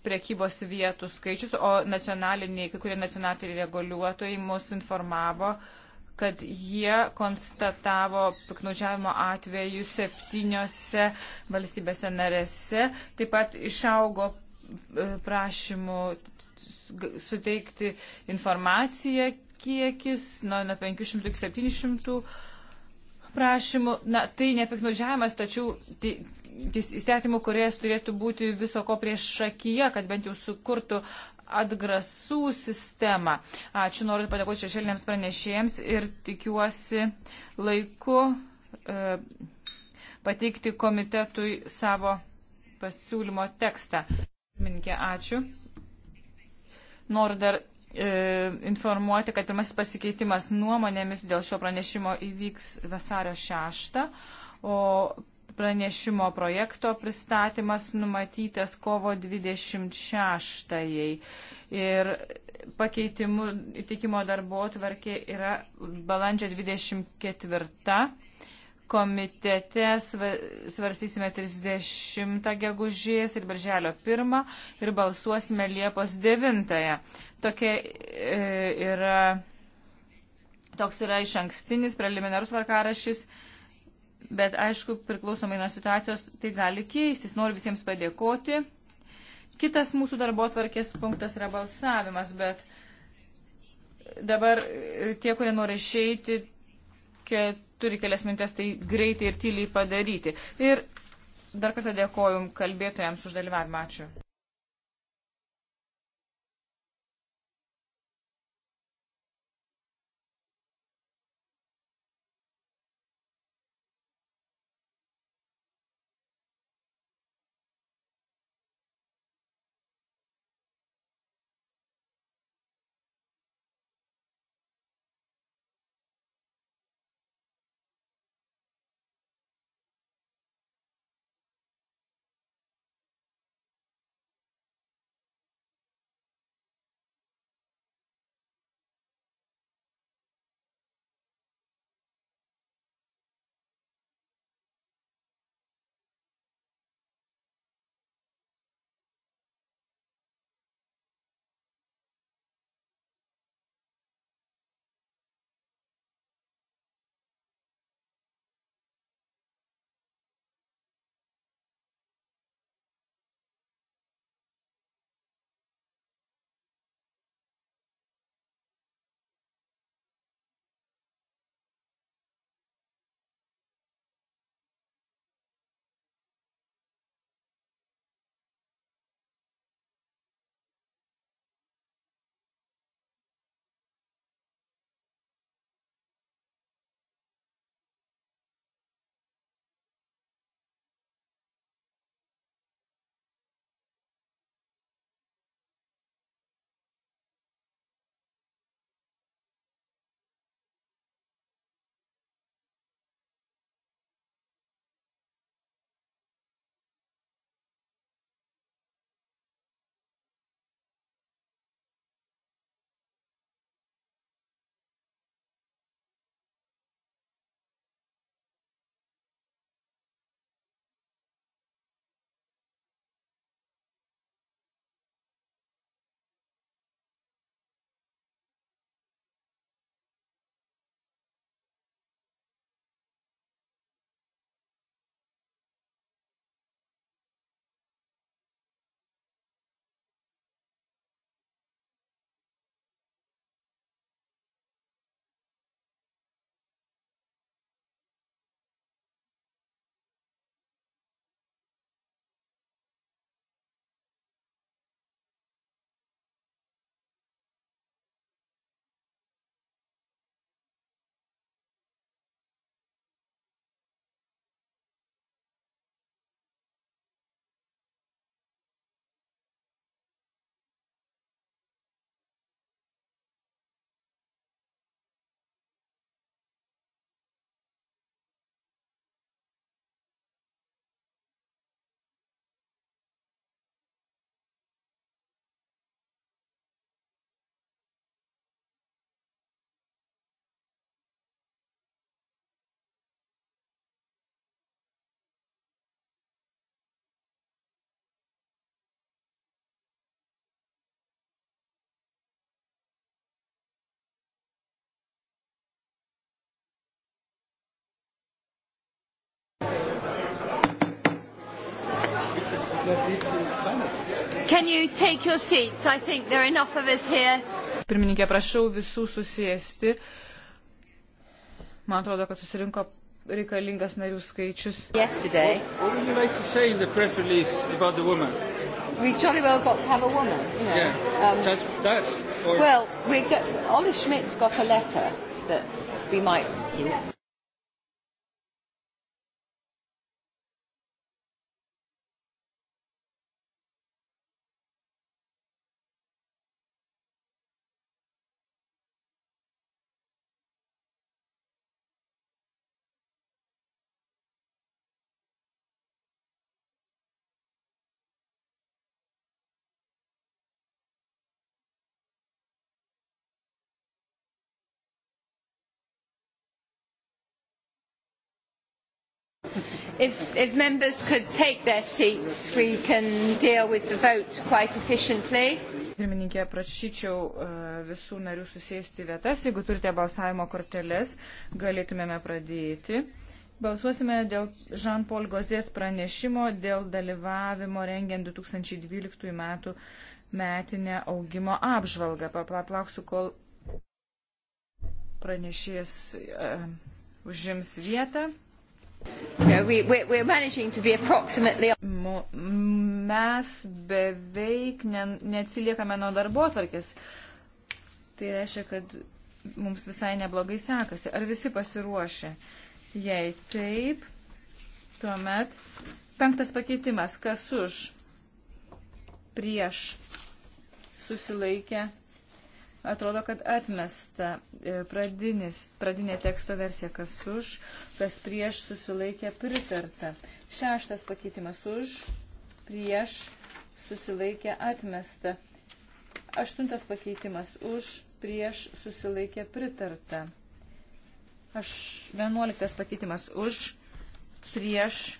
prekybos vietų skaičius, o nacionaliniai, kai kurie nacionaliniai reguliuotojai mus informavo, kad jie konstatavo piknaudžiavimo atvejų septyniose valstybėse narėse. Taip pat išaugo E, prašymų suteikti informaciją kiekis, nuo, nuo 500 iki 700 prašymų. Na, tai nepiknaudžiavimas, tačiau įstatymų kuriejas turėtų būti viso ko prieš šakyje, kad bent jau sukurtų atgrasų sistemą. Ačiū, noriu padėkoti šešėlėms pranešėjams ir tikiuosi laiku e, pateikti komitetui savo pasiūlymo tekstą. Pirmininkė, ačiū. Noriu dar e, informuoti, kad pirmasis pasikeitimas nuomonėmis dėl šio pranešimo įvyks vasario 6, o pranešimo projekto pristatymas numatytas kovo 26-ąjai. Ir pakeitimų įtikimo darbo tvarkė yra balandžio 24 komitete svarstysime 30 gegužės ir birželio 1 ir balsuosime Liepos 9. Tokia e, yra, toks yra iš ankstinis preliminarus varkarašys, bet aišku, priklausomai nuo situacijos tai gali keistis. Noriu visiems padėkoti. Kitas mūsų darbo tvarkės punktas yra balsavimas, bet dabar e, tie, kurie nori išeiti, kad turi kelias mintės tai greitai ir tyliai padaryti. Ir dar kartą dėkoju kalbėtojams už dalyvavimą. Ačiū. Pirmininkė, prašau visų susėsti. Man atrodo, kad susirinko reikalingas narių skaičius. Yesterday. What would you like to say in the press release about the woman? We jolly well got to have a woman, you know. Yeah. Um, Just that. Or... Well, we get, Ollie Schmidt's got a letter that we might. Yeah. If, if members could take their seats, we can deal with the vote quite efficiently. Pirmininkė, prašyčiau e, visų narių susėsti vietas. Jeigu turite balsavimo korteles, galėtumėme pradėti. Balsuosime dėl Jean-Paul Gozės pranešimo dėl dalyvavimo rengiant 2012 metų metinę augimo apžvalgą. Paplauksiu, kol pranešės uh, e, užims vietą. Mes beveik ne, neatsiliekame nuo darbo atvarkės. Tai reiškia, kad mums visai neblogai sekasi. Ar visi pasiruošę? Jei taip, tuomet penktas pakeitimas. Kas už? Prieš susilaikę Atrodo, kad atmesta e, pradinis, pradinė teksto versija, kas už, kas prieš susilaikė pritarta. Šeštas pakeitimas už, prieš susilaikė atmesta. Aštuntas pakeitimas už, prieš susilaikė pritarta. Aš vienuoliktas pakeitimas už, prieš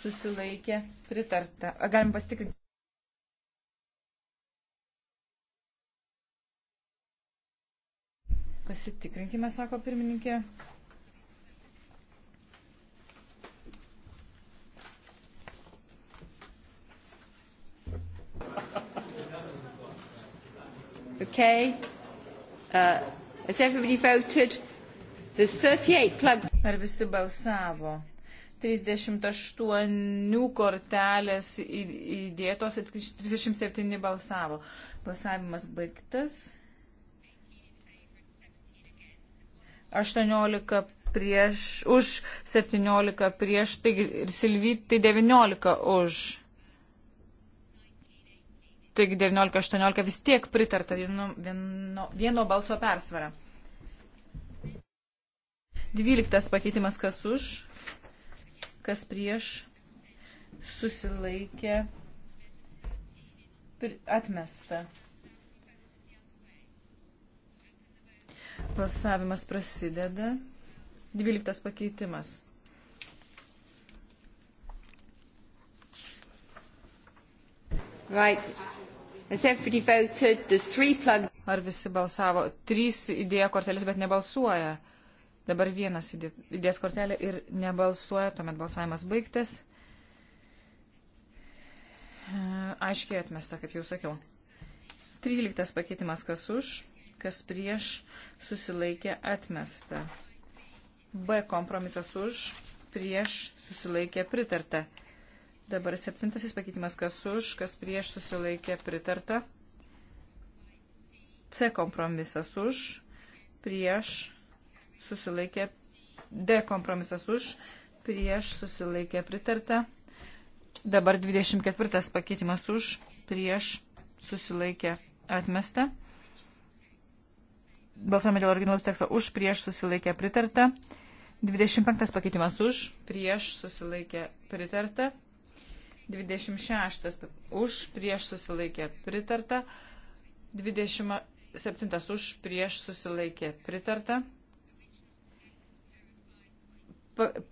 susilaikė pritarta. Galim pasitikrinti. Pasitikrinkime, sako pirmininkė. Okay. Uh, has everybody voted? There's 38 plug. Ar visi balsavo? 38 kortelės įdėtos, 37 balsavo. Balsavimas baigtas. 18 prieš, už 17 prieš, taigi ir Silvyt, tai 19 už. Taigi 19-18 vis tiek pritarta vieno, vieno, vieno balso persvara. 12 pakeitimas kas už, kas prieš, susilaikė, atmesta. Balsavimas prasideda. 12 pakeitimas. Right. Ar visi balsavo? Trys idėjo kortelės, bet nebalsuoja. Dabar vienas idėjos kortelė ir nebalsuoja, tuomet balsavimas baigtas. Aiškiai atmesta, kaip jau sakiau. Tryliktas pakeitimas kas už kas prieš, susilaikė atmesta. B kompromisas už, prieš, susilaikė pritarta. Dabar septintasis pakeitimas, kas už, kas prieš, susilaikė pritarta. C kompromisas už, prieš, susilaikė D kompromisas už, prieš, susilaikė pritarta. Dabar 24 pakeitimas už, prieš, susilaikė atmesta. Balsuojame dėl originalaus teksto už, prieš susilaikė pritarta. 25 pakeitimas už, prieš susilaikė pritarta. 26 už, prieš susilaikė pritarta. 27 už, prieš susilaikė pritarta.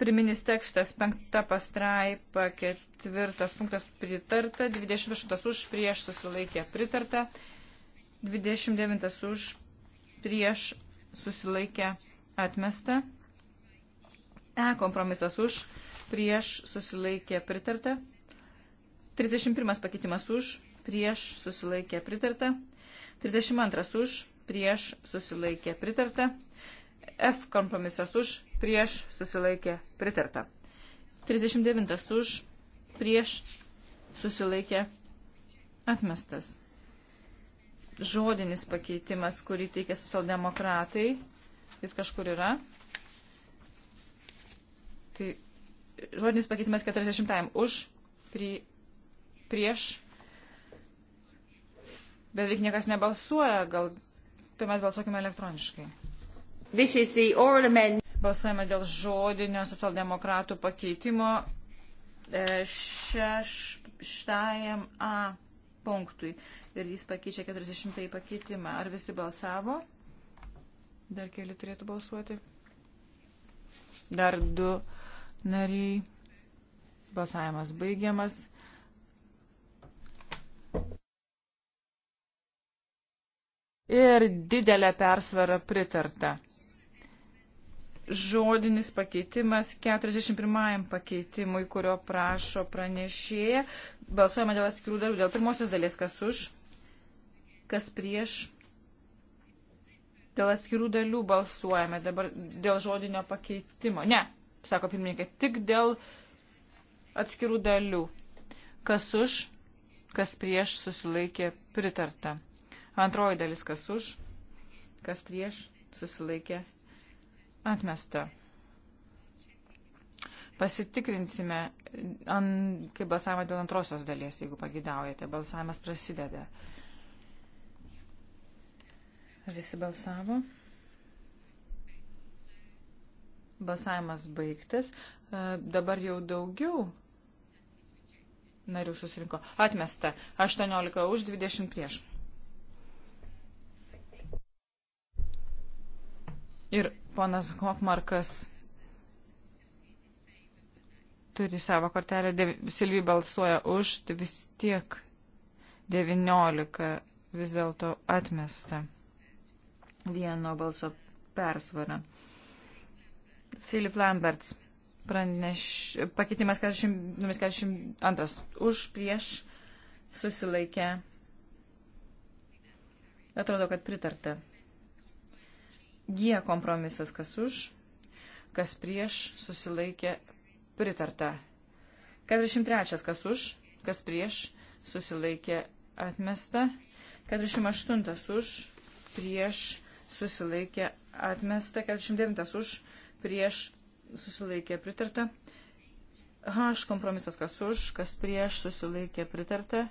Priminis tekstas, penkta pastraipa, ketvirtas punktas pritarta, 28 už, prieš susilaikė pritarta, 29 už, prieš susilaikę atmesta. E kompromisas už, prieš susilaikė pritarta. 31 pakeitimas už, prieš susilaikė pritarta. 32 už, prieš susilaikė pritarta. F kompromisas už, prieš susilaikė pritarta. 39 už, prieš susilaikė atmestas žodinis pakeitimas, kurį teikia socialdemokratai. Jis kažkur yra. Tai žodinis pakeitimas 40-ajam už, pri, prieš. Beveik niekas nebalsuoja, gal tuomet balsuokime elektroniškai. Balsuojame dėl žodinio socialdemokratų pakeitimo e, šeštajam A punktui. Ir jis pakeičia 40 pakeitimą. Ar visi balsavo? Dar keli turėtų balsuoti. Dar du nariai. Balsavimas baigiamas. Ir didelė persvara pritarta žodinis pakeitimas 41 pakeitimui, kurio prašo pranešėja. Balsuojame dėl atskirų dalių. Dėl pirmosios dalies, kas už, kas prieš. Dėl atskirų dalių balsuojame dabar dėl žodinio pakeitimo. Ne, sako pirmininkai, tik dėl atskirų dalių. Kas už, kas prieš susilaikė pritarta. Antroji dalis, kas už, kas prieš susilaikė Atmesta. Pasitikrinsime, an, kaip balsavimą dėl antrosios dalies, jeigu pagidaujate. Balsavimas prasideda. Ar visi balsavo? Balsavimas baigtas. E, dabar jau daugiau narių susirinko. Atmesta. 18 už, 20 prieš. Ir Ponas Hofmarkas turi savo kortelę, Silvi balsuoja už, tai vis tiek 19 vis dėlto atmesta vieno balso persvara. Filip Lamberts praneš, pakeitimas 42 už prieš susilaikę. Atrodo, kad pritarta. G kompromisas kas už, kas prieš, susilaikė, pritarta. 43 kas už, kas prieš, susilaikė, atmesta. 48 už, prieš, susilaikė, atmesta. 49 už, prieš, susilaikė, pritarta. H kompromisas kas už, kas prieš, susilaikė, pritarta.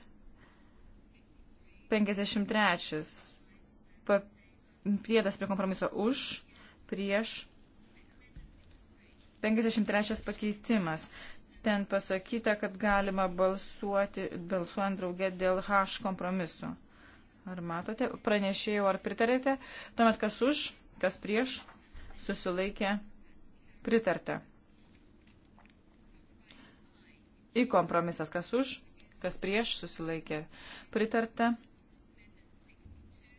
53 pap Priedas prie kompromiso už, prieš. 53 pakeitimas. Ten pasakyta, kad galima balsuoti, balsuojant draugė dėl H kompromiso. Ar matote, pranešėjau, ar pritarėte? Tuomet kas už, kas prieš, susilaikė, pritarta. Į kompromisas kas už, kas prieš, susilaikė, pritarta.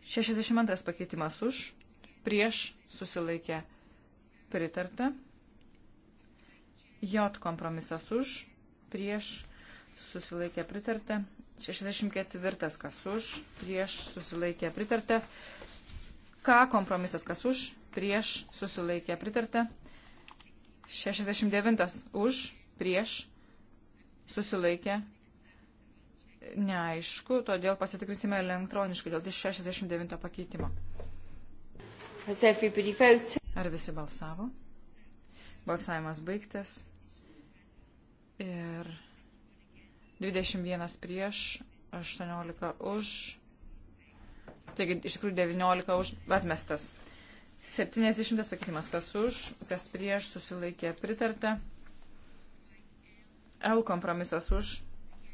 62 pakeitimas už, prieš susilaikė pritarta. J kompromisas už, prieš susilaikė pritarta. 64 kas už, prieš susilaikė pritarta. K kompromisas kas už, prieš susilaikė pritarta. 69 už, prieš susilaikė pritarta neaišku, todėl pasitikrinsime elektroniškai dėl 69 pakeitimo. Ar visi balsavo? Balsavimas baigtas. Ir 21 prieš, 18 už. Taigi, iš tikrųjų, 19 už atmestas. 70 pakeitimas, kas už, kas prieš, susilaikė pritarta. L kompromisas už,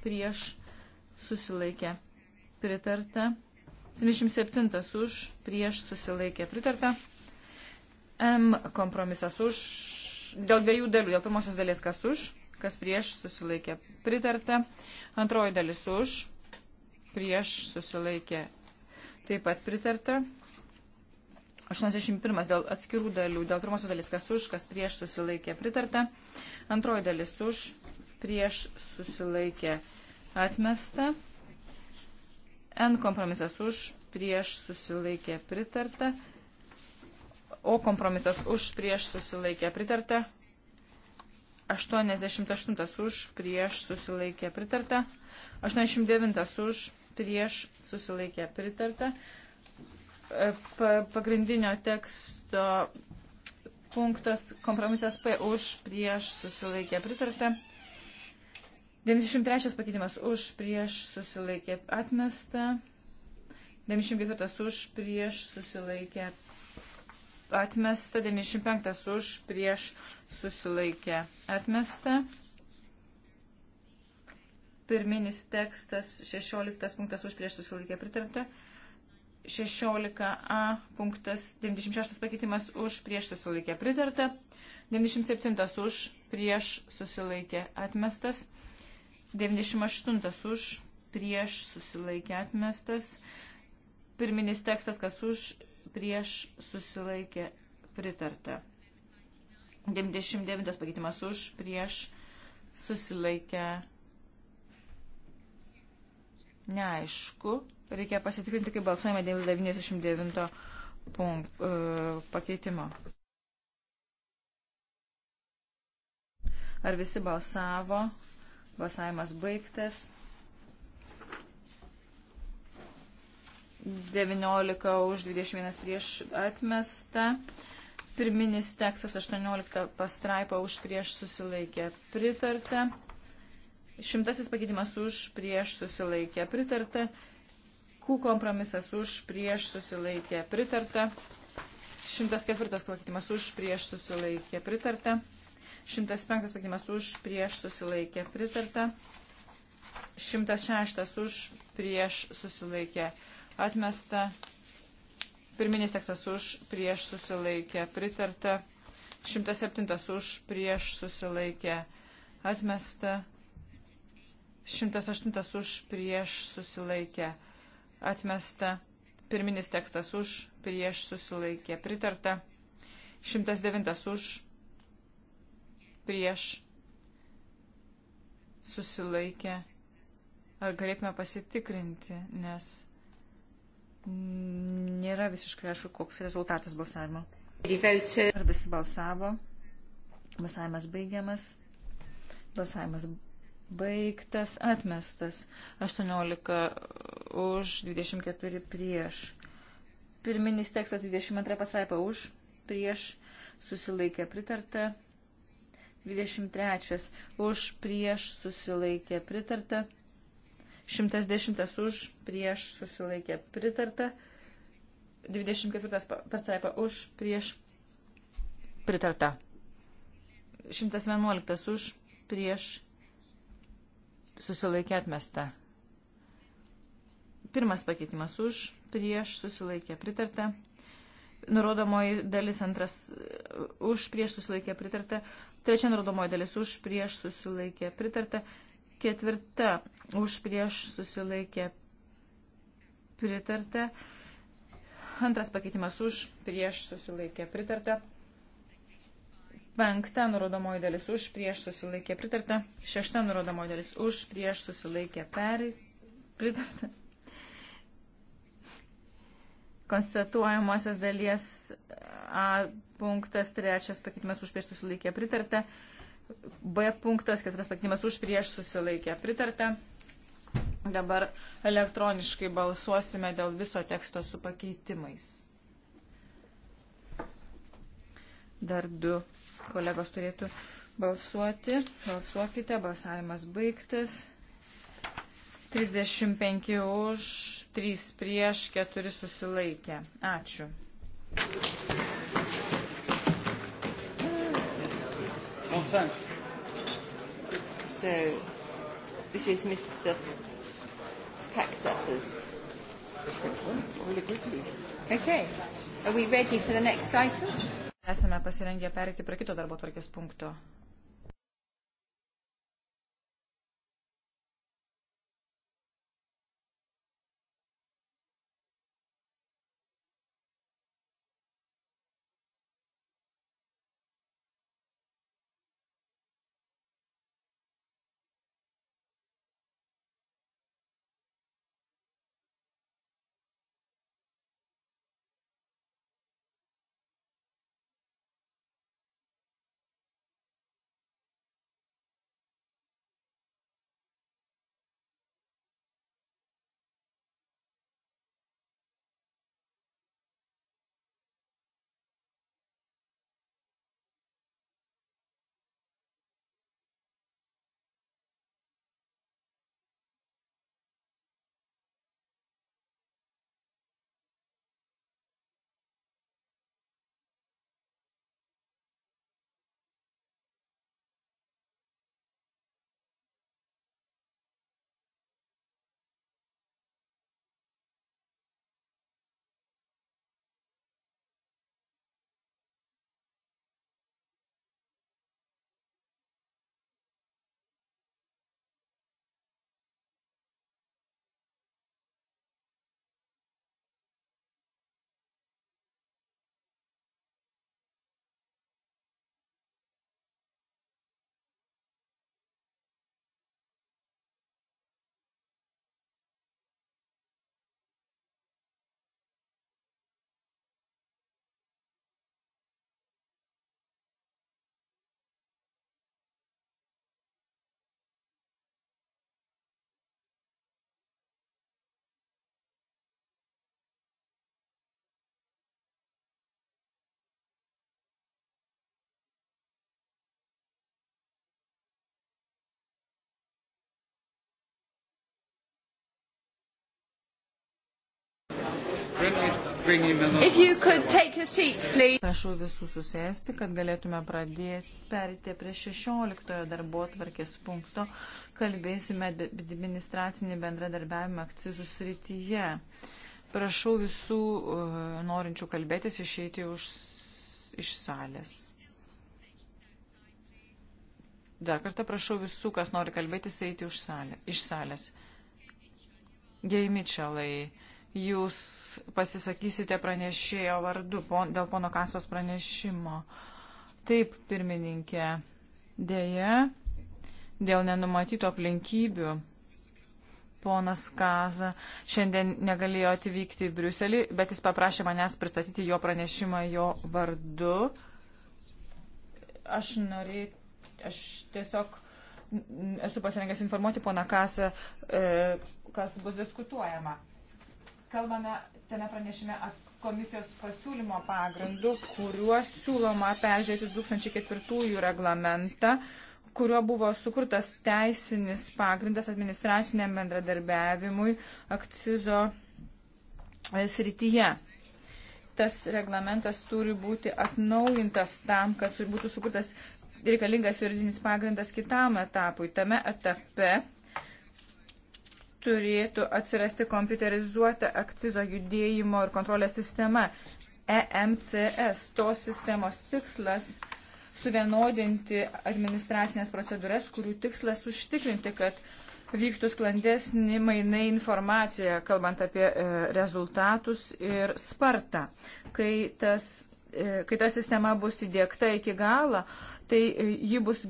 prieš, susilaikė pritarta. 77 už, prieš susilaikė pritarta. M kompromisas už, dėl dviejų dalių, dėl pirmosios dalies kas už, kas prieš susilaikė pritarta. Antroji dalis už, prieš susilaikė taip pat pritarta. 81 dėl atskirų dalių, dėl pirmosios dalis kas už, kas prieš susilaikė pritarta. Antroji dalis už, prieš susilaikė pritarta atmesta. N kompromisas už, prieš susilaikė pritarta. O kompromisas už, prieš susilaikė pritarta. 88 už, prieš susilaikė pritarta. 89 už, prieš susilaikė pritarta. E, pagrindinio teksto punktas kompromisas P už, prieš susilaikė pritarta. 93 pakeitimas už prieš susilaikė atmesta. 94 už prieš susilaikė atmesta. 95 už prieš susilaikė atmesta. Pirminis tekstas 16 punktas už prieš susilaikė pritarta. 16a punktas 96 pakeitimas už prieš susilaikė pritarta. 97 už prieš susilaikė atmestas. 98 už, prieš susilaikė atmestas. Pirminis tekstas, kas už, prieš susilaikė pritarta. 99 pakeitimas už, prieš susilaikė neaišku. Reikia pasitikrinti, kaip balsuojame dėl 99 punkt, uh, pakeitimo. Ar visi balsavo? Balsavimas baigtas. 19 už 21 prieš atmestą. Pirminis tekstas 18 pastraipa už prieš susilaikę pritarta. Šimtasis pakeitimas už prieš susilaikę pritarta. Q kompromisas už prieš susilaikę pritarta. 104 pakeitimas už prieš susilaikę pritarta. 105 pakeitimas už prieš susilaikė pritarta. 106 už prieš susilaikė atmesta. Pirminis tekstas už prieš susilaikė pritarta. 107 už prieš susilaikė atmesta. 108 už prieš susilaikė atmesta. Pirminis tekstas už prieš susilaikė pritarta. 109 už prieš susilaikę. Ar galėtume pasitikrinti, nes nėra visiškai aišku, koks rezultatas balsavimo. Ar visi balsavo? Balsavimas baigiamas. Balsavimas baigtas, atmestas. 18 už, 24 prieš. Pirminis tekstas 22 pasraipa už, prieš, susilaikė pritarta. 23 už prieš susilaikė pritarta. 110 už prieš susilaikė pritarta. 24 pastraipa už prieš pritarta. 111 už prieš susilaikė atmesta. Pirmas pakeitimas už prieš susilaikė pritarta nurodomoji dalis antras už prieš susilaikę pritarta, Trečia nurodomoji dalis už prieš susilaikė pritarta. Ketvirta už prieš susilaikė pritarta. Antras pakeitimas už prieš susilaikė pritarta. Penkta nurodomoji dalis už prieš susilaikė pritarta. Šešta nurodomoji dalis už prieš susilaikė peri, pritarta. Konstatuojamosios dalies A punktas, trečias pakeitimas už prieš susilaikė pritarta. B punktas, ketvirtas pakeitimas už prieš susilaikė pritarta. Dabar elektroniškai balsuosime dėl viso teksto su pakeitimais. Dar du kolegos turėtų balsuoti. Balsuokite, balsavimas baigtas. 35 už, 3 prieš, 4 susilaikė. Ačiū. Consent. So, this is Mr. Paxas's. Really quickly. Okay. Are we ready for the next item? Esame pasirengę perėti prie kito darbo tvarkės punkto. Seat, Prašau visų susėsti, kad galėtume pradėti perėti prie 16 darbo tvarkės punkto. Kalbėsime administracinį bendradarbiavimą akcizų srityje. Prašau visų uh, norinčių kalbėtis išeiti už, iš salės. Dar kartą prašau visų, kas nori kalbėtis, eiti už salę, iš salės. Gei Mitchellai. Uh, jūs pasisakysite pranešėjo vardu pon, dėl pono kasos pranešimo. Taip, pirmininkė, dėje, dėl nenumatytų aplinkybių, ponas Kaza šiandien negalėjo atvykti į Briuselį, bet jis paprašė manęs pristatyti jo pranešimą jo vardu. Aš norėjau, aš tiesiog esu pasirengęs informuoti poną Kasą, e, kas bus diskutuojama kalbame tame pranešime komisijos pasiūlymo pagrindu, kuriuo siūloma peržiūrėti 2004 reglamentą, kuriuo buvo sukurtas teisinis pagrindas administraciniam bendradarbiavimui akcizo e, srityje. Tas reglamentas turi būti atnaujintas tam, kad būtų sukurtas reikalingas juridinis pagrindas kitam etapui. Tame etape turėtų atsirasti kompiuterizuota akcizo judėjimo ir kontrolės sistema. EMCS tos sistemos tikslas suvienodinti administracinės procedūras, kurių tikslas užtikrinti, kad vyktų sklandesni mainai informacija, kalbant apie e, rezultatus ir spartą. Kai, tas, e, kai ta sistema bus įdėkta iki galo, tai e, ji, bus,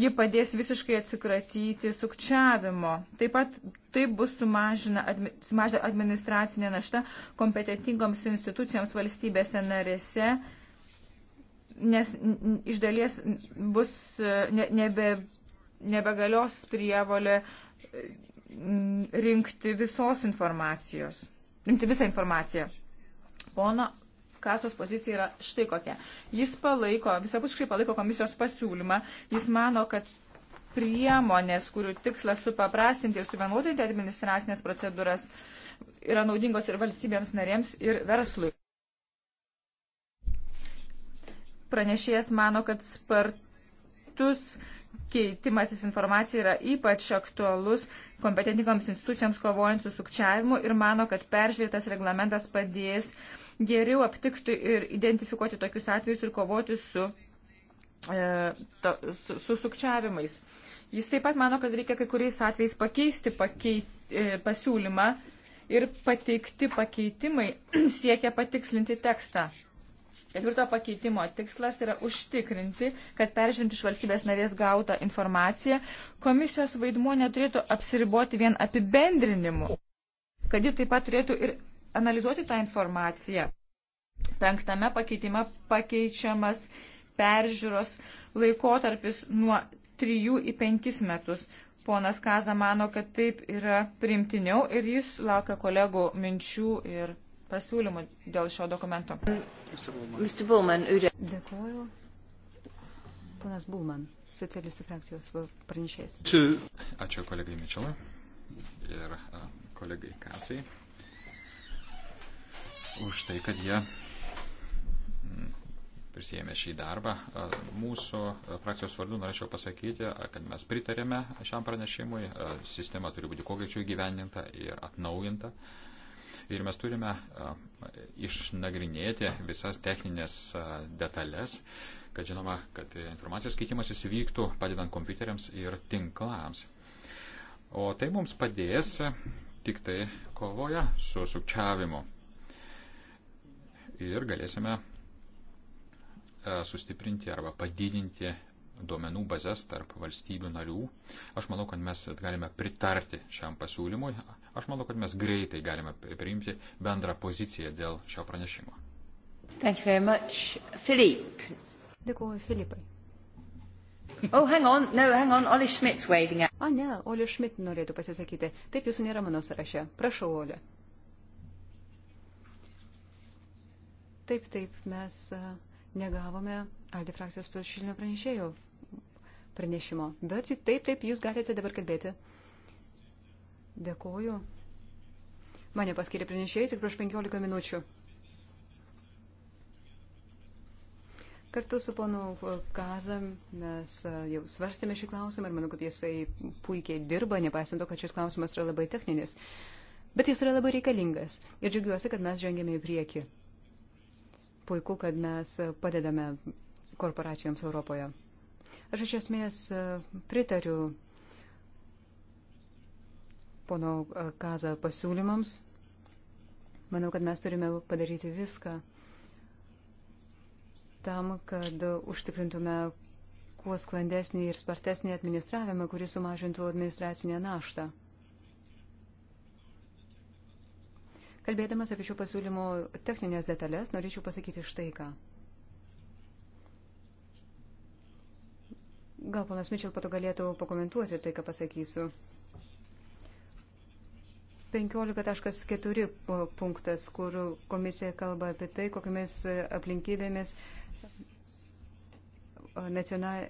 ji padės visiškai atsikratyti sukčiavimo. Taip pat tai bus sumažina, admi, sumažina administracinė našta kompetitingoms institucijoms valstybėse narėse, nes iš dalies bus e, ne, nebe, nebegalios prievolė e, rinkti visos informacijos, rinkti visą informaciją. Pono kasos pozicija yra štai kokia. Jis palaiko, visapuškai palaiko komisijos pasiūlymą. Jis mano, kad priemonės, kurių tikslas supaprastinti ir suvienodinti administracinės procedūras, yra naudingos ir valstybėms narėms, ir verslui. Pranešėjas mano, kad spartus keitimasis informacija yra ypač aktualus kompetentingoms institucijoms kovojant su sukčiavimu ir mano, kad peržiūrėtas reglamentas padės uh, geriau aptikti ir identifikuoti tokius atvejus ir kovoti su, e, to, su, su sukčiavimais. Jis taip pat mano, kad reikia kai kuriais atvejais pakeisti pakeit, e, pasiūlymą ir pateikti pakeitimai siekia patikslinti tekstą. Ketvirto pakeitimo tikslas yra užtikrinti, kad peržiūrint iš valstybės narės gautą informaciją, komisijos vaidmuo neturėtų apsiriboti vien apibendrinimu, kad ji taip pat turėtų ir analizuoti tą informaciją. Penktame pakeitime pakeičiamas peržiūros laikotarpis nuo 3 į 5 metus. Ponas Kaza mano, kad taip yra primtiniau ir jis laukia kolegų minčių ir pasiūlymų dėl šio dokumento. Dėkuoju. Ponas Bulman, socialistų frakcijos pranešėjas. Ačiū kolegai Mičelui ir kolegai Kasai už tai, kad jie mm, prisėmė šį darbą. Mūsų frakcijos vardu norėčiau pasakyti, kad mes pritarėme šiam pranešimui. Sistema turi būti kuo greičiau įgyvendinta ir atnaujinta. Ir mes turime išnagrinėti visas techninės detalės, kad žinoma, kad informacijos keitimasis vyktų padedant kompiuteriams ir tinklams. O tai mums padės tik tai kovoje su sukčiavimu ir galėsime e, sustiprinti arba padidinti duomenų bazės tarp valstybių narių. Aš manau, kad mes galime pritarti šiam pasiūlymui. Aš manau, kad mes greitai galime priimti bendrą poziciją dėl šio pranešimo. Filip. Dėkuoju, Filipai. Oh, hang on, no, hang on, Oli Schmidt's waving at. O ne, Oli Schmidt norėtų pasisakyti. Taip, jūsų nėra mano sąraše. Prašau, Oli. Taip, taip, mes e, negavome Aldi frakcijos šilinio pranešėjo pranešimo. Bet taip, taip, jūs galite dabar kalbėti. Dėkoju. Mane paskiria pranešėjai tik prieš 15 minučių. Kartu su ponu Kazam mes e, jau svarstėme šį klausimą ir manau, kad jisai puikiai dirba, nepaisant to, kad šis klausimas yra labai techninis. Bet jis yra labai reikalingas ir džiugiuosi, kad mes žengėme į priekį puiku, kad mes padedame korporacijoms Europoje. Aš iš esmės e, pritariu pono e, Kaza pasiūlymams. Manau, kad mes turime padaryti viską tam, kad užtikrintume kuo sklandesnį ir spartesnį administravimą, kuris sumažintų administracinę naštą. Kalbėdamas apie šių pasiūlymų techninės detalės, norėčiau pasakyti štai ką. Gal ponas Mičel pato galėtų pakomentuoti tai, ką pasakysiu. 15.4 punktas, kur komisija kalba apie tai, kokiamis aplinkybėmis nacional...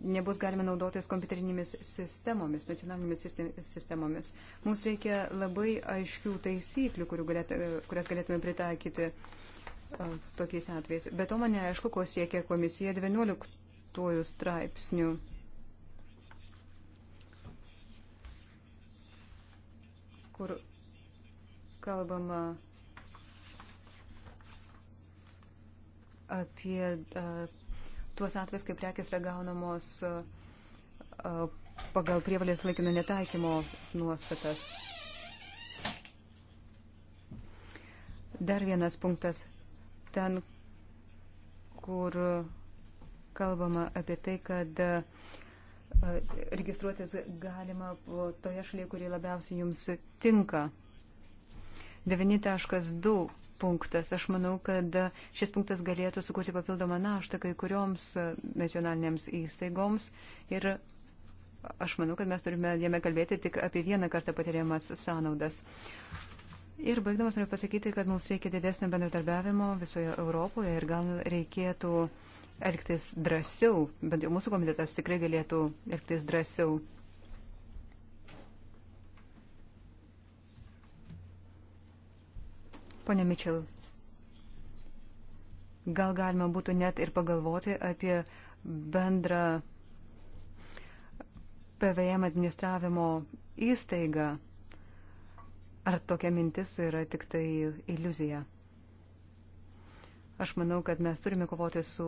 nebus galima naudotis kompiuterinėmis sistemomis, nacionalinėmis sistemomis. Mums reikia labai aiškių taisyklių, galėt, kurias galėtume pritaikyti tokiais atvejais. Bet to mane aišku, ko siekia komisija 12 straipsnių. kur kalbama apie uh, tuos atvejus, kai prekis yra gaunamos pagal prievalės laikino netaikymo nuostatas. Dar vienas punktas. Ten, kur kalbama apie tai, kad registruotis galima toje šalyje, kuri labiausiai jums tinka. 9.2 punktas. Aš manau, kad šis punktas galėtų sukurti papildomą naštą kai kurioms nacionalinėms įstaigoms. Ir aš manau, kad mes turime jame kalbėti tik apie vieną kartą patiriamas sąnaudas. Ir baigdamas noriu pasakyti, kad mums reikia didesnio bendradarbiavimo visoje Europoje ir gal reikėtų elgtis drąsiau, bent jau mūsų komitetas tikrai galėtų elgtis drąsiau. Pone Mičel, gal galima būtų net ir pagalvoti apie bendrą PVM administravimo įstaigą. Ar tokia mintis yra tik tai iliuzija? Aš manau, kad mes turime kovoti su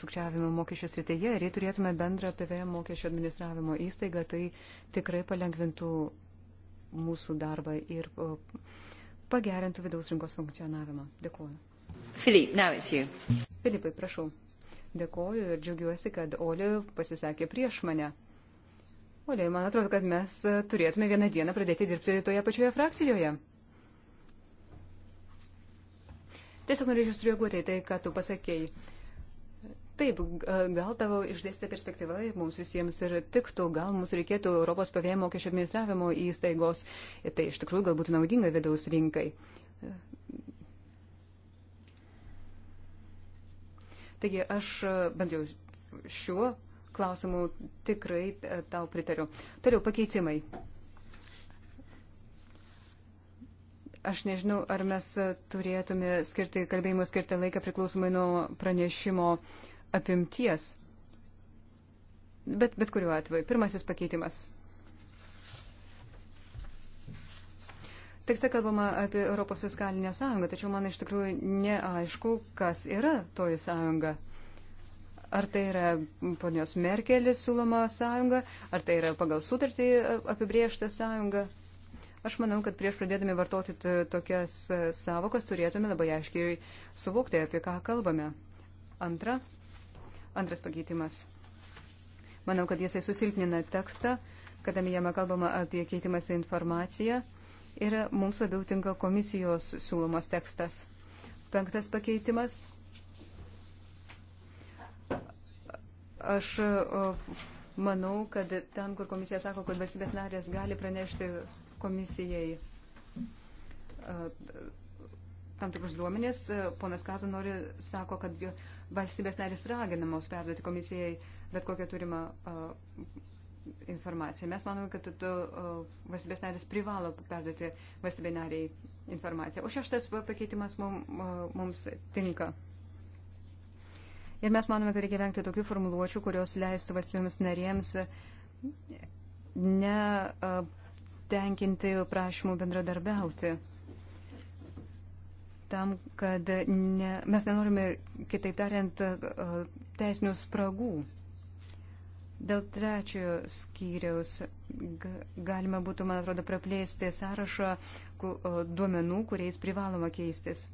sukčiavimo mokesčio srityje ir jei turėtume bendrą PVM mokesčio administravimo įstaigą, tai tikrai palengvintų mūsų darbą ir uh, pagerintų vidaus rinkos funkcionavimą. Dėkuoju. Filip, now it's you. Filipai, prašau. Dėkuoju ir džiaugiuosi, kad Oli pasisakė prieš mane. Oli, man atrodo, kad mes turėtume vieną dieną pradėti dirbti toje pačioje frakcijoje. Tiesiog norėčiau sureaguoti į tai, ką tu pasakėjai. Taip, gal tavo išdėstė perspektyva mums visiems ir tiktų, gal mums reikėtų Europos pavėjimo mokesčio administravimo įstaigos, tai iš tikrųjų gal būtų naudinga vidaus rinkai. Taigi aš bent jau šiuo klausimu tikrai tau pritariu. Toliau pakeitimai. Aš nežinau, ar mes turėtume skirti kalbėjimo skirtą laiką priklausomai nuo pranešimo uh, apimties. Bet, bet kuriuo atveju, pirmasis pakeitimas. Tekste kalbama apie Europos fiskalinę sąjungą, tačiau man iš tikrųjų neaišku, kas yra toji sąjunga. Ar tai yra ponios Merkelis siūloma sąjunga, ar tai yra pagal sutartį apibriešta sąjunga. Aš manau, kad prieš pradėdami vartoti tokias e, savokas turėtume labai aiškiai suvokti, apie ką kalbame. Antra, Antras pakeitimas. Manau, kad jisai susilpnina tekstą, kadangi jame kalbama apie keitimąsi informaciją ir mums labiau tinka komisijos siūlomas tekstas. Penktas pakeitimas. Aš manau, kad ten, kur komisija sako, kad valstybės narės gali pranešti komisijai tam tikrus duomenės. Ponas Kaza nori, sako, kad valstybės narės raginamos perduoti komisijai bet kokią turimą informaciją. Mes manome, kad valstybės narės privalo perduoti valstybė nariai informaciją. O šeštas pakeitimas mums tinka. Ir mes manome, kad reikia vengti tokių formuluočių, kurios leistų valstybėms narėms netenkinti prašymų bendradarbiauti tam, kad ne, mes nenorime, kitaip tariant, e, teisinių spragų. Dėl trečiojo skyriaus galima būtų, man atrodo, praplėsti sąrašą e, duomenų, kuriais privaloma keistis.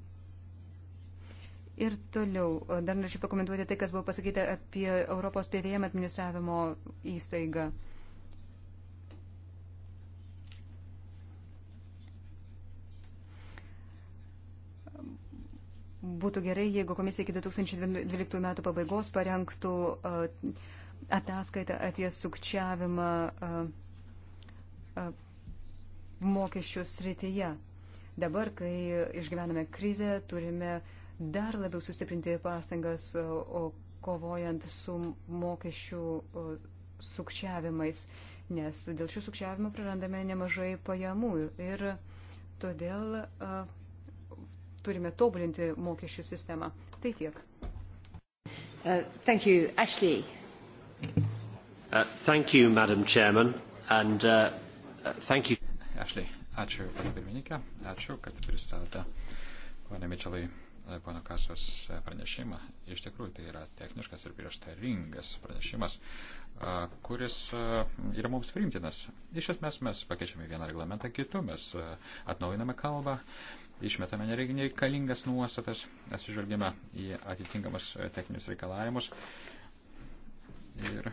Ir toliau, e, dar norėčiau pakomentuoti tai, kas buvo pasakyta apie Europos PVM administravimo įstaigą. būtų gerai, jeigu komisija iki 2012 metų pabaigos parengtų uh, ataskaitą apie sukčiavimą uh, uh, mokesčių srityje. Dabar, kai išgyvename krizę, turime dar labiau sustiprinti pastangas kovojant su mokesčių sukčiavimais, nes dėl šių sukčiavimų prarandame nemažai pajamų ir, ir todėl uh, turime tobulinti mokesčių sistemą. Tai tiek. Uh, thank you, Ashley. Uh, thank you, Madam Chairman, and uh, uh thank you. Ashley, ačiū, pana pirmininkė, ačiū, kad pristatėte, pana Mičelai, e, pana Kasos e, pranešimą. Iš tikrųjų, tai yra techniškas ir prieštaringas pranešimas, e, kuris yra mums priimtinas. Iš esmės mes pakeičiame vieną reglamentą kitu, mes atnaujiname kalbą, išmetame nereikalingas nuostatas, atsižvelgiame į atitinkamus techninius reikalavimus ir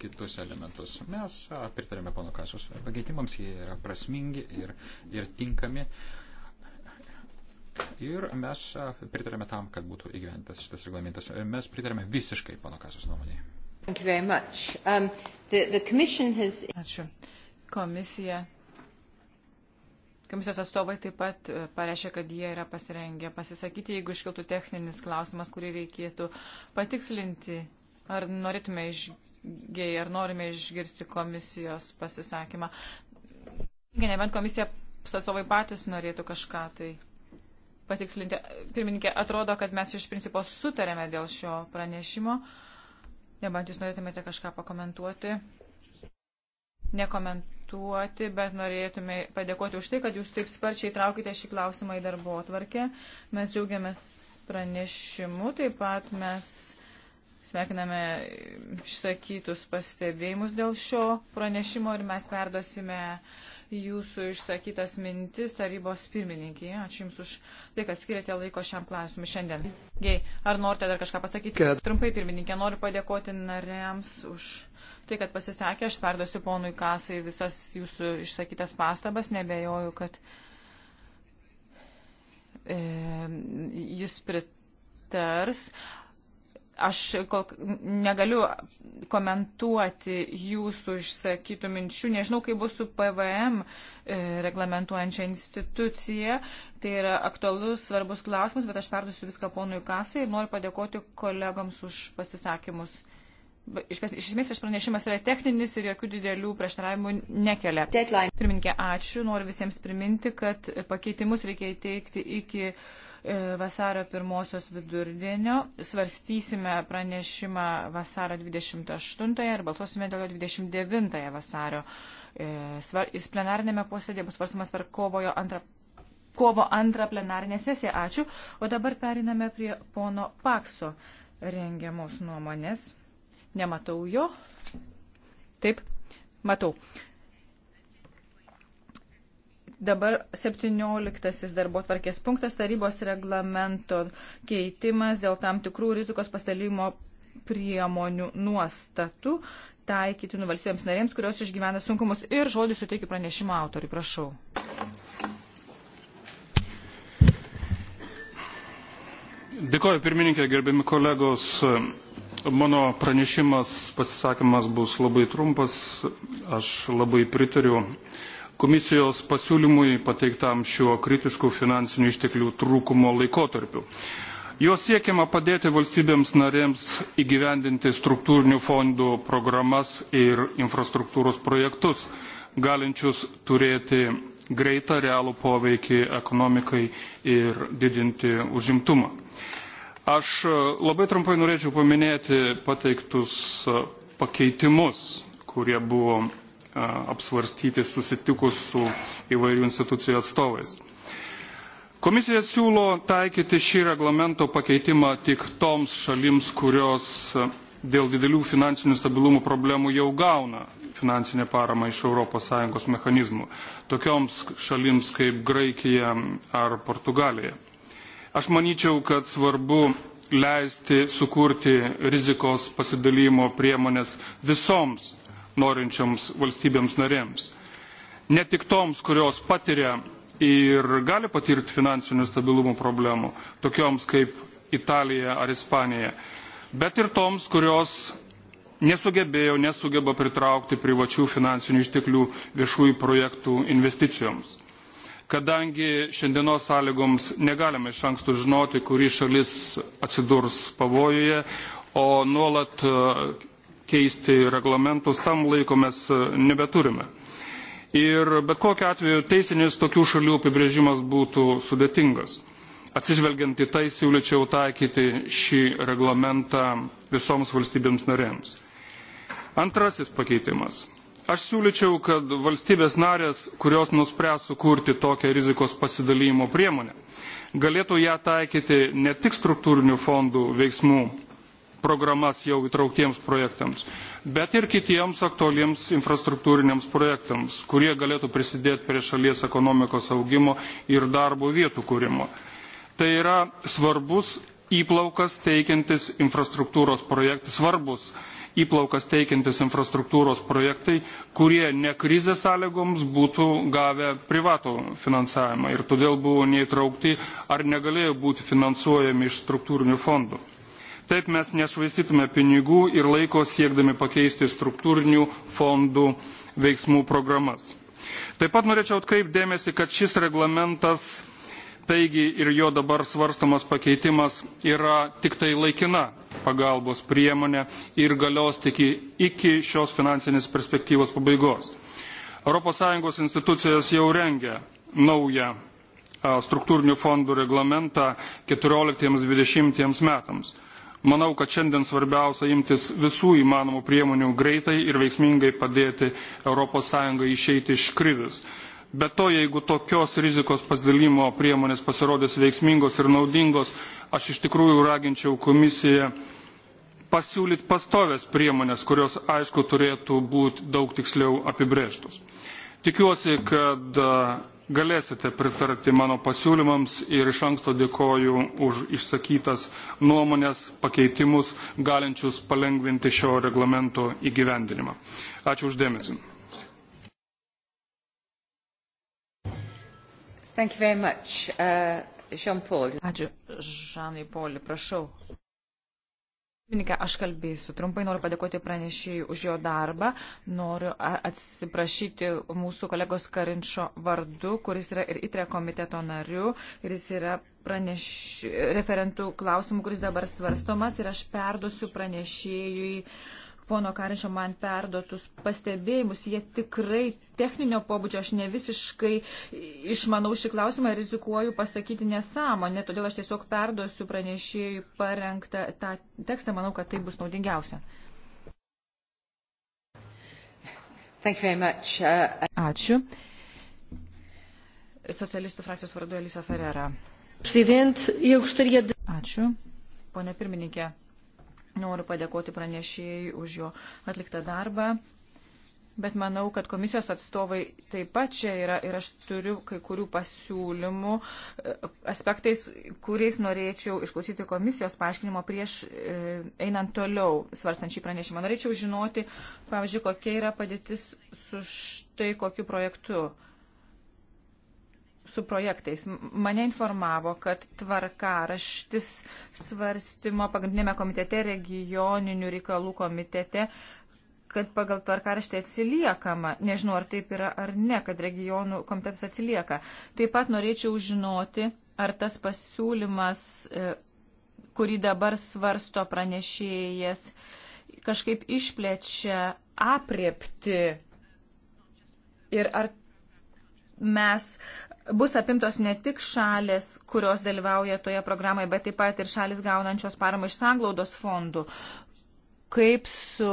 kitus elementus. Mes pritarėme pono kasus pakeitimams, jie yra prasmingi ir, ir tinkami. Ir mes pritarėme tam, kad būtų įgyventas šitas reglamentas. Mes pritarėme visiškai pono kasus nuomonėje. Um, has... Ačiū. Komisija Komisijos atstovai taip pat e, pareiškia, kad jie yra pasirengę pasisakyti, jeigu iškiltų techninis klausimas, kurį reikėtų patikslinti. Ar norėtume išgiai, ar norime išgirsti komisijos pasisakymą. Nebent komisija atstovai patys norėtų kažką tai patikslinti. Pirmininkė, atrodo, kad mes iš principo sutarėme dėl šio pranešimo. Nebent jūs norėtumėte kažką pakomentuoti nekomentuoti, bet norėtume padėkoti už tai, kad jūs taip sparčiai traukite šį klausimą į darbo atvarkę. Mes džiaugiamės pranešimu, taip pat mes sveikiname išsakytus pastebėjimus dėl šio pranešimo ir mes perdosime jūsų išsakytas mintis tarybos pirmininkiai. Ačiū Jums už tai, kad skiriate laiko šiam klausimui šiandien. Jei, ar norite dar kažką pasakyti? Kad... Trumpai, pirmininkė, noriu padėkoti nariams už tai, kad pasisakė, aš perduosiu ponui Kasai visas jūsų išsakytas pastabas, nebejoju, kad e, jis pritars. Aš kol negaliu komentuoti jūsų išsakytų minčių, nežinau, kaip bus su PVM e, reglamentuojančia institucija. Tai yra aktualus, svarbus klausimas, bet aš perdusiu viską ponui Kasai ir noriu padėkoti kolegams už pasisakymus. Iš, iš esmės šis pranešimas yra techninis ir jokių didelių prieštaravimų nekelia. Deadline. Pirminkė, ačiū. Noriu visiems priminti, kad pakeitimus reikia įteikti iki e, vasario pirmosios vidurdienio. Svarstysime pranešimą vasario 28 ir balsuosime dėl 29 vasario. E, svar, jis plenarinėme posėdėje bus svarstamas per kovojo antrą. Kovo antrą plenarinę sesiją. Ačiū. O dabar periname prie pono Pakso rengiamos nuomonės. Nematau jo. Taip, matau. Dabar 17 darbo tvarkės punktas tarybos reglamento keitimas dėl tam tikrų rizikos pastalymo priemonių nuostatų taikytinų valstybėms narėms, kurios išgyvena sunkumus. Ir žodį suteikiu pranešimo autoriui. Prašau. Dėkoju pirmininkė, gerbiami kolegos. Mano pranešimas, pasisakymas bus labai trumpas. Aš labai pritariu komisijos pasiūlymui pateiktam šiuo kritišku finansinių išteklių trūkumo laikotarpiu. Jo siekiama padėti valstybėms narėms įgyvendinti struktūrinių fondų programas ir infrastruktūros projektus, galinčius turėti greitą realų poveikį ekonomikai ir didinti užimtumą. Aš e, labai trumpai norėčiau paminėti pateiktus e, pakeitimus, kurie buvo e, apsvarstyti susitikus su įvairių institucijų atstovais. Komisija siūlo taikyti šį reglamento pakeitimą tik toms šalims, kurios dėl didelių finansinių stabilumų problemų jau gauna finansinę paramą iš ES mechanizmų, tokioms šalims kaip Graikija ar Portugalija. Aš manyčiau, kad svarbu leisti sukurti rizikos pasidalymo priemonės visoms norinčioms valstybėms narėms. Ne tik toms, kurios patiria ir gali patirti finansinio stabilumo problemų, tokioms kaip Italija ar Ispanija, bet ir toms, kurios nesugebėjo, nesugeba pritraukti privačių finansinių išteklių viešųjų projektų investicijoms kadangi šiandienos sąlygoms negalime iš anksto žinoti, kuri šalis atsidurs pavojuje, o nuolat e, keisti reglamentus tam laiko mes e, nebeturime. Ir bet kokiu atveju teisinis tokių šalių apibrėžimas būtų sudėtingas. Atsižvelgiant į tai, siūlyčiau taikyti šį reglamentą visoms valstybėms narėms. Antrasis pakeitimas Aš siūlyčiau, kad valstybės narės, kurios nuspręs sukurti tokią rizikos pasidalymo priemonę, galėtų ją taikyti ne tik struktūrinių fondų veiksmų programas jau įtrauktiems projektams, bet ir kitiems aktualiems infrastruktūriniams projektams, kurie galėtų prisidėti prie šalies ekonomikos augimo ir darbo vietų kūrimo. Tai yra svarbus įplaukas teikiantis infrastruktūros projektai, svarbus įplaukas teikiantis infrastruktūros projektai, kurie ne krizės sąlygoms būtų gavę privatų finansavimą ir todėl buvo neįtraukti ar negalėjo būti finansuojami iš struktūrinių fondų. Taip mes nešvaistytume pinigų ir laiko siekdami pakeisti struktūrinių fondų veiksmų programas. Taip pat norėčiau atkreipdėmėsi, kad šis reglamentas taigi ir jo dabar svarstomas pakeitimas yra tik tai laikina pagalbos priemonė ir galios tik iki šios finansinės perspektyvos pabaigos. ES institucijos jau rengia naują struktūrinių fondų reglamentą 14-20 metams. Manau, kad šiandien svarbiausia imtis visų įmanomų priemonių greitai ir veiksmingai padėti ES išeiti iš krizės. Be to, jeigu tokios rizikos pasidalimo priemonės pasirodys veiksmingos ir naudingos, aš iš tikrųjų raginčiau komisiją pasiūlyti pastovės priemonės, kurios aišku turėtų būti daug tiksliau apibrėžtos. Tikiuosi, kad e, galėsite pritarti mano pasiūlymams ir iš anksto dėkoju už išsakytas nuomonės pakeitimus, galinčius palengvinti šio reglamento įgyvendinimą. Ačiū uždėmesi. Thank you very much, uh, Jean-Paul. Ačiū, Žanai Poli, prašau. Pirmininkė, aš kalbėsiu. Trumpai noriu padėkoti pranešėjui už jo darbą. Noriu atsiprašyti mūsų kolegos Karinčio vardu, kuris yra ir ITRE komiteto nariu, ir jis yra praneš... referentų klausimų, kuris dabar svarstomas, ir aš perduosiu pranešėjui uh, pono Karinčio man perdotus pastebėjimus. Jie tikrai techninio pobūdžio, aš ne visiškai išmanau šį klausimą ir rizikuoju pasakyti nesąmonę, todėl aš tiesiog perduosiu pranešėjui parengtą tą tekstą, manau, kad tai bus naudingiausia. Uh, Ačiū. Socialistų frakcijos vardu Elisa Ferrera. Ačiū. Pone pirmininkė, Noriu padėkoti pranešėjai už jo atliktą darbą. Bet manau, kad komisijos atstovai taip pat čia yra ir aš turiu kai kurių pasiūlymų e, aspektais, kuriais norėčiau išklausyti komisijos paaiškinimo prieš e, einant toliau svarstant šį pranešimą. Norėčiau žinoti, pavyzdžiui, kokia yra padėtis su štai kokiu projektu su projektais. Mane informavo, kad tvarkaraštis svarstymo pagrindinėme komitete, regioninių reikalų komitete, kad pagal tvarkaraštį atsiliekama. Nežinau, ar taip yra ar ne, kad regionų komitetas atsilieka. Taip pat norėčiau žinoti, ar tas pasiūlymas, e, kurį dabar svarsto pranešėjas, kažkaip išplečia apriepti ir ar mes bus apimtos ne tik šalis, kurios dalyvauja toje programoje, bet taip pat ir šalis gaunančios paramą iš sanglaudos fondų. Kaip su,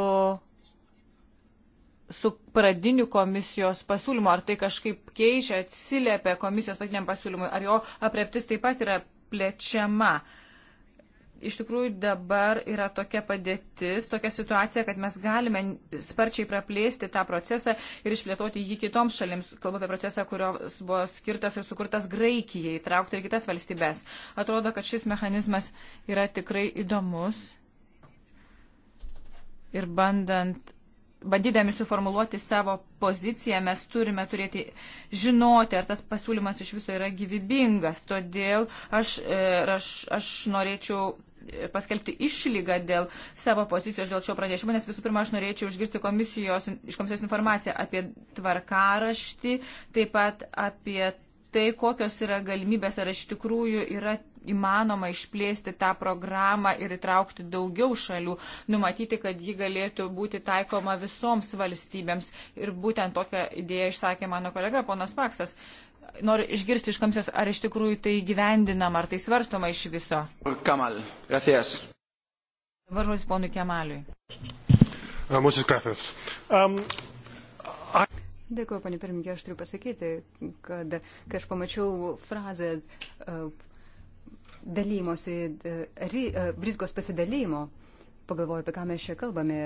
su pradiniu komisijos pasiūlymu, ar tai kažkaip keičia, atsiliepia komisijos patiniam pasiūlymui, ar jo apreptis taip pat yra plečiama. Uh, iš tikrųjų dabar yra tokia padėtis, tokia situacija, kad mes galime sparčiai praplėsti tą procesą ir išplėtoti jį kitoms šalims. Kalbu apie procesą, kurios buvo skirtas ir sukurtas Graikijai, traukti ir kitas valstybės. Atrodo, kad šis mechanizmas yra tikrai įdomus. Ir bandant, bandydami suformuluoti savo poziciją, mes turime turėti žinoti, ar tas pasiūlymas iš viso yra gyvybingas. Todėl aš, e, aš, aš norėčiau paskelbti išlygą dėl savo pozicijos dėl šio pranešimo, nes visų pirma, aš norėčiau išgirsti komisijos, iš komisijos informaciją apie tvarkaraštį, taip pat apie tai, kokios yra galimybės, ar iš tikrųjų yra įmanoma išplėsti tą programą ir įtraukti daugiau šalių, numatyti, kad ji galėtų būti taikoma visoms valstybėms. Ir būtent tokią idėją išsakė mano kolega ponas Paksas. Uh, noriu išgirsti iš komisijos, ar iš tikrųjų tai gyvendinama, ar tai svarstoma iš viso. Kamal, gracias. Dabar žodis ponui Kemaliui. Mūsų grafės. Um, I... Dėkuoju, panė pirmininkė, aš turiu pasakyti, kad kai aš pamačiau frazę uh, dalymosi, uh, ry, uh, brisgos pasidalymo, pagalvoju, apie ką mes čia kalbame,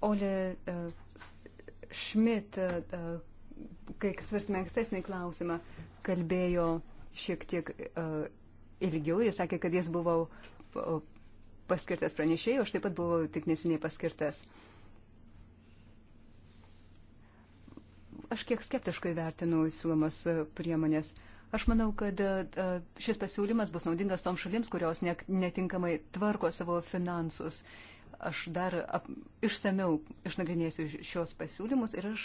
Ole e, Schmidt, e, e, kai svarstame ankstesnį klausimą, kalbėjo šiek tiek ilgiau. Jis sakė, kad jis buvo paskirtas pranešėjai, aš taip pat buvau tik nesiniai paskirtas. Aš kiek skeptiškai vertinu siūlomas priemonės. Aš manau, kad šis pasiūlymas bus naudingas tom šalims, kurios netinkamai tvarko savo finansus Aš dar ap, išsameu išnagrinėsiu šios pasiūlymus ir aš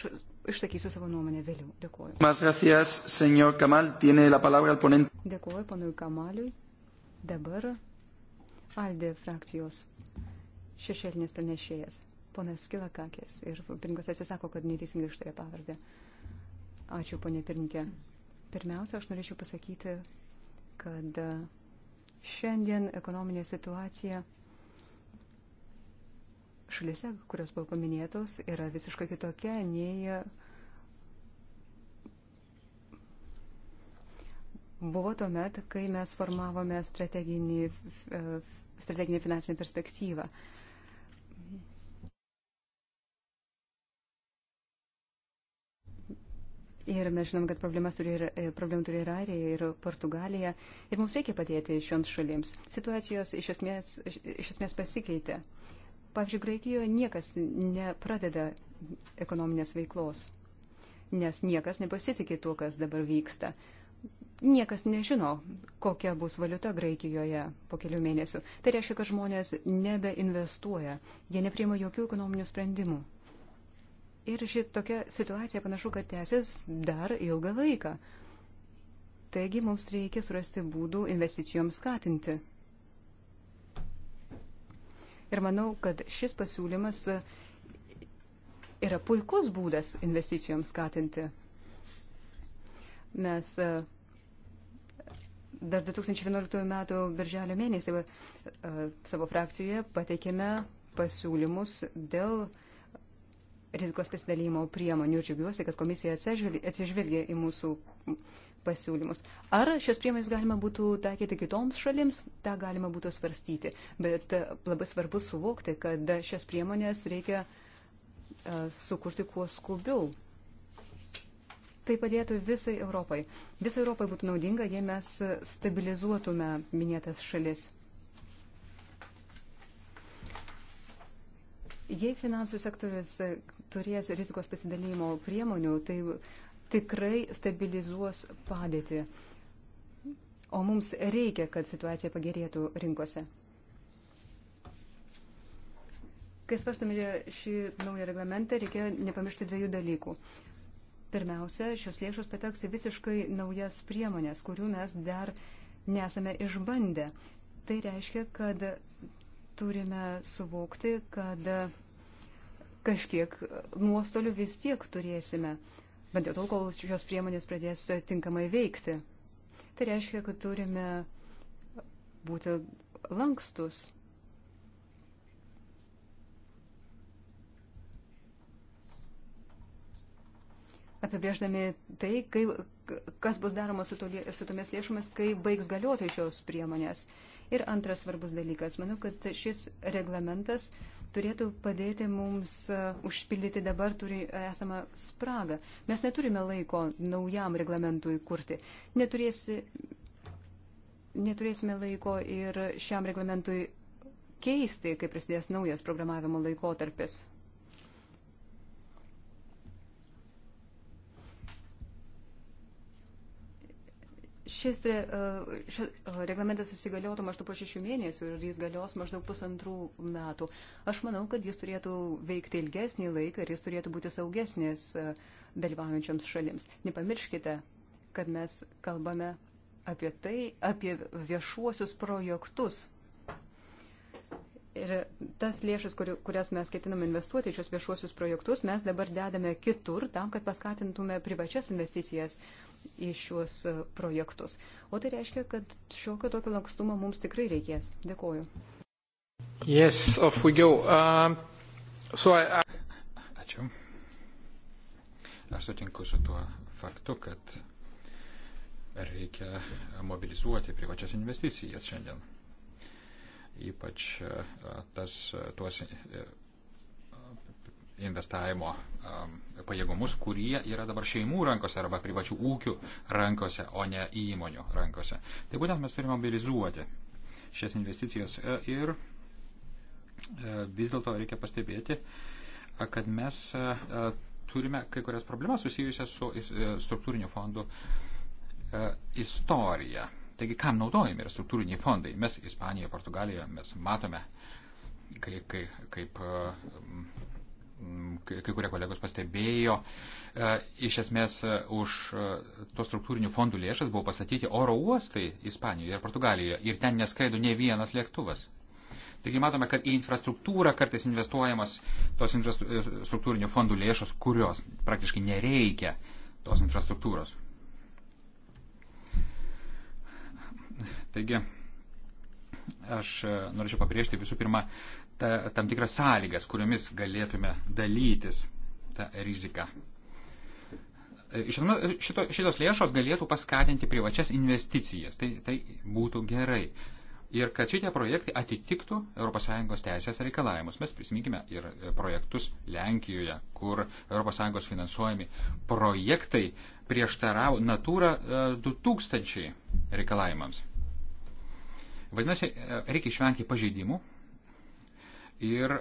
išsakysiu savo nuomonę vėliau. Dėkuoju. Gracias, Kamal. Dėkuoju panui Kamaliui. Dabar Aldė frakcijos šešėlinės pranešėjas. Ponas Skilakakės ir pirmininkas atsisako, kad neteisingai ištarė pavardę. Ačiū, ponė pirmininkė. Pirmiausia, aš norėčiau pasakyti, kad šiandien ekonominė situacija šalyse, kurios buvo paminėtos, yra visiškai kitokia nei buvo tuomet, kai mes formavome strateginį, e, strateginį finansinį perspektyvą. Ir mes žinom, kad turi, e, problemų turi ir Airija, ir Portugalija. Ir mums reikia padėti šioms šalims. Situacijos iš esmės, iš esmės pasikeitė. Uh, Pavyzdžiui, Graikijoje niekas nepradeda ekonominės veiklos, nes niekas nepasitikė tuo, kas dabar vyksta. Niekas nežino, kokia bus valiuta Graikijoje po kelių mėnesių. Tai reiškia, kad žmonės nebeinvestuoja, jie nepriima jokių ekonominių sprendimų. Ir šitokia situacija panašu, kad tęsis dar ilgą laiką. Taigi mums reikia surasti būdų investicijoms skatinti. Ir manau, kad šis pasiūlymas yra puikus būdas investicijoms skatinti. Mes e, dar 2011 m. birželio mėnesį e, savo frakcijoje pateikėme pasiūlymus dėl rizikos pasidalymo priemonių ir džiugiuosi, kad komisija atsižvelgia į mūsų pasiūlymus. Ar šios priemonės galima būtų taikyti kitoms šalims, tą galima būtų svarstyti. Bet e, labai svarbu suvokti, kad šias priemonės reikia e, sukurti kuo skubiau. Tai padėtų visai Europai. Visai Europai būtų naudinga, jei mes stabilizuotume minėtas šalis. Jei finansų sektorius turės rizikos pasidalymo priemonių, tai tikrai stabilizuos padėtį. O mums reikia, kad situacija pagerėtų rinkose. Kai svarstome šį naują reglamentą, reikia nepamiršti dviejų dalykų. Pirmiausia, šios lėšos pateks į visiškai naujas priemonės, kurių mes dar nesame išbandę. Tai reiškia, kad turime suvokti, kad kažkiek nuostolių vis tiek turėsime bent jau tol, kol šios priemonės pradės tinkamai veikti. Tai reiškia, kad turime būti lankstus. Apibrėždami tai, kai, kas bus daroma su, to, su tomis lėšomis, kai baigs galioti šios priemonės. Ir antras svarbus dalykas. Manau, kad šis reglamentas turėtų padėti mums e, užpildyti dabar turi e, esamą spragą. Mes neturime laiko naujam reglamentui kurti. Neturėsi, neturėsime laiko ir šiam reglamentui keisti, kai prasidės naujas programavimo laikotarpis. Šis e, ši, e, reglamentas įsigaliotų maždaug po šešių mėnesių ir jis galios maždaug pusantrų metų. Aš manau, kad jis turėtų veikti ilgesnį laiką ir jis turėtų būti saugesnis e, dalyvaujančioms šalims. Nepamirškite, kad mes kalbame apie tai, apie viešuosius projektus. Ir tas lėšas, kur, kurias mes ketiname investuoti į šios viešuosius projektus, mes dabar dedame kitur tam, kad paskatintume privačias investicijas. Uh, į šiuos e, projektus. O tai reiškia, kad šiokio tokio lankstumo mums tikrai reikės. Dėkoju. Yes, off we go. Um, so I, I... Ačiū. Aš sutinku su tuo faktu, kad reikia mobilizuoti privačias investicijas šiandien. Ypač e, tas, e, tuos investavimo um, pajėgumus, kurie yra dabar šeimų rankose arba privačių ūkių rankose, o ne įmonių rankose. Tai būtent mes turime mobilizuoti šias investicijas e, ir e, vis dėlto reikia pastebėti, e, kad mes turime kai kurias problemas susijusias su struktūriniu fondu istorija. Taigi, kam naudojami yra struktūriniai fondai? Mes Ispanijoje, Portugalijoje mes matome, kai, kai, kaip kai kurie kolegos pastebėjo, e, iš esmės e, už e, to struktūrinių fondų lėšas buvo pastatyti oro uostai Ispanijoje ir Portugalijoje ir ten neskraido ne vienas lėktuvas. Taigi matome, kad į infrastruktūrą kartais investuojamas tos infrastruktūrinių fondų lėšos, kurios praktiškai nereikia tos infrastruktūros. Taigi, aš norėčiau pabrėžti visų pirma ta, tam tikras sąlygas, kuriomis galėtume dalytis tą riziką. Žinoma, e, šito, šitos lėšos galėtų paskatinti privačias investicijas, tai, tai būtų gerai. Ir kad šitie projektai atitiktų ES teisės reikalavimus. Mes prisiminkime ir projektus Lenkijoje, kur ES finansuojami projektai prieštaravo Natūra 2000 e, reikalavimams. Vadinasi, e, reikia išvengti pažeidimų Ir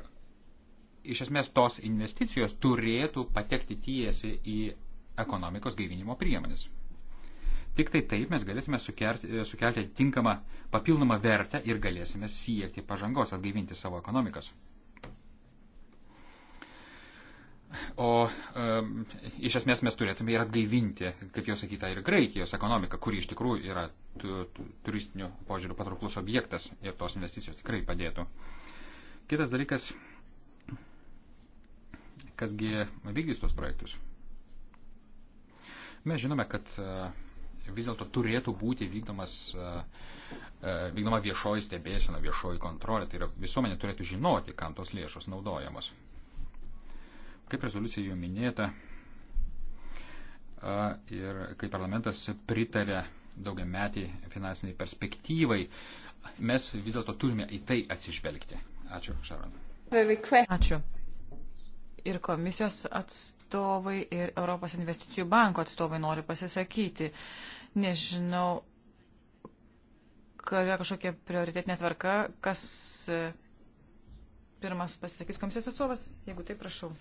iš esmės tos investicijos turėtų patekti tiesi į ekonomikos gaivinimo priemonės. Tik tai taip mes galėsime sukelti, e, sukelti atitinkamą papildomą vertę ir galėsime siekti pažangos atgaivinti savo ekonomikas. O um, iš esmės mes turėtume ir atgaivinti, kaip jau sakyta, ir Graikijos ekonomiką, kuri iš tikrųjų yra tu, tu, turistinių požiūrių patrauklus objektas ir tos investicijos tikrai padėtų. Uh, Kitas dalykas, kasgi vykdys tos projektus. Mes žinome, kad e, vis dėlto turėtų būti vykdomas, e, e, vykdoma viešoji stebėsena, viešoji kontrolė. Tai yra visuomenė turėtų žinoti, kam tos lėšos naudojamos. Kaip rezoliucija jau minėta ir kai parlamentas pritarė daugiametį finansiniai perspektyvai, mes vis dėlto turime į tai atsižvelgti. Ačiū, Šaron. Ačiū. Ir komisijos atstovai, ir Europos investicijų banko atstovai nori pasisakyti. Nežinau, kad yra kažkokia prioritetinė tvarka, kas e, pirmas pasisakys komisijos atstovas, jeigu tai prašau.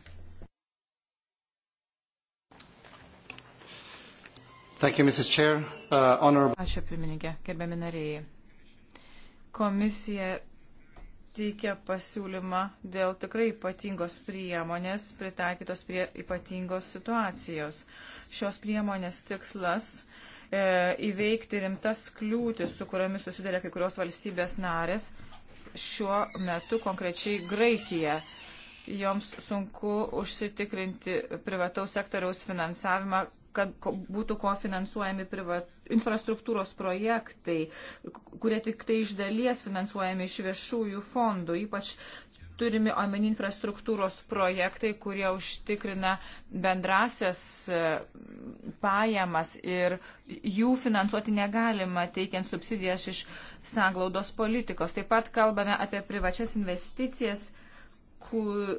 You, uh, honor... Ačiū pirmininkė, gerbiami nariai. Komisija pateikia pasiūlymą dėl tikrai ypatingos priemonės pritaikytos prie ypatingos situacijos. Šios priemonės tikslas e, įveikti rimtas kliūtis, su kuriomis susidarė kai kurios valstybės narės, šiuo metu konkrečiai Graikija. Joms sunku užsitikrinti privataus sektoriaus finansavimą kad būtų kofinansuojami privat, infrastruktūros projektai, kurie tik tai iš dalies finansuojami iš viešųjų fondų, ypač turimi omeny infrastruktūros projektai, kurie užtikrina bendrasias e, pajamas ir jų finansuoti negalima, teikiant subsidijas iš sanglaudos politikos. Taip pat kalbame apie privačias investicijas, kur,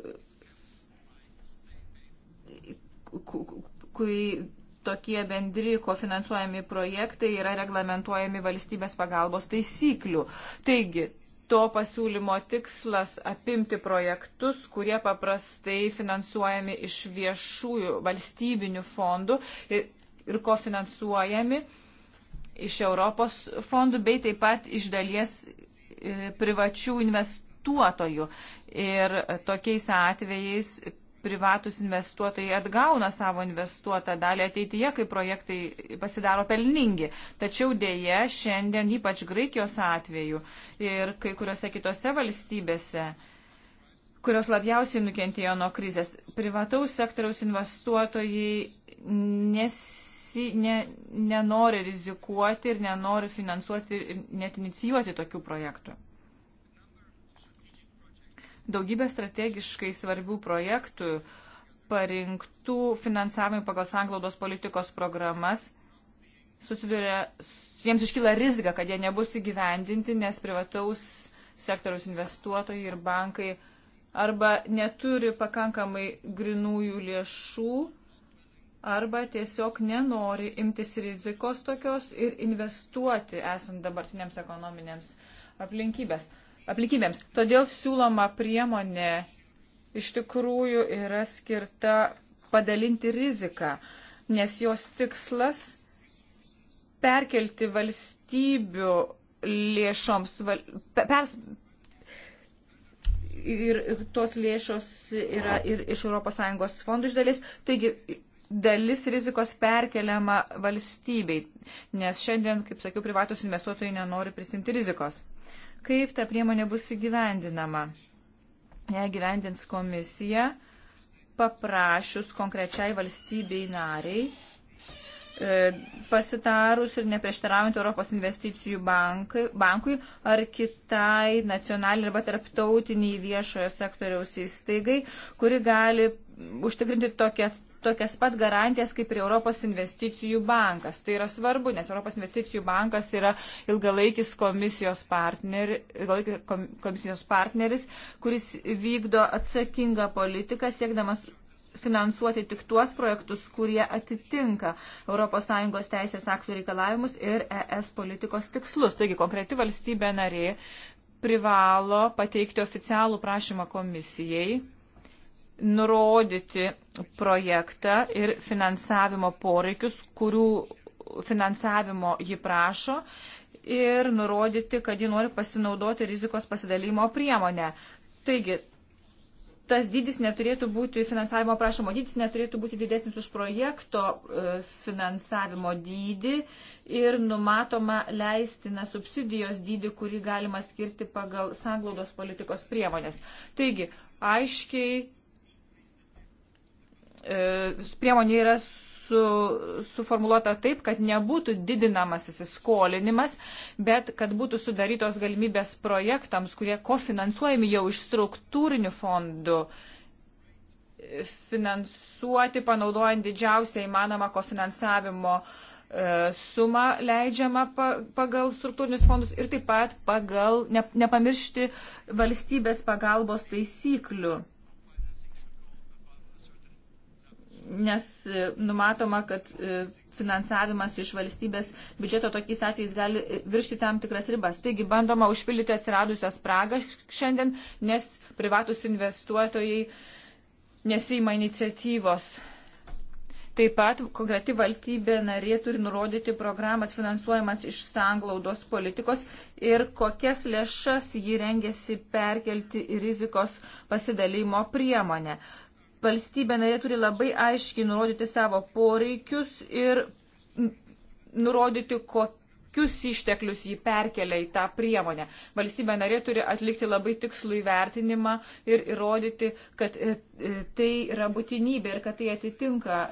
kur, kur, tokie bendri kofinansuojami projektai yra reglamentuojami valstybės pagalbos taisyklių. Taigi, to pasiūlymo tikslas apimti projektus, kurie paprastai finansuojami iš viešųjų valstybinių fondų ir, ir kofinansuojami iš Europos fondų, bei taip pat iš dalies privačių investuotojų. Ir tokiais atvejais privatus investuotojai atgauna savo investuotą dalį ateityje, kai projektai pasidaro pelningi. Tačiau dėje šiandien, ypač Graikijos atveju ir kai kuriuose kitose valstybėse, kurios labiausiai nukentėjo nuo krizės, privataus sektoriaus investuotojai nesi, ne, nenori rizikuoti ir nenori finansuoti ir net inicijuoti tokių projektų daugybė strategiškai svarbių projektų parinktų finansavimui pagal sanglaudos politikos programas susiduria, jiems iškyla rizika, kad jie nebus įgyvendinti, nes privataus sektoriaus investuotojai ir bankai arba neturi pakankamai grinųjų lėšų, arba tiesiog nenori imtis rizikos tokios ir investuoti esant dabartiniams ekonominiams aplinkybės aplinkybėms. Todėl siūloma priemonė iš tikrųjų yra skirta padalinti riziką, nes jos tikslas perkelti valstybių lėšoms, val, pers, ir tos lėšos yra ir iš ES fondų iš dalies. Taigi dalis rizikos perkeliama valstybei, nes šiandien, kaip sakiau, privatus investuotojai nenori prisimti rizikos kaip ta priemonė bus įgyvendinama. Ją gyvendins komisija, paprašius konkrečiai valstybei nariai, e, pasitarus ir neprieštaraujant Europos investicijų bankai, bankui ar kitai nacionaliniai arba tarptautiniai viešojo sektoriaus įstaigai, kuri gali užtikrinti tokią tokias pat garantijas kaip ir Europos investicijų bankas. Tai yra svarbu, nes Europos investicijų bankas yra ilgalaikis komisijos, partner, ilgalaikis komisijos partneris, kuris vykdo atsakingą politiką, siekdamas finansuoti tik tuos projektus, kurie atitinka ES teisės aktų reikalavimus ir ES politikos tikslus. Taigi konkreti valstybė narė privalo pateikti oficialų prašymą komisijai nurodyti projektą ir finansavimo poreikius, kurių finansavimo ji prašo ir nurodyti, kad ji nori pasinaudoti rizikos pasidalymo priemonę. Taigi, tas dydis neturėtų būti, finansavimo prašymo dydis neturėtų būti didesnis už projekto e, finansavimo dydį ir numatoma leistina subsidijos dydį, kurį galima skirti pagal sanglaudos politikos priemonės. Taigi, aiškiai E, priemonė yra su, suformuoluota taip, kad nebūtų didinamas įsiskolinimas, bet kad būtų sudarytos galimybės projektams, kurie kofinansuojami jau iš struktūrinių fondų, finansuoti panaudojant didžiausią įmanomą kofinansavimo e, sumą leidžiamą pagal struktūrinius fondus ir taip pat pagal, nepamiršti valstybės pagalbos taisyklių nes e, numatoma, kad e, finansavimas iš valstybės biudžeto tokiais atvejais gali e, viršti tam tikras ribas. Taigi bandoma užpildyti atsiradusią spragą šiandien, nes privatus investuotojai nesima iniciatyvos. Taip pat konkreti valstybė narė turi nurodyti programas finansuojamas iš sanglaudos politikos ir kokias lėšas ji rengėsi perkelti į rizikos pasidalymo priemonę. Uh, valstybė narė turi labai aiškiai nurodyti savo poreikius ir nurodyti, kokius išteklius jį perkelia į tą priemonę. Valstybė narė turi atlikti labai tikslų įvertinimą ir įrodyti, kad e, e, tai yra būtinybė ir kad tai atitinka e,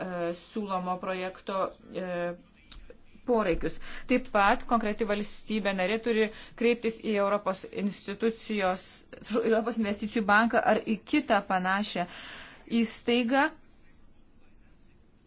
siūlomo projekto. E, Poreikius. Taip pat konkreti valstybė narė turi kreiptis į Europos, Europos investicijų banką ar į kitą panašią uh, įstaigą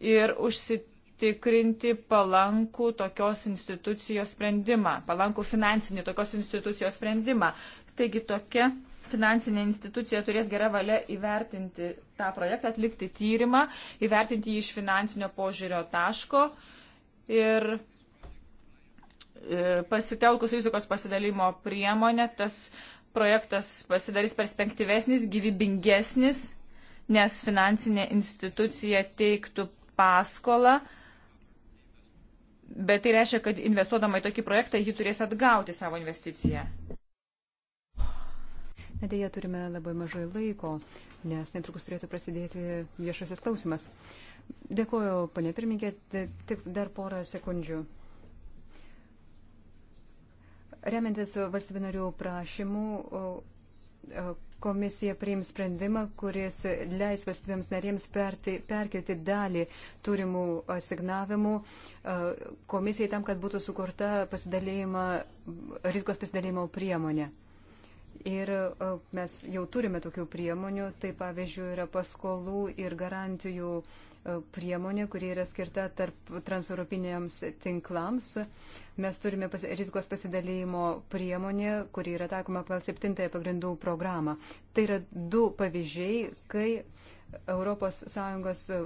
ir užsitikrinti palankų tokios institucijos sprendimą, palankų finansinį tokios institucijos sprendimą. Taigi tokia finansinė institucija turės gerą valią įvertinti tą projektą, atlikti tyrimą, įvertinti jį iš finansinio požiūrio taško ir e, pasitelkus rizikos pasidalimo priemonę, tas projektas pasidarys perspektyvesnis, gyvybingesnis nes finansinė institucija teiktų paskolą, bet tai reiškia, kad investuodama į tokį projektą ji turės atgauti savo investiciją. Nedėja, turime labai mažai laiko, nes netrukus turėtų prasidėti viešasis klausimas. Dėkuoju, ponė pirmininkė, tik dar porą sekundžių. Remiantis valstybinarių prašymų, komisija priims sprendimą, kuris leis valstybėms narėms perti, perkelti dalį turimų asignavimų komisijai tam, kad būtų sukurta pasidalėjimo, rizikos pasidalėjimo priemonė. Ir mes jau turime tokių priemonių, tai pavyzdžiui yra paskolų ir garantijų uh, priemonė, kuri yra skirta tarp transeuropiniams tinklams. Mes turime pas, rizikos pasidalymo priemonė, kuri yra taikoma pagal septintąją pagrindų programą. Tai yra du pavyzdžiai, kai ES e,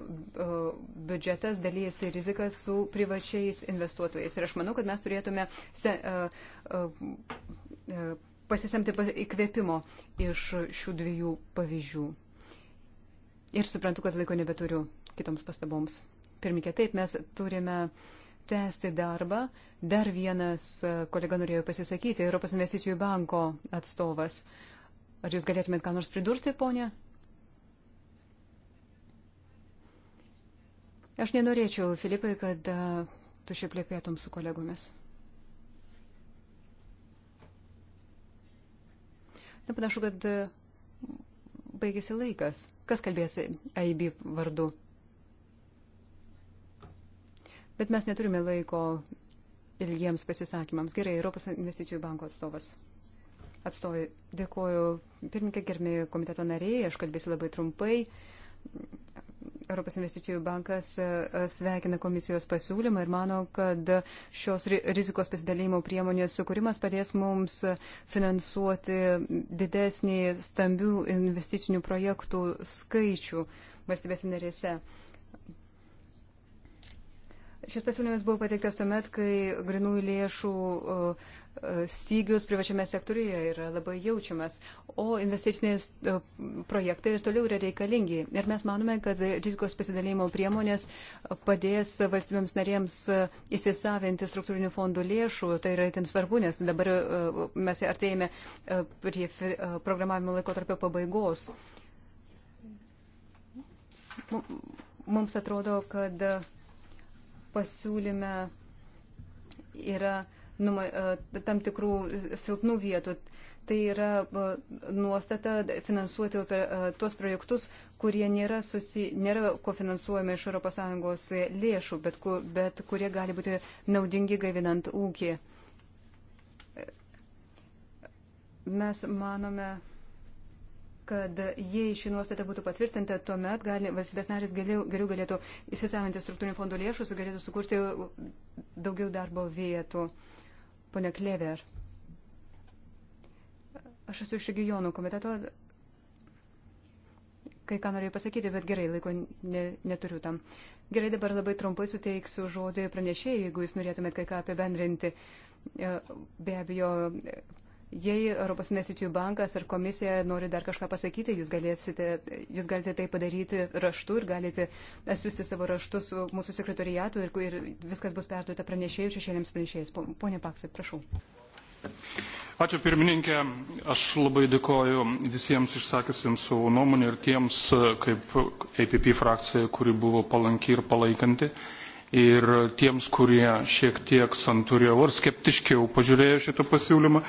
biudžetas dalyjasi riziką su privačiais investuotojais. Ir aš manau, kad mes turėtume se, uh, uh, pasisemti įkvėpimo iš šių dviejų pavyzdžių. Ir suprantu, kad laiko nebeturiu kitoms pastaboms. Pirmikė, taip mes turime tęsti darbą. Dar vienas e, kolega norėjo pasisakyti, Europos investicijų banko atstovas. Ar jūs galėtumėt ką nors pridurti, ponė? Aš nenorėčiau, Filipai, kad e, tu šiaip lėpėtum su kolegomis. Na, panašu, kad e, baigėsi laikas. Kas kalbės AIB vardu? Bet mes neturime laiko ilgiems pasisakymams. Gerai, Europos investicijų banko atstovas. Atstovai, dėkoju pirmininkai, gerbėjai komiteto nariai, aš kalbėsiu labai trumpai. Europos investicijų bankas e, e, sveikina komisijos pasiūlymą ir mano, kad šios rizikos pasidalymo priemonės sukūrimas padės mums finansuoti didesnį stambių investicinių projektų skaičių valstybės narėse. Šis pasiūlymas buvo pateiktas tuomet, kai grinųjų lėšų stygius privačiame sektoriuje yra labai jaučiamas, o investiciniai projektai ir toliau yra reikalingi. Ir mes manome, kad rizikos pasidalymo priemonės padės valstybėms narėms įsisavinti struktūrinių fondų lėšų. Tai yra itin svarbu, nes dabar mes artėjame prie programavimo laikotarpio pabaigos. Mums atrodo, kad pasiūlyme yra numa, e, tam tikrų silpnų vietų. Tai yra e, nuostata finansuoti oper, e, tuos projektus, kurie nėra, susi, nėra kofinansuojami iš ES lėšų, bet, ku, bet kurie gali būti naudingi gaivinant ūkį. Mes manome, kad jei ši nuostata būtų patvirtinta, tuomet gali, valstybės narės geriau, geriau galėtų įsisavinti struktūrinių fondų lėšus ir galėtų sukurti daugiau darbo vietų. Pone Klever, aš esu iš regionų komiteto, kai ką norėjau pasakyti, bet gerai, laiko ne, neturiu tam. Gerai, dabar labai trumpai suteiksiu žodį pranešėjai, jeigu jūs norėtumėt kai ką apibendrinti. Be abejo, Jei Europos investicijų bankas ar komisija nori dar kažką pasakyti, jūs, galėsite, jūs galite tai padaryti raštu ir galite atsiųsti savo raštus mūsų sekretoriatu ir, ir viskas bus perduota pranešėjų šešėlėms pranešėjais. Pone Paksai, prašau. Ačiū pirmininkė, aš labai dėkoju visiems išsakysiams savo nuomonę ir tiems, kaip APP frakcija, kuri buvo palanki ir palaikanti ir tiems, kurie šiek tiek santūriau ar skeptiškiau pažiūrėjo šitą pasiūlymą.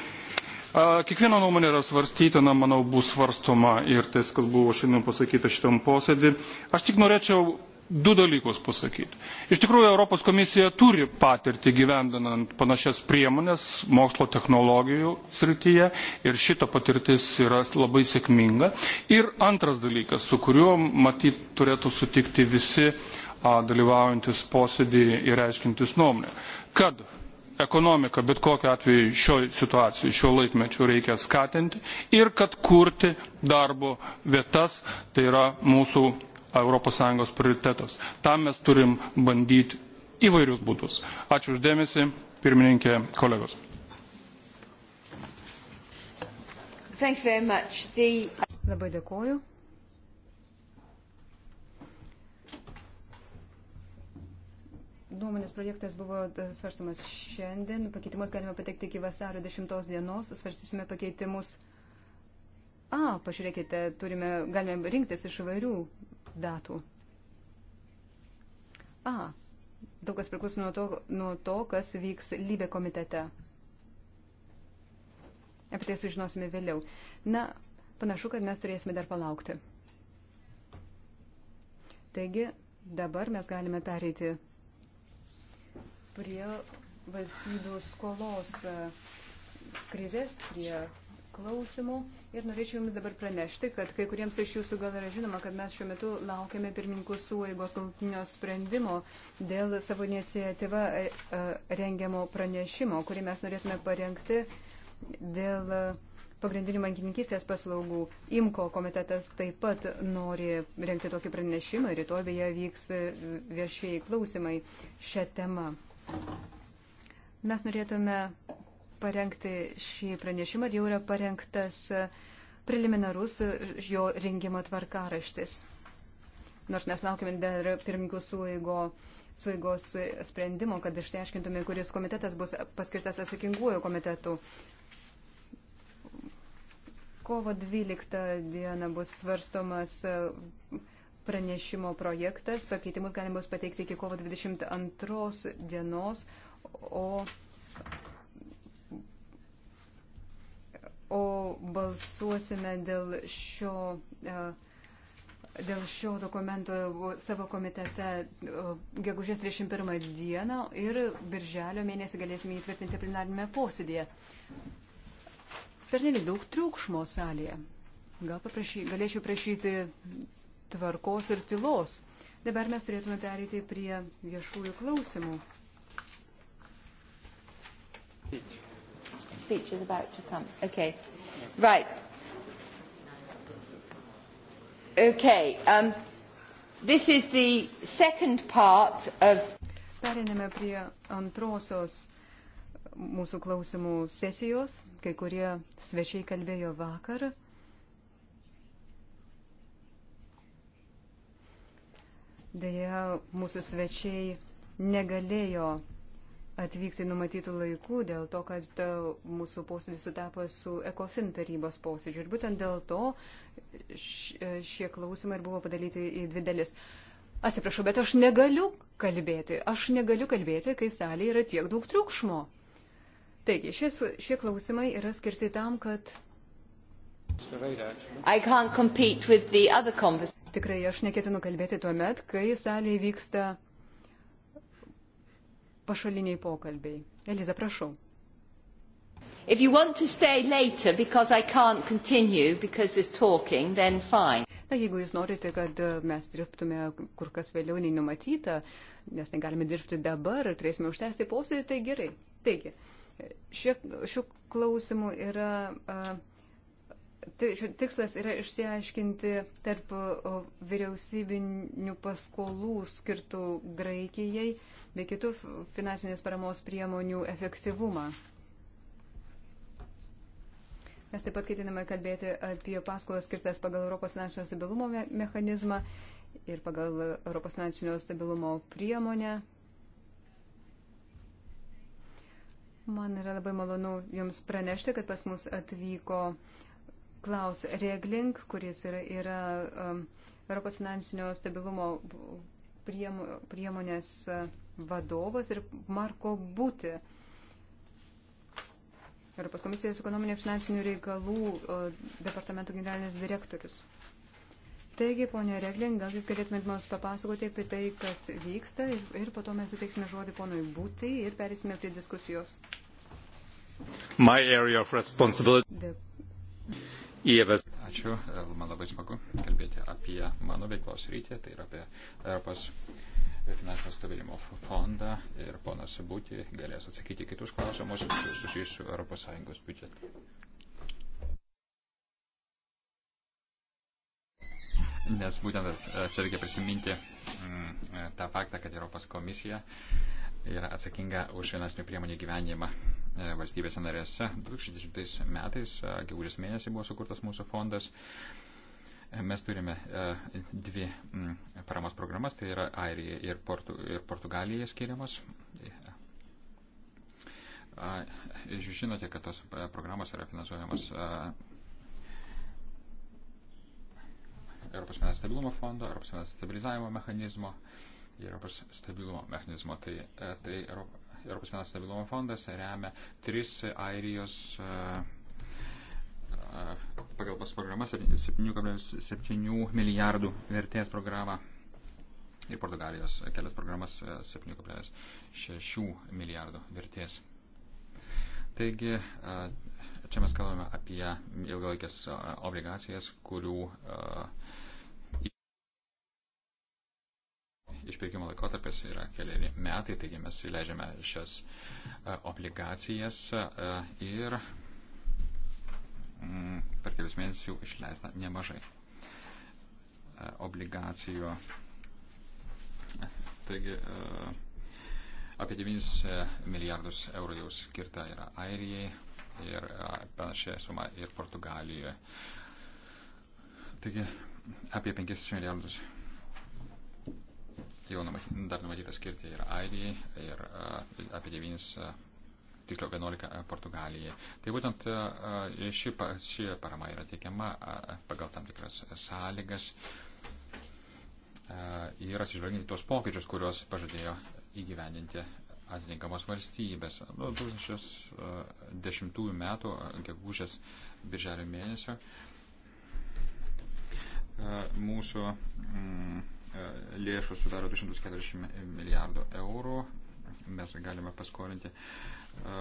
Kiekviena nuomonė yra svarstytina, manau, bus svarstoma ir tas, kas buvo šiandien pasakyta šitam posėdį. Aš tik norėčiau du dalykus pasakyti. Iš tikrųjų, Europos komisija turi patirtį gyvendinant panašias priemonės mokslo technologijų srityje ir šita patirtis yra labai sėkminga. Ir antras dalykas, su kuriuo matyt turėtų sutikti visi a, dalyvaujantis posėdį ir aiškintis nuomonę, kad ekonomiką bet kokiu atveju šioje situacijoje šiuo laikmečiu reikia skatinti ir kad kurti darbo vietas tai yra mūsų europos sąjungos prioritetas tam mes turim bandyti įvairius būdus ačiū uždėmesi pirmininke kolegos Thank you very much. The... Labai dėkuoju. nuomonės projektas buvo e, svarstamas šiandien. Pakeitimus galima patekti iki vasario 10 dienos. Svarstysime pakeitimus. A, pažiūrėkite, turime, galime rinktis iš įvairių datų. A, daug kas priklauso nuo to, nuo to kas vyks lybė komitete. Apie tai sužinosime vėliau. Na, panašu, kad mes turėsime dar palaukti. Taigi, dabar mes galime pereiti prie valstybių skolos e, krizės, prie klausimų. Ir norėčiau Jums dabar pranešti, kad kai kuriems iš Jūsų gal yra žinoma, kad mes šiuo metu laukiame pirmininkų suvaigos galutinio sprendimo dėl savo iniciatyva e, e, rengiamo pranešimo, kurį mes norėtume parengti dėl pagrindinių bankininkystės paslaugų. IMKO komitetas taip pat nori rengti tokį pranešimą ir rytoj beje vyks viešieji klausimai šią temą. Mes norėtume parengti šį pranešimą ir jau yra parengtas preliminarus jo rengimo tvarkaraštis. Nors mes laukime dar pirmininkų suėgo suigos sprendimo, kad išteiškintume, kuris komitetas bus paskirtas atsakinguoju komitetu. Kovo 12 diena bus svarstomas pranešimo projektas. Pakeitimus galima bus pateikti iki kovo 22 dienos, o, o balsuosime dėl šio, e, dėl šio dokumento savo komitete e, gegužės 31 dieną ir birželio mėnesį galėsime įtvirtinti plenarinėme posėdėje. Per nelik daug triukšmo salėje. Gal paprašy, galėčiau prašyti tvarkos ir tylos. Dabar mes turėtume pereiti prie viešųjų klausimų. Speech. Speech is about to come. Okay. Right. Okay. Um, this is the second part of. Pereiname prie antrosios mūsų klausimų sesijos. Kai kurie svečiai kalbėjo vakar. Deja, mūsų svečiai negalėjo atvykti numatytų laikų dėl to, kad e, mūsų posėdis sutapo su ECOFIN tarybos posėdžiu. Ir būtent dėl to e, šie klausimai ir buvo padalyti į dvi dalis. Atsiprašau, bet aš negaliu kalbėti. Aš negaliu kalbėti, kai salėje yra tiek daug triukšmo. Taigi, šie, šie klausimai yra skirti tam, kad Tikrai aš neketinu kalbėti tuo met, kai salėje vyksta pašaliniai pokalbiai. Eliza, prašau. If you want to stay later because I can't continue because there's talking, then fine. Na, jeigu jūs norite, kad e, mes dirbtume kur kas vėliau nei numatyta, nes negalime dirbti dabar ir turėsime užtęsti posėdį, tai gerai. Taigi, e, šiuo klausimu yra. Uh, Tai tikslas yra išsiaiškinti tarp vyriausybinių paskolų skirtų Graikijai bei kitų finansinės paramos priemonių efektyvumą. Mes taip pat ketiname kalbėti apie paskolas skirtas pagal Europos finansinio stabilumo me mechanizmą ir pagal Europos finansinio stabilumo priemonę. Man yra labai malonu Jums pranešti, kad pas mus atvyko Klaus Reglink, kuris yra, yra um, Europos finansinio stabilumo priemonės uh, vadovas ir Marko Būti. Europos komisijos ekonominio finansinių reikalų departamento generalinis direktorius. Taigi, ponė Regling, gal jūs galėtumėt mums papasakoti apie tai, kas vyksta ir, ir po to mes suteiksime žodį ponui Būti ir perėsime prie diskusijos. My area of responsibility. De Ievas. Ačiū, man labai smagu kalbėti apie mano veiklos rytį, tai yra apie Europos finansinio stabilumo fondą ir ponas Būti galės atsakyti kitus klausimus susijusius su ES biudžetu. Nes būtent e, čia reikia prisiminti m, mm, e, tą faktą, kad Europos komisija m, yra atsakinga už finansinių priemonių gyvenimą e, valstybėse narėse. 2010 metais, e, gegužės mėnesį, buvo sukurtas mūsų fondas. E, mes turime dvi paramos programas, tai yra Airija ir, Portu, ir Portugalija skiriamos. Jūs žinote, kad tos programos yra finansuojamos Europos finansinio stabilumo fondo, Europos finansinio stabilizavimo mechanizmo. Uh, Europos stabilumo mechanizmo. Tai, e, tai Europos finansų stabilumo fondas remia tris Airijos e, e, pagalbos programą 7,7 milijardų vertės programą ir Portugalijos kelias programas 7,6 milijardų vertės. Taigi, čia mes kalbame apie ilgalaikės obligacijas, kurių uh, Išpirkimo laikotarpis yra keliari metai, taigi mes įleidžiame šias e, obligacijas e, ir mm, per kelius mėnesius jau išleista nemažai e, obligacijų. Taigi apie 9 milijardus eurų jau skirta yra Airijai ir panašiai suma ir Portugalijoje. Taigi apie 5 milijardus eurų jau numaty, dar numatyta skirti ir Airijai, ir apie 9, tiksliau 11 Portugalijai. Tai būtent ši, ši parama yra teikiama pagal tam tikras sąlygas ir atsižvelgiant į tuos pokyčius, kuriuos pažadėjo įgyvendinti atitinkamos valstybės. Nuo 2010 metų, gegužės, birželio mėnesio, mūsų mm, E, lėšų sudaro 240 milijardų eurų. Mes galime paskolinti. E,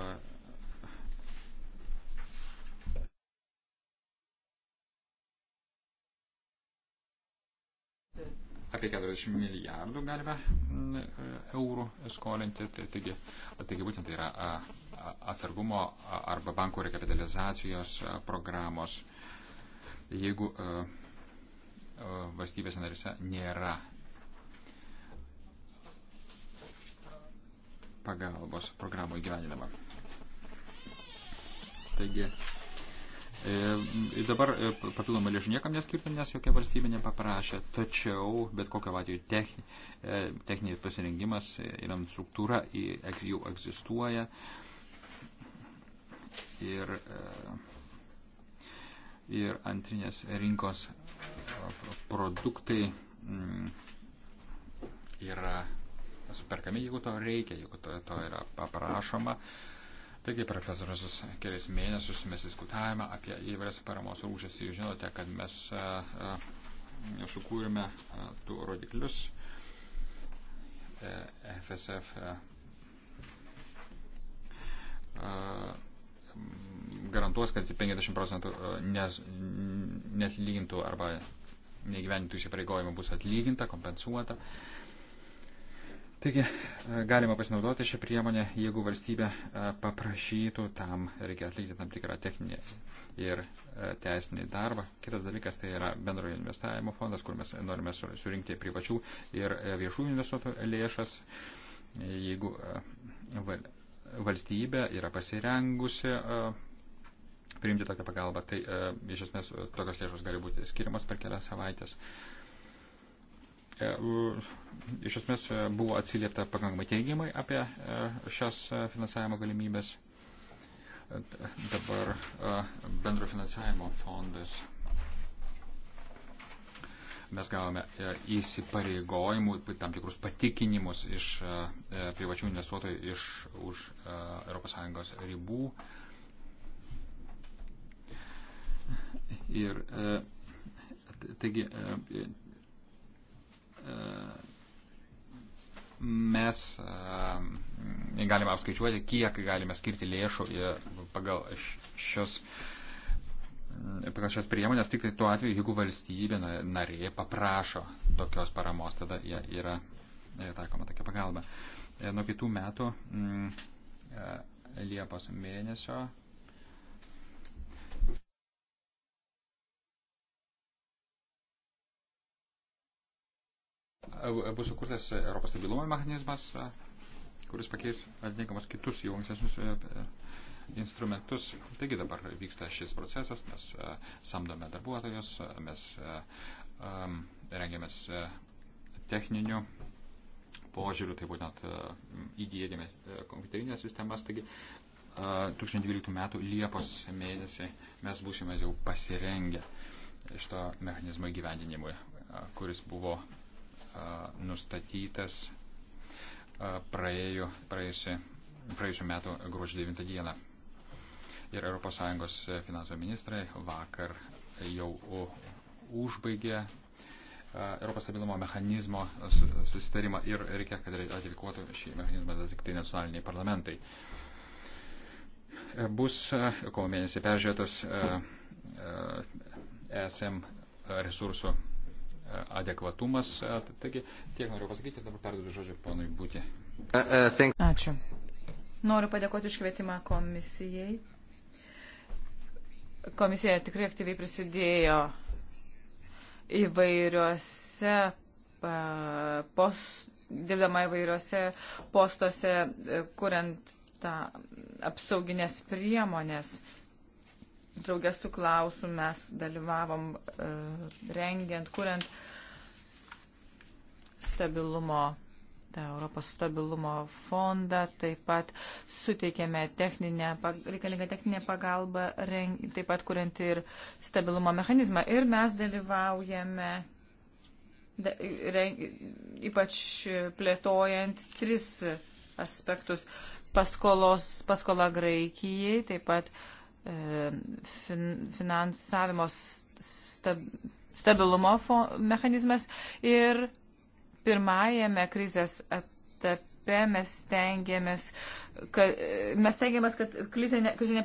apie 40 milijardų galime e, eurų skolinti, tai, taigi, taigi būtent tai yra atsargumo arba bankų rekapitalizacijos programos. Jeigu uh, valstybės narise nėra pagalbos programų įgyvendinama. Taigi, e, dabar e, papildomą lėšų niekam neskirta, nes jokia valstybė nepaprašė, tačiau bet kokio atveju tech, e, techninis pasirengimas e, ir struktūra jau egzistuoja. Ir e, ir antrinės rinkos produktai mm, yra superkami, jeigu to reikia, jeigu to, to yra paprašoma. Taigi per pasarusius kelias mėnesius mes diskutavome apie įvairias paramos rūšis. Jūs žinote, kad mes sukūrėme tų rodiklius FSF e, garantuos, kad 50 procentų e, netlygintų arba neįgyvenintų įsipareigojimų bus atlyginta, kompensuota. Taigi e, galima pasinaudoti šią priemonę, jeigu valstybė e, paprašytų, tam reikia atlikti tam tikrą techninį ir teisinį darbą. Kitas dalykas tai yra bendrojo investavimo fondas, kur mes norime surinkti privačių ir viešų investuotojų lėšas. Jeigu valstybė yra pasirengusi e, priimti tokią pagalbą. Tai e, iš esmės e, tokios lėšos gali būti skiriamas per kelias savaitės. Iš esmės buvo atsiliepta pakankamai teigiamai apie šias finansavimo galimybės. Dabar bendro finansavimo fondas Mes gavome e, įsipareigojimų, tam tikrus patikinimus iš e, e, privačių investuotojų iš už ES ribų. Ir taigi mes galime apskaičiuoti, kiek galime skirti lėšų pagal šios pagal šias priemonės tik tai tuo atveju, jeigu valstybė narė paprašo tokios paramos, tada yra e, taikoma tokia pagalba. E, nuo kitų metų m, mm, e, Liepos mėnesio. bus sukurtas Europos stabilumo mechanizmas, kuris pakeis atitinkamus kitus jau ankstesnius instrumentus. Taigi dabar vyksta šis procesas, mes e, samdome darbuotojus, mes e, rengiamės e, techninių požiūrių, tai būtent įdėdėme kompiuterinės sistemas. Taigi 2012 m. Liepos mėnesį mes būsime jau pasirengę šito mechanizmo įgyvendinimui, kuris buvo nustatytas praėjusį, praėjusiu metu gruodžio 9 dieną ir ES finansų ministrai vakar jau užbaigė e, Europos stabilumo mechanizmo susitarimą ir reikia, kad ratifikuotų šį mechanizmą tik tai nacionaliniai parlamentai. E, bus e, kovo mėnesį peržiūrėtas ESM resursų adekvatumas. Taigi, tiek noriu pasakyti, dabar perduodu žodžiu ponui būti. Uh, uh, Ačiū. Noriu padėkoti iškvietimą komisijai Komisija tikrai aktyviai prisidėjo įvairiuose pos, dirbdama įvairiuose postuose, e, kuriant tą apsauginės priemonės. Draugės su klausu mes dalyvavom e, rengiant, kuriant stabilumo tą Europos stabilumo fondą, taip pat suteikėme techninę, reikalingą techninę pagalbą, taip pat kuriant ir stabilumo mechanizmą. Ir mes dalyvaujame ypač plėtojant tris aspektus - paskolos, paskola Graikijai, taip pat e, fin, finansavimo stab, stabilumo fo, mechanizmas ir pirmajame krizės etape mes tengiamės, kad, mes tengiamės, kad krizė, ne, krizė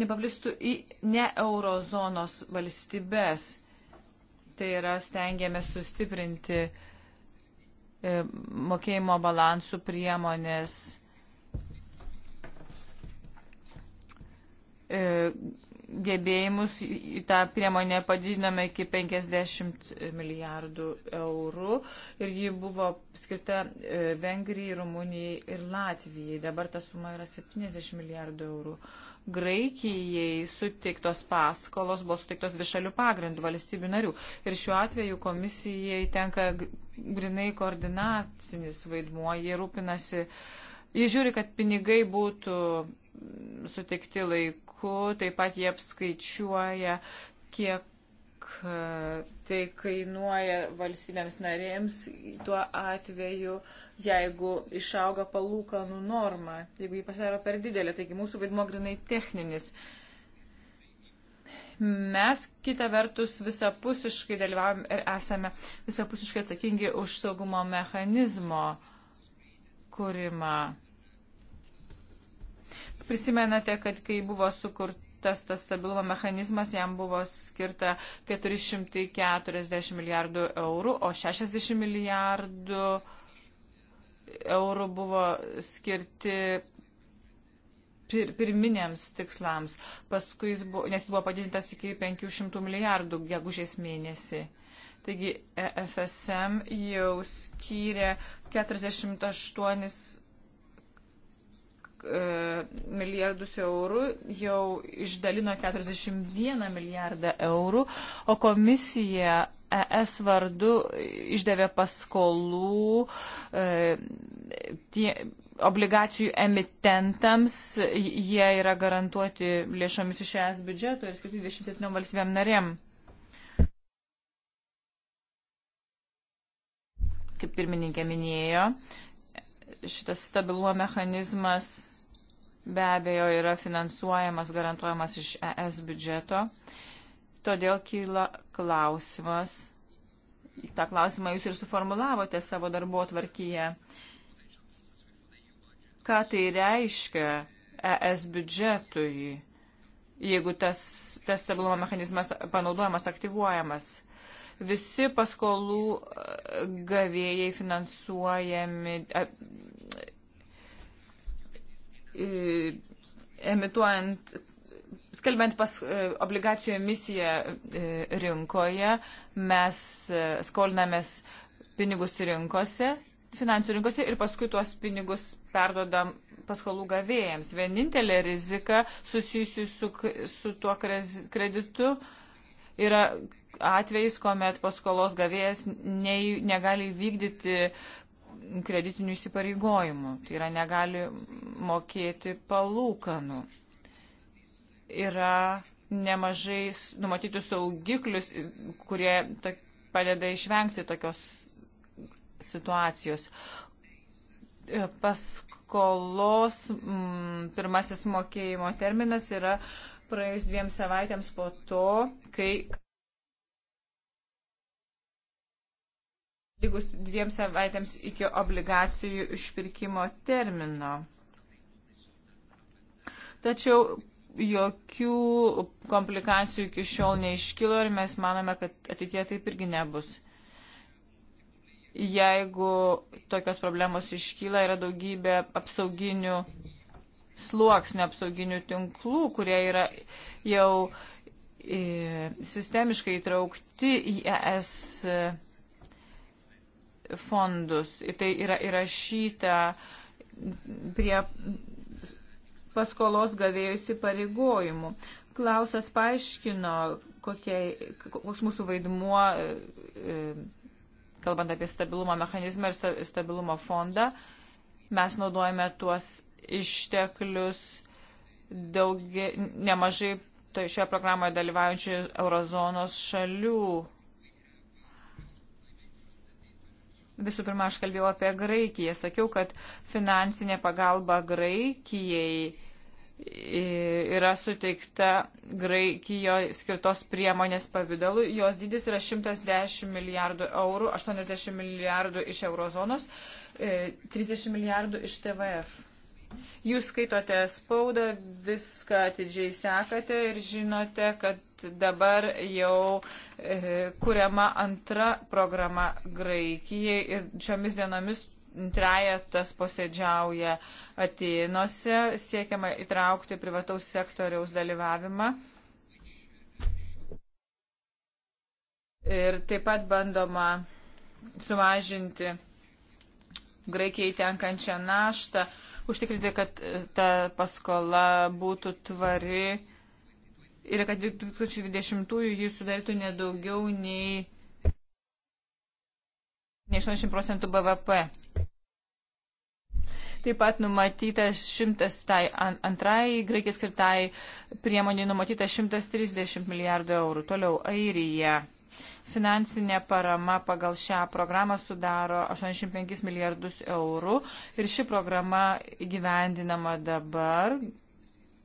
nepaplistų į ne eurozonos valstybės. Tai yra stengiamės sustiprinti e, mokėjimo balansų priemonės e, gebėjimus į tą priemonę padidinome iki 50 milijardų eurų ir ji buvo skirta e, Vengrijai, Rumunijai ir Latvijai. Dabar ta suma yra 70 milijardų eurų. Graikijai suteiktos paskolos buvo suteiktos višalių pagrindų valstybių narių. Ir šiuo atveju komisijai tenka grinai koordinacinis vaidmuo. Jie rūpinasi, jie žiūri, kad pinigai būtų suteikti laiku laiku, taip pat jie apskaičiuoja, kiek e, tai kainuoja valstybėms narėms tuo atveju, jeigu išauga palūkanų norma, jeigu jį pasidaro per didelė. Taigi mūsų vaidmo grinai techninis. Mes kitą vertus visapusiškai dalyvavom ir esame visapusiškai atsakingi už saugumo mechanizmo kūrimą Prisimenate, kad kai buvo sukurtas tas stabilumo mechanizmas, jam buvo skirta 440 milijardų eurų, o 60 milijardų eurų buvo skirti pir, pirminiams tikslams, paskui jis buvo, nes jis buvo padidintas iki 500 milijardų gegužės mėnesį. Taigi e FSM jau skyrė 48 milijardus eurų, jau išdalino 41 milijardą eurų, o komisija ES vardu išdavė paskolų e, tie, obligacijų emitentams, jie yra garantuoti lėšomis iš ES biudžeto ir skirti 27 valstybėm narėm. Kaip pirmininkė minėjo, šitas stabilumo mechanizmas be abejo yra finansuojamas, garantuojamas iš ES biudžeto. Todėl kyla klausimas, tą klausimą jūs ir suformulavote savo darbo atvarkyje, ką tai reiškia ES biudžetui, jeigu tas, tas stabilumo mechanizmas panaudojamas, aktyvuojamas. Visi paskolų e, gavėjai finansuojami e, E, emituojant, skelbiant pas e, obligacijų emisiją e, rinkoje, mes skolinamės pinigus rinkose, finansų rinkose ir paskui tuos pinigus perdodam paskolų gavėjams. Vienintelė rizika susijusi su, su tuo kreditu yra atvejais, kuomet paskolos gavėjas nei, negali vykdyti kreditinių įsipareigojimų, tai yra negali mokėti palūkanų. Yra nemažai numatyti saugiklius, kurie padeda išvengti tokios situacijos. E, paskolos m, mm, pirmasis mokėjimo terminas yra praėjus dviem savaitėms po to, kai lygus dviem savaitėms iki obligacijų išpirkimo termino. Tačiau jokių komplikacijų iki šiol neiškilo ir mes manome, kad ateitie taip irgi nebus. Jeigu tokios problemos iškyla, yra daugybė apsauginių sluoksnių, apsauginių tinklų, kurie yra jau e, sistemiškai įtraukti į ES fondus. Tai yra įrašyta prie paskolos gavėjų įsipareigojimų. Klausas paaiškino, kokie, koks mūsų vaidmuo, e, kalbant apie stabilumo mechanizmą ir stabilumo fondą, mes naudojame tuos išteklius daugia, nemažai tai šioje programoje dalyvaujančių eurozonos šalių Visų pirma, aš kalbėjau apie Graikiją. Sakiau, kad finansinė pagalba Graikijai yra suteikta Graikijoje skirtos priemonės pavydalu. Jos dydis yra 110 milijardų eurų, 80 milijardų iš eurozonos, 30 milijardų iš TVF. Jūs skaitote spaudą, viską atidžiai sekate ir žinote, kad dabar jau e, kuriama antra programa Graikijai ir šiomis dienomis trejetas posėdžiauja Atenose, siekiama įtraukti privataus sektoriaus dalyvavimą. Ir taip pat bandoma sumažinti Graikijai tenkančią naštą. E, užtikrinti, kad e, ta paskola būtų tvari ir kad 2020-ųjų jį sudarytų nedaugiau nei, nei 80 procentų BVP. Taip pat numatytas šimtas tai antrai greikiai skirtai priemonė numatyta 130 milijardų eurų. Toliau Airija. Finansinė parama pagal šią programą sudaro 85 milijardus eurų ir ši programa gyvendinama dabar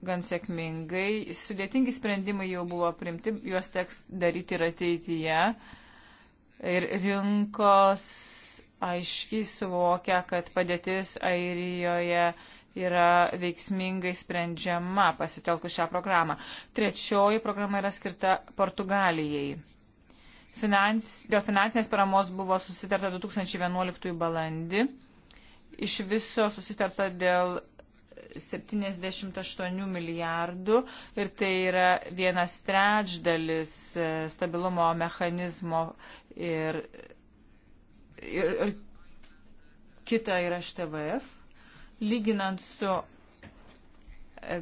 gan sėkmingai. Sudėtingi sprendimai jau buvo primti, juos teks daryti ir ateityje. Ir rinkos aiškiai suvokia, kad padėtis Airijoje yra veiksmingai sprendžiama pasitelkus šią programą. Trečioji programa yra skirta Portugalijai. Finans, dėl finansinės paramos buvo susitarta 2011 balandį. Iš viso susitarta dėl 78 milijardų ir tai yra vienas trečdalis e, stabilumo mechanizmo ir, ir, ir kita yra TVF. Lyginant su e,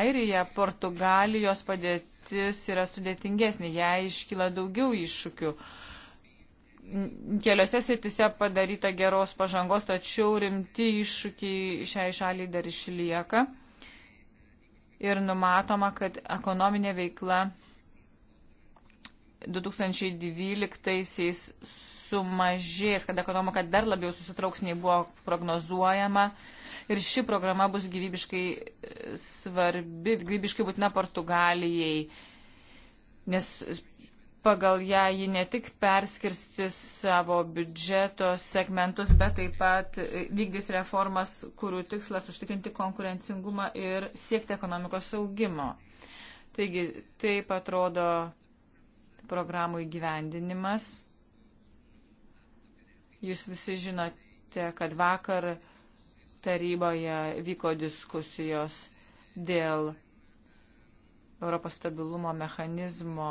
Airija, Portugalijos padėtis padėtis yra sudėtingesnė, jai iškyla daugiau iššūkių. Keliose sėtise padaryta geros pažangos, tačiau rimti iššūkiai šiai šaliai dar išlieka. Ir numatoma, kad ekonominė veikla 2012-aisiais sumažės, kad ekonomika dar labiau susitrauks, nei buvo prognozuojama. Ir ši programa bus gyvybiškai e, svarbi, gyvybiškai būtina Portugalijai, nes pagal ją ji ne tik perskirstis savo biudžeto segmentus, bet taip pat e, vykdys reformas, kurių tikslas užtikrinti konkurencingumą ir siekti ekonomikos augimo. Taigi taip atrodo programų įgyvendinimas. Jūs visi žinote, kad vakar taryboje vyko diskusijos dėl Europos stabilumo mechanizmo,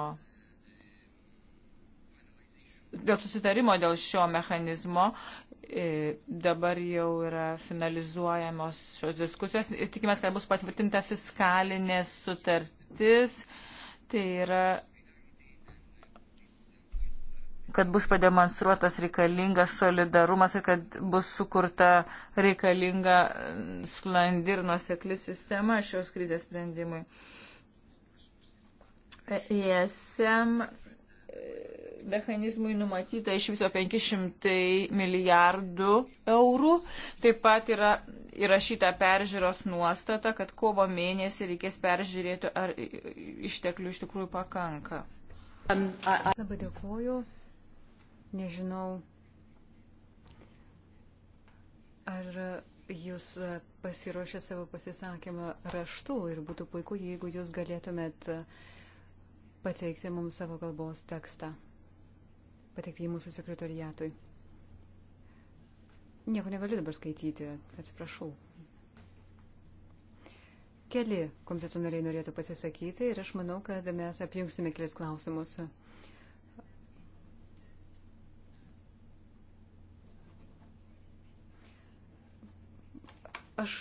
dėl susitarimo dėl šio mechanizmo. E, dabar jau yra finalizuojamos šios diskusijos ir tikimės, kad bus patvirtinta fiskalinė sutartis. Tai yra kad bus pademonstruotas reikalingas solidarumas ir kad bus sukurta reikalinga mm, sklandi ir nuosekli sistema šios krizės sprendimui. ESM e e, mechanizmui numatyta iš viso 500 milijardų eurų. Taip pat yra įrašyta peržiūros nuostata, kad kovo mėnesį reikės peržiūrėti, ar išteklių iš tikrųjų pakanka. Um, Labai dėkuoju. Nežinau, ar jūs pasiruošę savo pasisakymą raštu ir būtų puiku, jeigu jūs galėtumėt pateikti mums savo kalbos tekstą, pateikti jį mūsų sekretoriatui. Nieko negaliu dabar skaityti, atsiprašau. Keli komiteto nariai norėtų pasisakyti ir aš manau, kad mes apjungsime kelias klausimus. Aš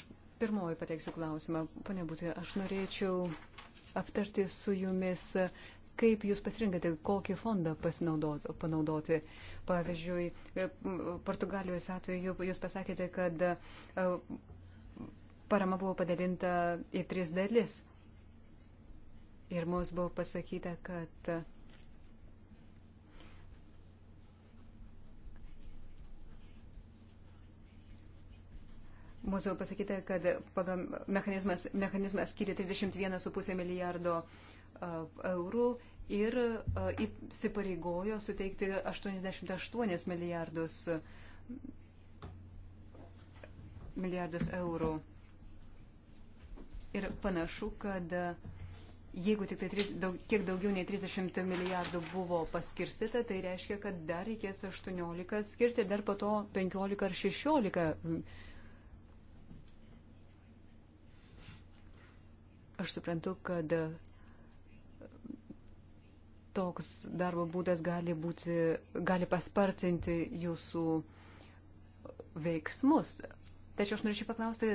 pirmoji pateiksiu klausimą. Pone Būtė, aš norėčiau aptarti su jumis, kaip jūs pasirinkate, kokį fondą panaudoti. Pavyzdžiui, Portugalijos atveju jūs pasakėte, kad e, parama buvo padalinta į tris dalis. Ir mums buvo pasakyta, kad mūsų pasakyta, kad pagal mechanizmas, mechanizmas skiria 31,5 milijardo eurų ir įsipareigojo suteikti 88 milijardus, milijardus eurų. Ir panašu, kad jeigu tik tai daug, kiek daugiau nei 30 milijardų buvo paskirstyta, tai reiškia, kad dar reikės 18 skirti ir dar po to 15 ar 16 Aš suprantu, kad toks darbo būdas gali, būti, gali paspartinti jūsų veiksmus. Tačiau aš norėčiau paklausti,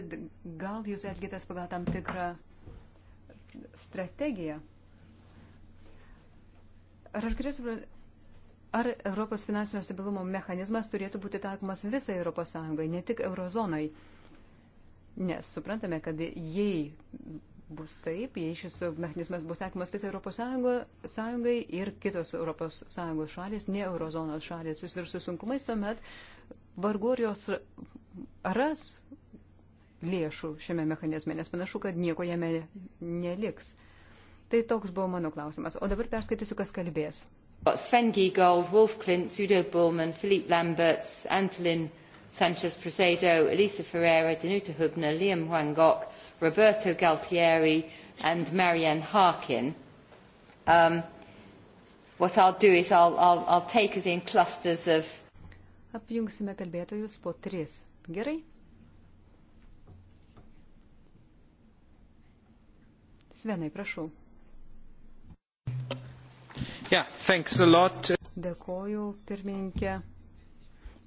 gal jūs elgitės pagal tam tikrą strategiją? Ar aš galėsiu ar Europos finansinio stabilumo mechanizmas turėtų būti taikomas visai ES, ne tik eurozonai. Nes suprantame, kad jei bus taip, jei šis mechanizmas bus taikomas visai Europos Sąjungai ir kitos Europos Sąjungos šalis, ne eurozonos šalis, susidurs su sunkumais, tuomet vargu ar jos ras lėšų šiame mechanizme, nes panašu, kad nieko jame neliks. Tai toks buvo mano klausimas. O dabar perskaitysiu, kas kalbės. Sven Giegold, Wolf Klint, Sudo Bullman, Philippe Lamberts, Antolin Sanchez Presedo, Elisa Ferreira, Danuta Hubner, Liam Wangok, Roberto Galtieri and Marianne Harkin. Um, what I'll do is I'll, I'll, I'll take us in clusters of. Apjungsime kalbėtojus po tris. Gerai? Svenai, prašau. Yeah, thanks a lot. Dėkoju, pirmininkė.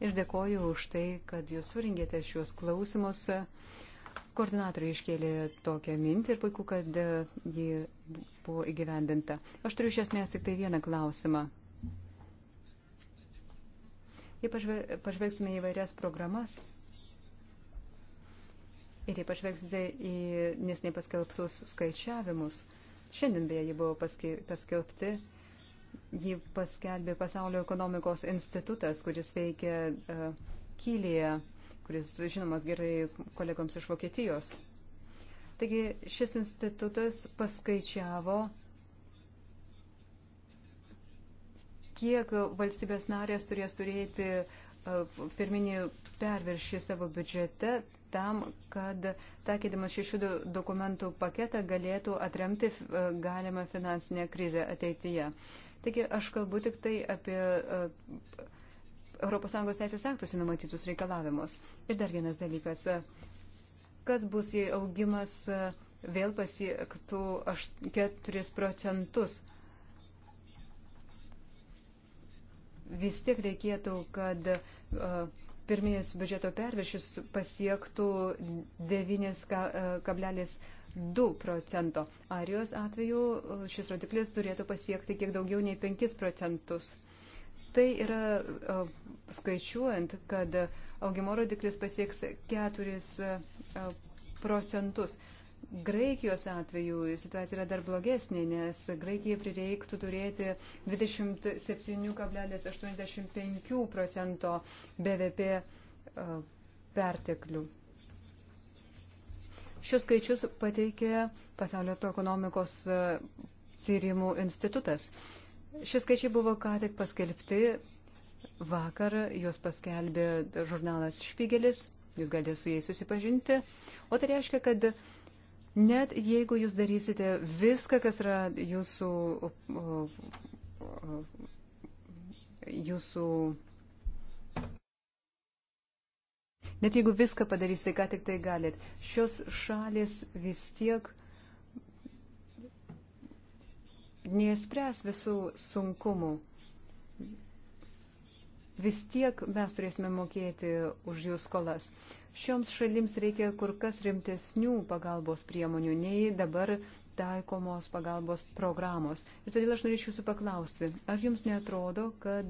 Ir dėkoju už tai, kad jūs suringėte šios klausimus. Uh, Koordinatoriai iškėlė tokią mintį ir puiku, kad e, ji buvo įgyvendinta. Aš turiu iš esmės tik tai vieną klausimą. Jei pažvelgsime į vairias programas ir jei pažvelgsite į nesnei paskelbtus skaičiavimus, šiandien beje jie buvo paskelbti, jį paskelbė Pasaulio ekonomikos institutas, kuris veikia uh, e, Kylyje kuris žinomas gerai kolegoms iš Vokietijos. Taigi šis institutas paskaičiavo, kiek valstybės narės turės turėti e, pirminį perviršį savo biudžete tam, kad taikydamas šešių dokumentų paketą galėtų atremti e, galimą finansinę krizę ateityje. Taigi aš kalbu tik tai apie e, ES teisės aktuose numatytus reikalavimus. Ir dar vienas dalykas, kas bus, jei augimas e, vėl pasiektų 4 procentus. Vis tiek reikėtų, kad e, pirminis biudžeto perviršis pasiektų 9,2 e, procento. Arijos atveju šis rodiklis turėtų pasiekti kiek daugiau nei 5 procentus tai yra skaičiuojant, kad augimo rodiklis pasieks 4 procentus. Graikijos atveju situacija yra dar blogesnė, nes Graikijai prireiktų turėti 27,85 procento BVP perteklių. Šios skaičius pateikė Pasaulio ekonomikos tyrimų institutas. Šie skaičiai buvo ką tik paskelbti. Vakar juos paskelbė žurnalas Špigelis, jūs galite su jais susipažinti. O tai reiškia, kad net jeigu jūs darysite viską, kas yra jūsų, jūsų Net jeigu viską padarysite, ką tik tai galit, šios šalis vis tiek neįspręs visų sunkumų. Vis tiek mes turėsime mokėti už jų skolas. Šioms šalims reikia kur kas rimtesnių pagalbos priemonių nei dabar taikomos pagalbos programos. Ir todėl aš norėčiau jūsų paklausti, ar jums netrodo, kad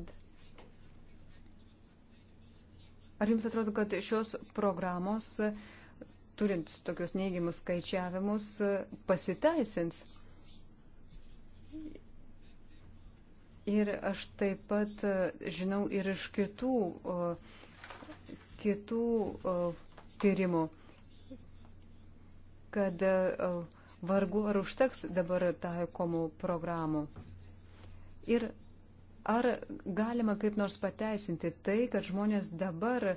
Ar jums atrodo, kad šios programos, turint tokius neigiamus skaičiavimus, pasiteisins? Ir aš taip pat e, žinau ir iš kitų, kitų tyrimų, kad e, vargu ar užteks dabar taikomų programų. Ir ar galima kaip nors pateisinti tai, kad žmonės dabar e,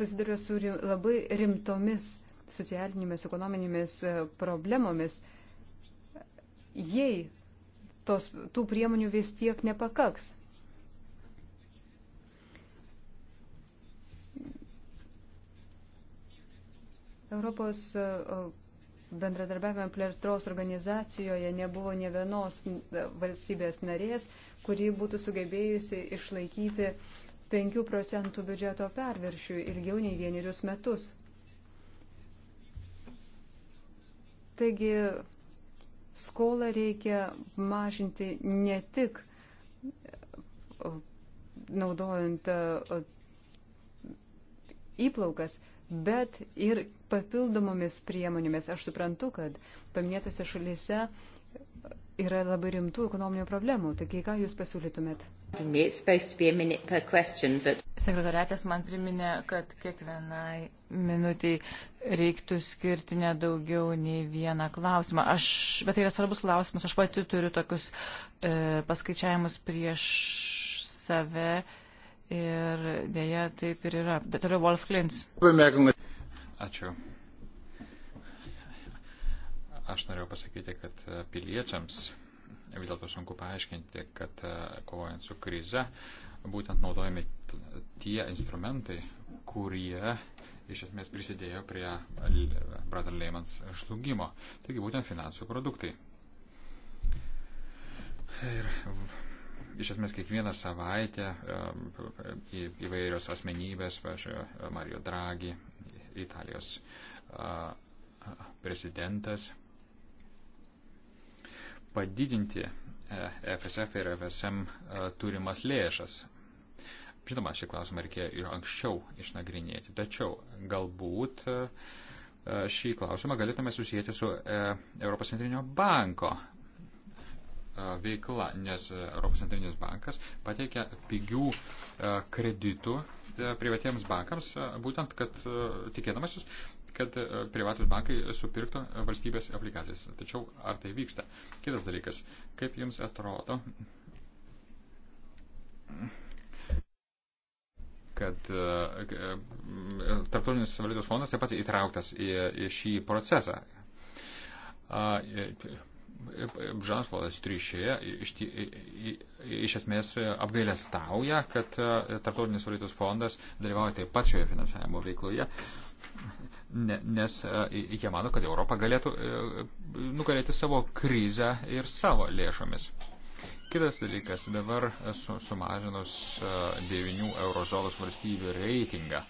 susiduria su labai rimtomis socialinėmis, ekonominėmis problemomis jei tos, tų priemonių vis tiek nepakaks. Europos e, bendradarbiavimo plėtros organizacijoje nebuvo ne vienos e, valstybės narės, kuri būtų sugebėjusi išlaikyti 5 procentų biudžeto perviršių ilgiau nei vienerius metus. Taigi skolą reikia mažinti ne tik naudojant įplaukas, bet ir papildomomis priemonėmis. Aš suprantu, kad paminėtose šalyse yra labai rimtų ekonominių problemų. Taigi, ką Jūs pasiūlytumėt? But... Sekretariatas man priminė, kad kiekvienai minutiai reiktų skirti nedaugiau nei vieną klausimą. Aš, bet tai yra svarbus klausimas. Aš pati turiu tokius e, paskaičiavimus prieš save ir dėja taip ir yra. Toliau Wolf Klins. Ačiū. Aš norėjau pasakyti, kad e, piliečiams vis dėlto sunku paaiškinti, kad e, kovojant su krize būtent naudojami tie instrumentai, kurie iš esmės prisidėjo prie Brother Leimans žlugimo. Taigi būtent finansų produktai. Ir iš esmės kiekvieną savaitę e, įvairios asmenybės, važiuoju, Mario Draghi, Italijos prezidentas padidinti FSF e, ir FSM e, turimas lėšas. Žinoma, šį klausimą reikėjo ir anksčiau išnagrinėti, tačiau galbūt e, šį klausimą galėtume susijęti su Europos centrinio banko veikla, nes Europos centrinis bankas pateikia pigių kreditų privatiems bankams, būtent, kad tikėdamasis kad e, privatus bankai supirktų e, valstybės obligacijas. Tačiau ar tai vyksta? Kitas dalykas, kaip jums atrodo, kad e, Tarptautinis valiutos fondas taip pat įtrauktas į, į šį procesą. Žanas Klodas Trišėje iš, iš esmės apgailestauja, kad Tarptautinis valiutos fondas dalyvauja taip pat šioje finansavimo veikloje. A, nes e, jie mano, kad Europa galėtų e, nugalėti savo krizę ir savo lėšomis. Kitas dalykas, dabar su, sumažinus e, devinių eurozonos valstybių reitingą,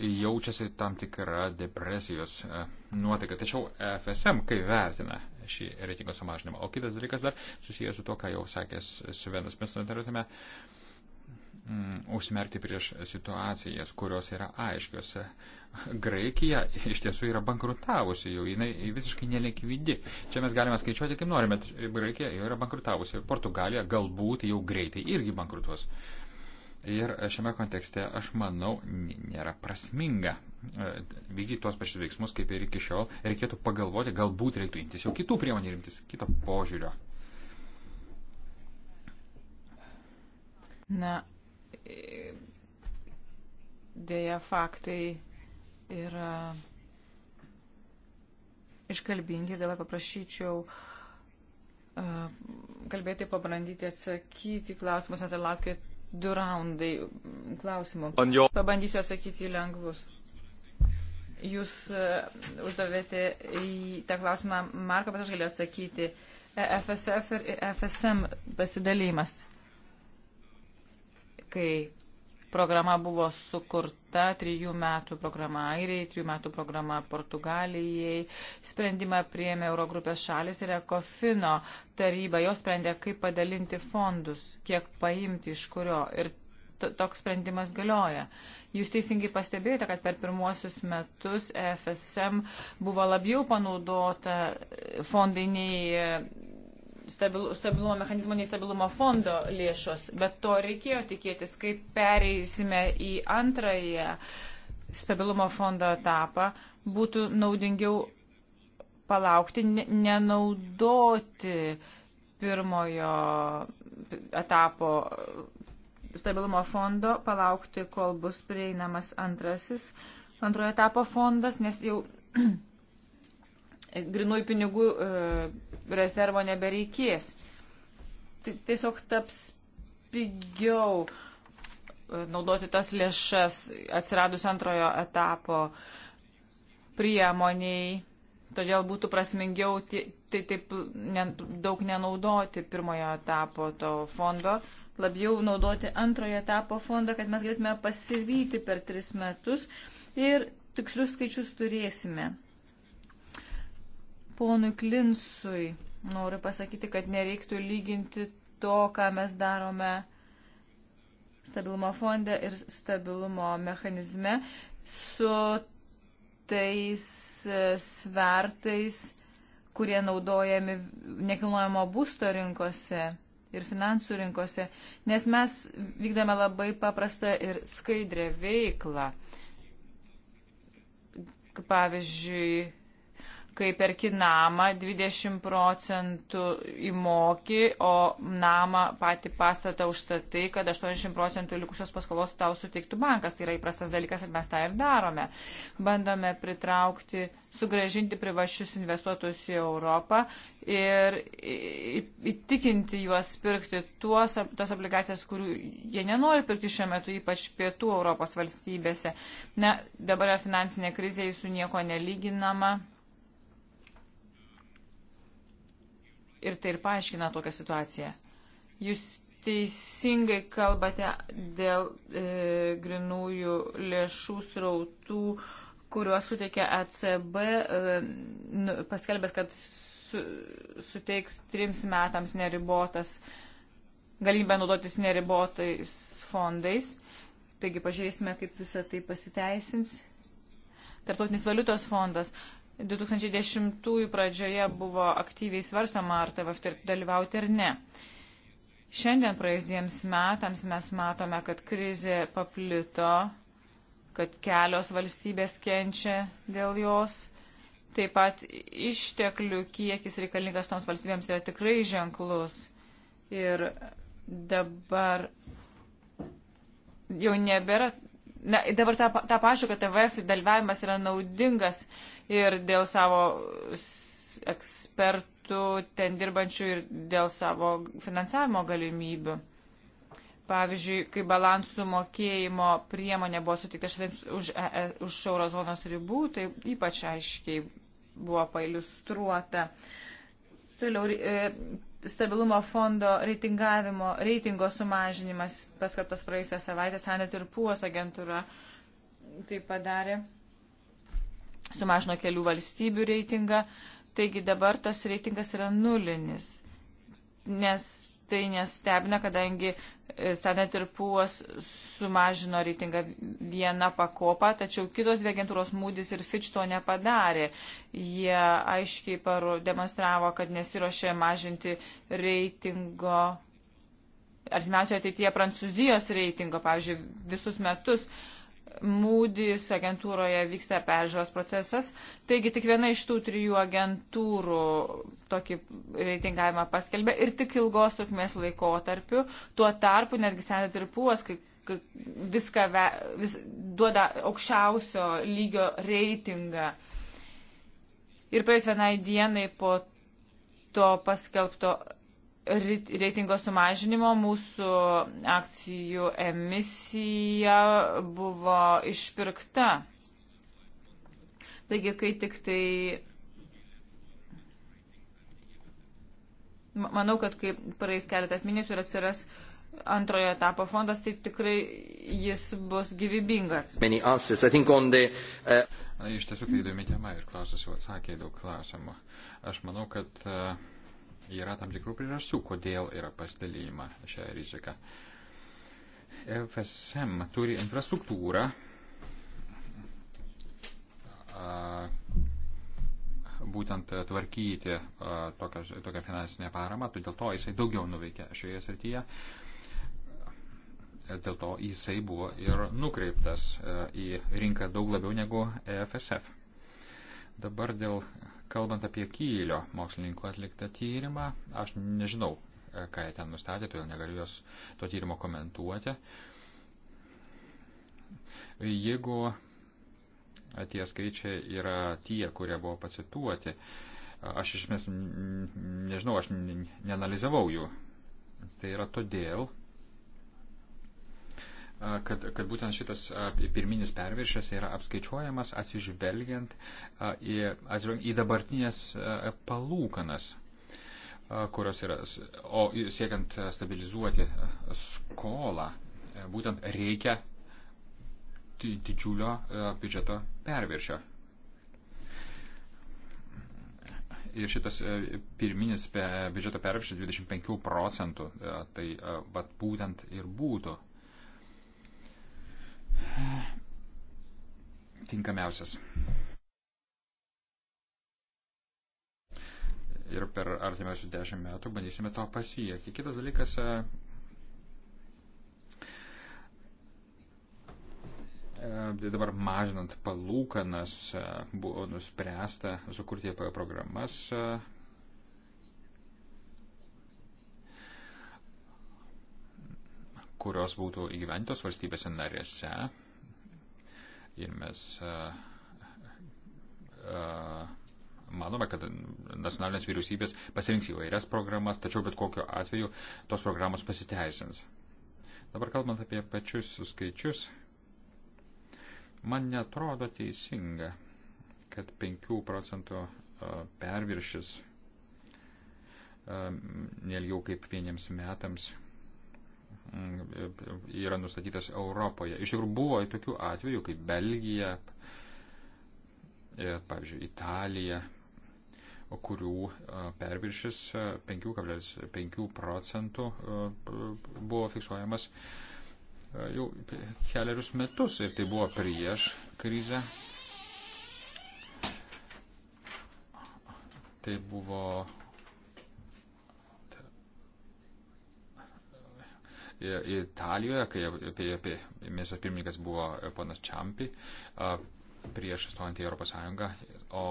jaučiasi tam tikra depresijos nuotaika. Tačiau FSM kai vertina šį reitingo sumažinimą. O kitas dalykas dar susijęs su to, ką jau sakė Svenas, mes norėtume uh, Mm, užsimerkti prieš situacijas, kurios yra aiškios. Graikija iš tiesų yra bankrutavusi jau, jinai visiškai nelikvidi. Čia mes galime skaičiuoti kaip norime, bet Graikija jau yra bankrutavusi. Portugalija galbūt jau greitai irgi bankrutuos. Ir šiame kontekste, aš manau, nėra prasminga e, vykdyti tuos pačius veiksmus, kaip ir iki šiol. Reikėtų pagalvoti, galbūt reiktų imtis jau kitų priemonių, imtis kito požiūrio. Na, dėja faktai yra iškalbingi, dėl paprašyčiau kalbėti, pabrandyti atsakyti klausimus, nes laukia du raundai klausimų. Pabandysiu atsakyti į lengvus. Jūs uždavėte į tą klausimą Marko, bet aš galiu atsakyti. FSF e ir e FSM pasidalymas kai programa buvo sukurta, trijų metų programa Airijai, trijų metų programa Portugalijai. Sprendimą prieėmė Eurogrupės šalis ir Ekofino taryba. Jos sprendė, kaip padalinti fondus, kiek paimti iš kurio. Ir toks sprendimas galioja. Jūs teisingai pastebėjote, kad per pirmuosius metus FSM buvo labiau panaudota fondai nei stabilu, stabilumo mechanizmo, nei stabilumo fondo lėšos, bet to reikėjo tikėtis, kai pereisime į antrąją stabilumo fondo etapą, būtų naudingiau palaukti, nenaudoti pirmojo etapo stabilumo fondo, palaukti, kol bus prieinamas antrasis, antrojo etapo fondas, nes jau grinųjų pinigų e, rezervo nebereikės. Tiesiog taps pigiau e, naudoti tas lėšas atsiradus antrojo etapo priemoniai. Todėl būtų prasmingiau tai taip ne, daug nenaudoti pirmojo etapo to fondo, labiau naudoti antrojo etapo fondą, kad mes galėtume pasivyti per tris metus ir tikslius skaičius turėsime. Ponui Klinsui noriu pasakyti, kad nereiktų lyginti to, ką mes darome stabilumo fonde ir stabilumo mechanizme su tais e, svertais, kurie naudojami nekilnojamo būsto rinkose ir finansų rinkose, nes mes vykdame labai paprastą ir skaidrę veiklą. Pavyzdžiui, kai perki namą 20 procentų įmoki, o namą patį pastatą užstatai, kad 80 procentų likusios paskolos tau suteiktų bankas. Tai yra įprastas dalykas ir mes tą ir darome. Bandome pritraukti, sugražinti privačius investuotojus į Europą ir įtikinti juos pirkti tuos, tas obligacijas, kurių jie nenori pirkti šiuo metu, ypač pietų Europos valstybėse. Na, dabar finansinė krizė, jis su nieko nelyginama ir tai ir paaiškina tokią situaciją. Jūs teisingai kalbate dėl e, grinųjų lėšų srautų, kuriuos suteikia ECB, e, nu, paskelbęs, kad su, suteiks trims metams neribotas galimybę naudotis neribotais fondais. Taigi pažiūrėsime, kaip visa tai pasiteisins. Tartautinis valiutos fondas. 2010 pradžioje buvo aktyviai svarstama, ar TVF dalyvauti ar ne. Šiandien praėjus dviems metams mes matome, kad krizė paplito, kad kelios valstybės kenčia dėl jos. Taip pat išteklių kiekis reikalingas toms valstybėms yra tikrai ženklus. Ir dabar jau nebėra. Na, dabar tą, tą pašu, kad TVF dalyvavimas yra naudingas ir dėl savo ekspertų ten dirbančių ir dėl savo finansavimo galimybių. Pavyzdžiui, kai balansų mokėjimo priemonė buvo sutikta šalims už, e, e, už eurozonos ribų, tai ypač aiškiai buvo pailistruota. Toliau e, stabilumo fondo reitingavimo, reitingo sumažinimas paskartas praėjusią savaitę Sanet ir Puos agentūra tai padarė sumažino kelių valstybių reitingą, taigi dabar tas reitingas yra nulinis, nes tai nestebina, kadangi e, Standard ir Puos sumažino reitingą vieną pakopą, tačiau kitos dvi agentūros Moody's ir Fitch to nepadarė. Jie aiškiai demonstravo, kad nesiuošė mažinti reitingo artimiausioje ateityje Prancūzijos reitingo, pavyzdžiui, visus metus. Uh, Moody's agentūroje vyksta peržiūros procesas. Taigi tik viena iš tų trijų agentūrų tokį reitingavimą paskelbė ir tik ilgos trukmės laikotarpiu. Tuo tarpu netgi Senat ir Puos kai, kai viską ve, vis, duoda aukščiausio lygio reitingą. Ir praėjus vienai dienai po to paskelbto reitingo sumažinimo mūsų akcijų emisija buvo išpirkta. Taigi, kai tik tai. Manau, kad kai praeis keletas mėnesių ir atsiras antrojo etapo fondas, tai tikrai jis bus gyvybingas. Uh, iš tiesų, kai įdomi tema ir klausas jau atsakė į daug klausimų. Aš manau, kad uh, yra tam tikrų priežasčių, kodėl yra pasidalyma šią riziką. FSM turi infrastruktūrą, būtent tvarkyti tokią, tokią finansinę paramą, todėl tai to jisai daugiau nuveikė šioje srityje. Dėl to jisai buvo ir nukreiptas į rinką daug labiau negu EFSF. Dabar dėl kalbant apie Kylio mokslininkų atliktą tyrimą, aš nežinau, e, ką jie ten nustatė, todėl negaliu jos to tyrimo komentuoti. Jeigu tie skaičiai yra tie, kurie buvo pacituoti, aš iš esmės nežinau, aš nenalizavau jų. Tai yra todėl, kad, kad būtent šitas pirminis perviršis yra apskaičiuojamas atsižvelgiant į, atsižvelgiant į dabartinės palūkanas kurios yra, o siekiant stabilizuoti skolą, būtent reikia didžiulio biudžeto perviršio. Ir šitas pirminis biudžeto perviršis 25 procentų, tai vat, būtent ir būtų tinkamiausias. Ir per artimiausius dešimt metų bandysime to pasiekti. Kitas dalykas. E, e, dabar mažinant palūkanas e, buvo nuspręsta sukurti programas kurios būtų įgyventos valstybėse narėse. Ir mes e, e, manome, kad nacionalinės vyriausybės pasirinks įvairias programas, tačiau bet kokiu atveju tos programos pasiteisins. Dabar kalbant apie pačius skaičius, man netrodo teisinga, kad 5 procentų e, perviršis nelgiau kaip vieniems metams Mm, yra nustatytas Europoje. Iš tikrųjų buvo tokių atvejų kaip Belgija, e, pavyzdžiui, Italija, kurių e, perviršis 5,5 e, procentų buvo fiksuojamas jau keliarius metus ir tai buvo prieš krizę. Tai buvo Italijoje, kai apie, apie ministras pirmininkas buvo ponas Čampi prieš stojant į Europos Sąjungą, o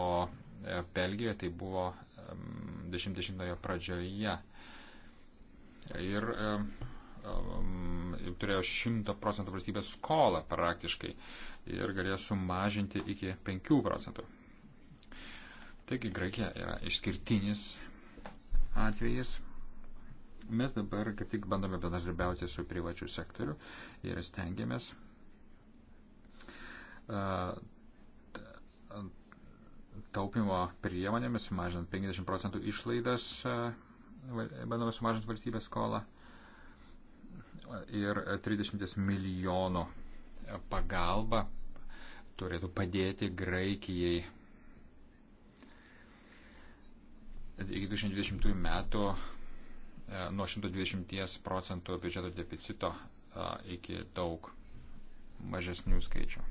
e, Belgijoje tai buvo 10-ojo pradžioje. Ir um, turėjo 100 procentų valstybės skolą praktiškai ir galėjo sumažinti iki 5 procentų. Taigi Graikija yra išskirtinis atvejis Mes dabar kaip tik bandome bendradarbiauti su privačiu sektoriu ir stengiamės taupimo priemonėmis, mažant 50 procentų išlaidas, bandome sumažinti valstybės skolą ir 30 milijonų pagalba turėtų padėti Graikijai iki 2020 metų E, nuo 120 procentų biudžeto deficito e, iki daug mažesnių skaičių.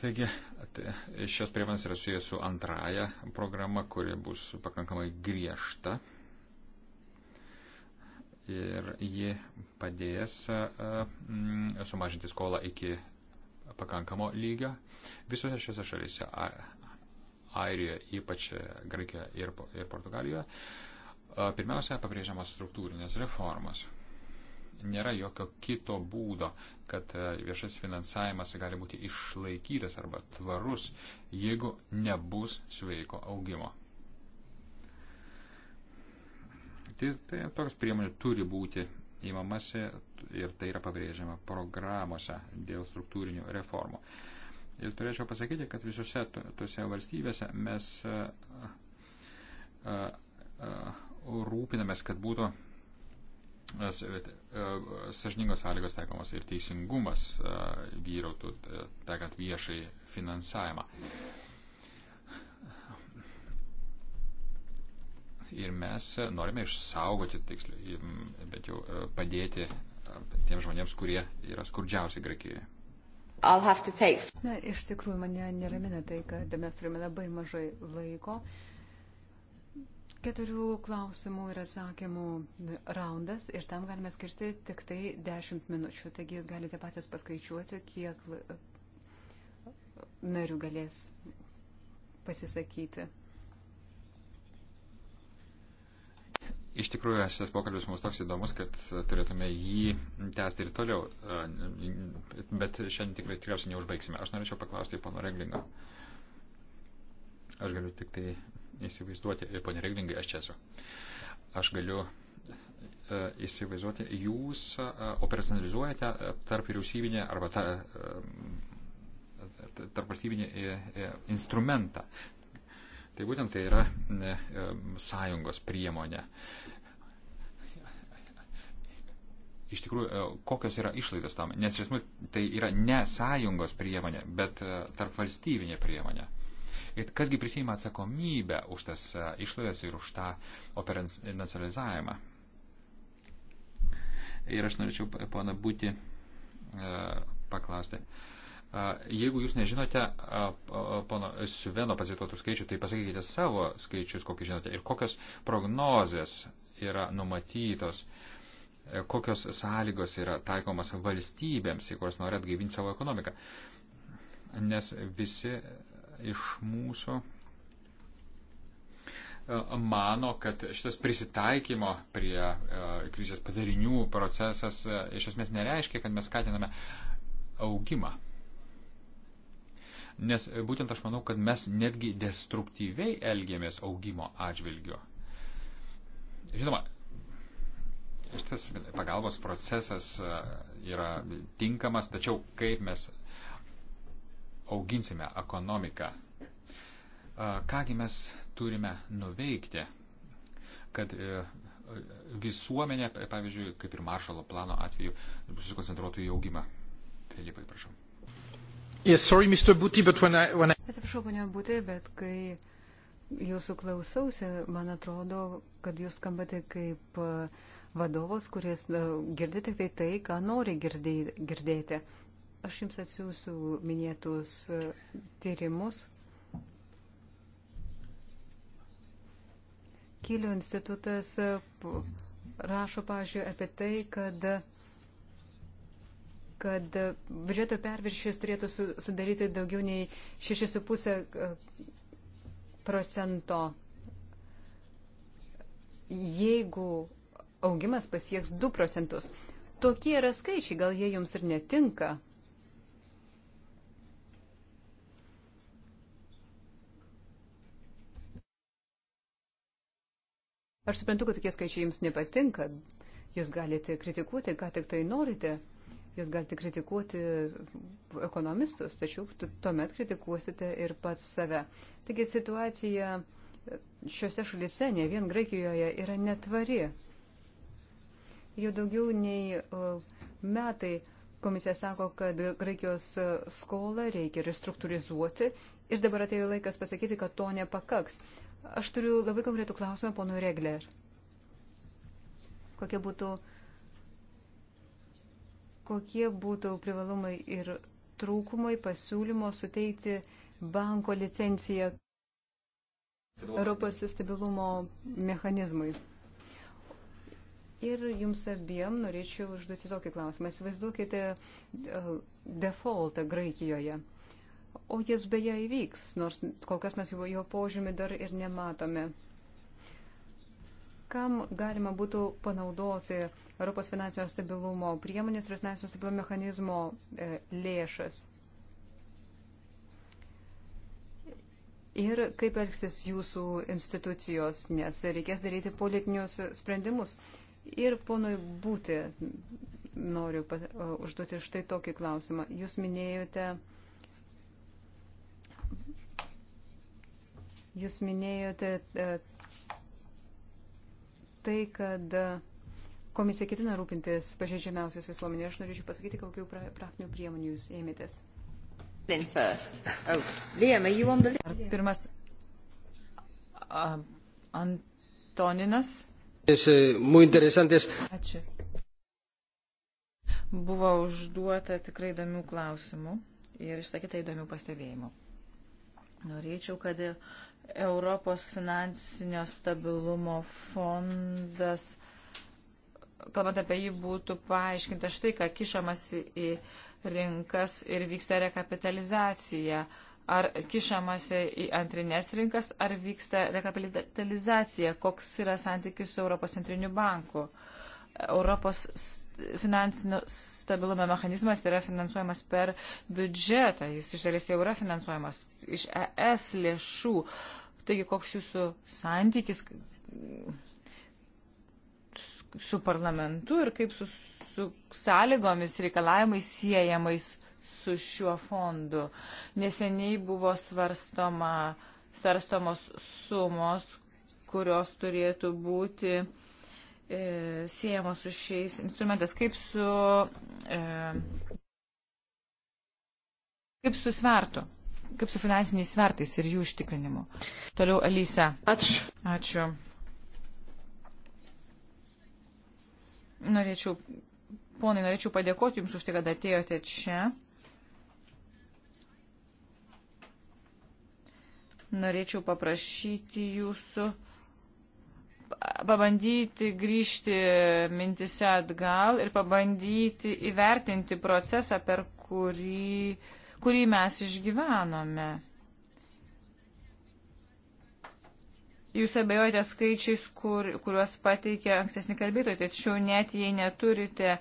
Taigi, tai šios priemonės yra susijęs su antraja programa, kuri bus pakankamai griežta. Ir ji padės e, mm, sumažinti skolą iki pakankamo lygio. Visose šiose šalyse Airijoje, ypač Graikijoje ir, ir Portugalijoje, Pirmiausia, pabrėžiamas struktūrinės reformos. Nėra jokio kito būdo, kad e, viešas finansavimas gali būti išlaikytas arba tvarus, jeigu nebus sveiko augimo. Tai, tai toks priemonių turi būti įmamasi ir tai yra pabrėžiama programuose dėl struktūrinių reformų. Ir turėčiau pasakyti, kad visose tuose valstybėse mes. Uh, uh, uh, rūpinamės, kad būtų e, e, e, sažiningos sąlygos taikomos ir teisingumas vyrautų, taikant viešai finansavimą. Ir mes norime išsaugoti, tiksliai, bet jau padėti tiems žmonėms, kurie yra skurdžiausi Graikijoje. Na, iš tikrųjų, mane neramina tai, kad mes turime labai mažai laiko. Uh, Keturių klausimų ir atsakymų raundas ir tam galime skirti tik tai 10 minučių. Taigi jūs galite patys paskaičiuoti, kiek narių galės pasisakyti. Iš tikrųjų, šis pokalbis mums toks įdomus, kad turėtume jį tęsti ir toliau, bet šiandien tikrai tikriausiai neužbaigsime. Aš norėčiau paklausti pono Reglingo. Aš galiu tik tai įsivaizduoti, ponė Reglingai, aš čia esu. Aš galiu e, įsivaizduoti, jūs e, operacionalizuojate e, tarp vyriausybinę arba ta, tarp valstybinį instrumentą. Tai būtent tai yra sąjungos priemonė. Iš tikrųjų, kokios yra išlaidos tam, nes iš esmės tai yra ne sąjungos priemonė, bet tarp valstybinė priemonė. Ir kasgi prisima atsakomybę už tas e, išlaidas ir už tą operacionalizavimą. Ir aš norėčiau, pana, būti e, paklausti. E, jeigu jūs nežinote pono Sveno pacituotų skaičių, tai pasakykite savo skaičius, kokį žinote ir kokios prognozės yra numatytos, kokios sąlygos yra taikomas valstybėms, į kurias nori atgaivinti savo ekonomiką. Nes visi iš mūsų e, mano, kad šitas prisitaikymo prie e, krizės padarinių procesas e, iš esmės nereiškia, kad mes skatiname augimą. Nes būtent aš manau, kad mes netgi destruktyviai elgiamės augimo atžvilgiu. Žinoma, šitas pagalbos procesas yra tinkamas, tačiau kaip mes auginsime ekonomiką, kągi mes turime nuveikti, kad e, visuomenė, pavyzdžiui, kaip ir maršalo plano atveju, susikoncentruotų į augimą. Filipai, prašau. Yes, sorry, Mr. Būti, but when I... When I... Atsiprašau, ponia Būti, bet kai jūsų klausausi, man atrodo, kad jūs skambate kaip e, vadovas, kuris e, girdi tik tai tai, ką nori girdėti. Aš jums atsiųsiu minėtus e, tyrimus. Kilio institutas e, rašo, pažiūrėjau, apie tai, kad kad e, biudžeto perviršis turėtų sudaryti daugiau nei 6,5 procento. Jeigu augimas pasieks 2 procentus. Tokie yra skaičiai, gal jie jums ir netinka. Aš suprantu, kad tokie skaičiai jums nepatinka. Jūs galite kritikuoti, ką tik tai norite. Jūs galite kritikuoti ekonomistus, tačiau tuomet kritikuosite ir pats save. Taigi situacija šiuose šalise, ne vien Graikijoje, yra netvari. Jau daugiau nei metai komisija sako, kad Graikijos e, skolą reikia restruktūrizuoti ir dabar atėjo laikas pasakyti, kad to nepakaks. Aš turiu labai konkretų klausimą ponui Regler. Kokie būtų, kokie būtų privalumai ir trūkumai pasiūlymo suteikti banko licenciją Europos stabilumo mechanizmui. Ir jums abiem norėčiau užduoti tokį klausimą. Įsivaizduokite uh, defaultą Graikijoje o jis beje įvyks, nors kol kas mes jo, jo požymį dar ir nematome. Kam galima būtų panaudoti Europos finansinio stabilumo priemonės ir finansinio stabilumo mechanizmo e, lėšas? Ir kaip elgsis jūsų institucijos, nes reikės daryti politinius sprendimus. Ir ponui būti noriu pat, uh, e, užduoti štai tokį klausimą. Jūs minėjote uh, Jūs minėjote e, tai, kad e, komisija ketina rūpintis pažeidžiamiausias visuomenė. Aš norėčiau pasakyti, kokių pra praktinių priemonių jūs ėmėtės. Oh. Liam, the... Pirmas. Uh, Antoninas. E, Ačiū. Buvo užduota tikrai įdomių klausimų ir išsakyta įdomių pastebėjimų. Norėčiau, kad Europos finansinio stabilumo fondas, kalbant apie jį, būtų paaiškinta štai, ką kišamasi į rinkas ir vyksta rekapitalizacija. Ar kišamasi į antrinės rinkas, ar vyksta rekapitalizacija, koks yra santykis su Europos centriniu banku. Europos finansinio stabilumo mechanizmas yra finansuojamas per biudžetą, jis iš dalies jau yra finansuojamas iš ES lėšų. Taigi, koks jūsų santykis su parlamentu ir kaip su, su sąlygomis, reikalavimais siejamais su šiuo fondu. Neseniai buvo svarstoma, svarstomos sumos, kurios turėtų būti uh, e, siejamos su šiais instrumentais, kaip su, e, kaip su svertu, kaip su finansiniais svertais ir jų užtikrinimu. Toliau Alisa. Ačiū. Ačiū. Norėčiau, ponai, norėčiau padėkoti Jums už tai, kad atėjote čia. Norėčiau paprašyti Jūsų pabandyti grįžti mintise atgal ir pabandyti įvertinti procesą, per kurį, kurį mes išgyvenome. Jūs abejojate skaičiais, kur, kuriuos pateikė ankstesni kalbėtojai, tačiau net jei neturite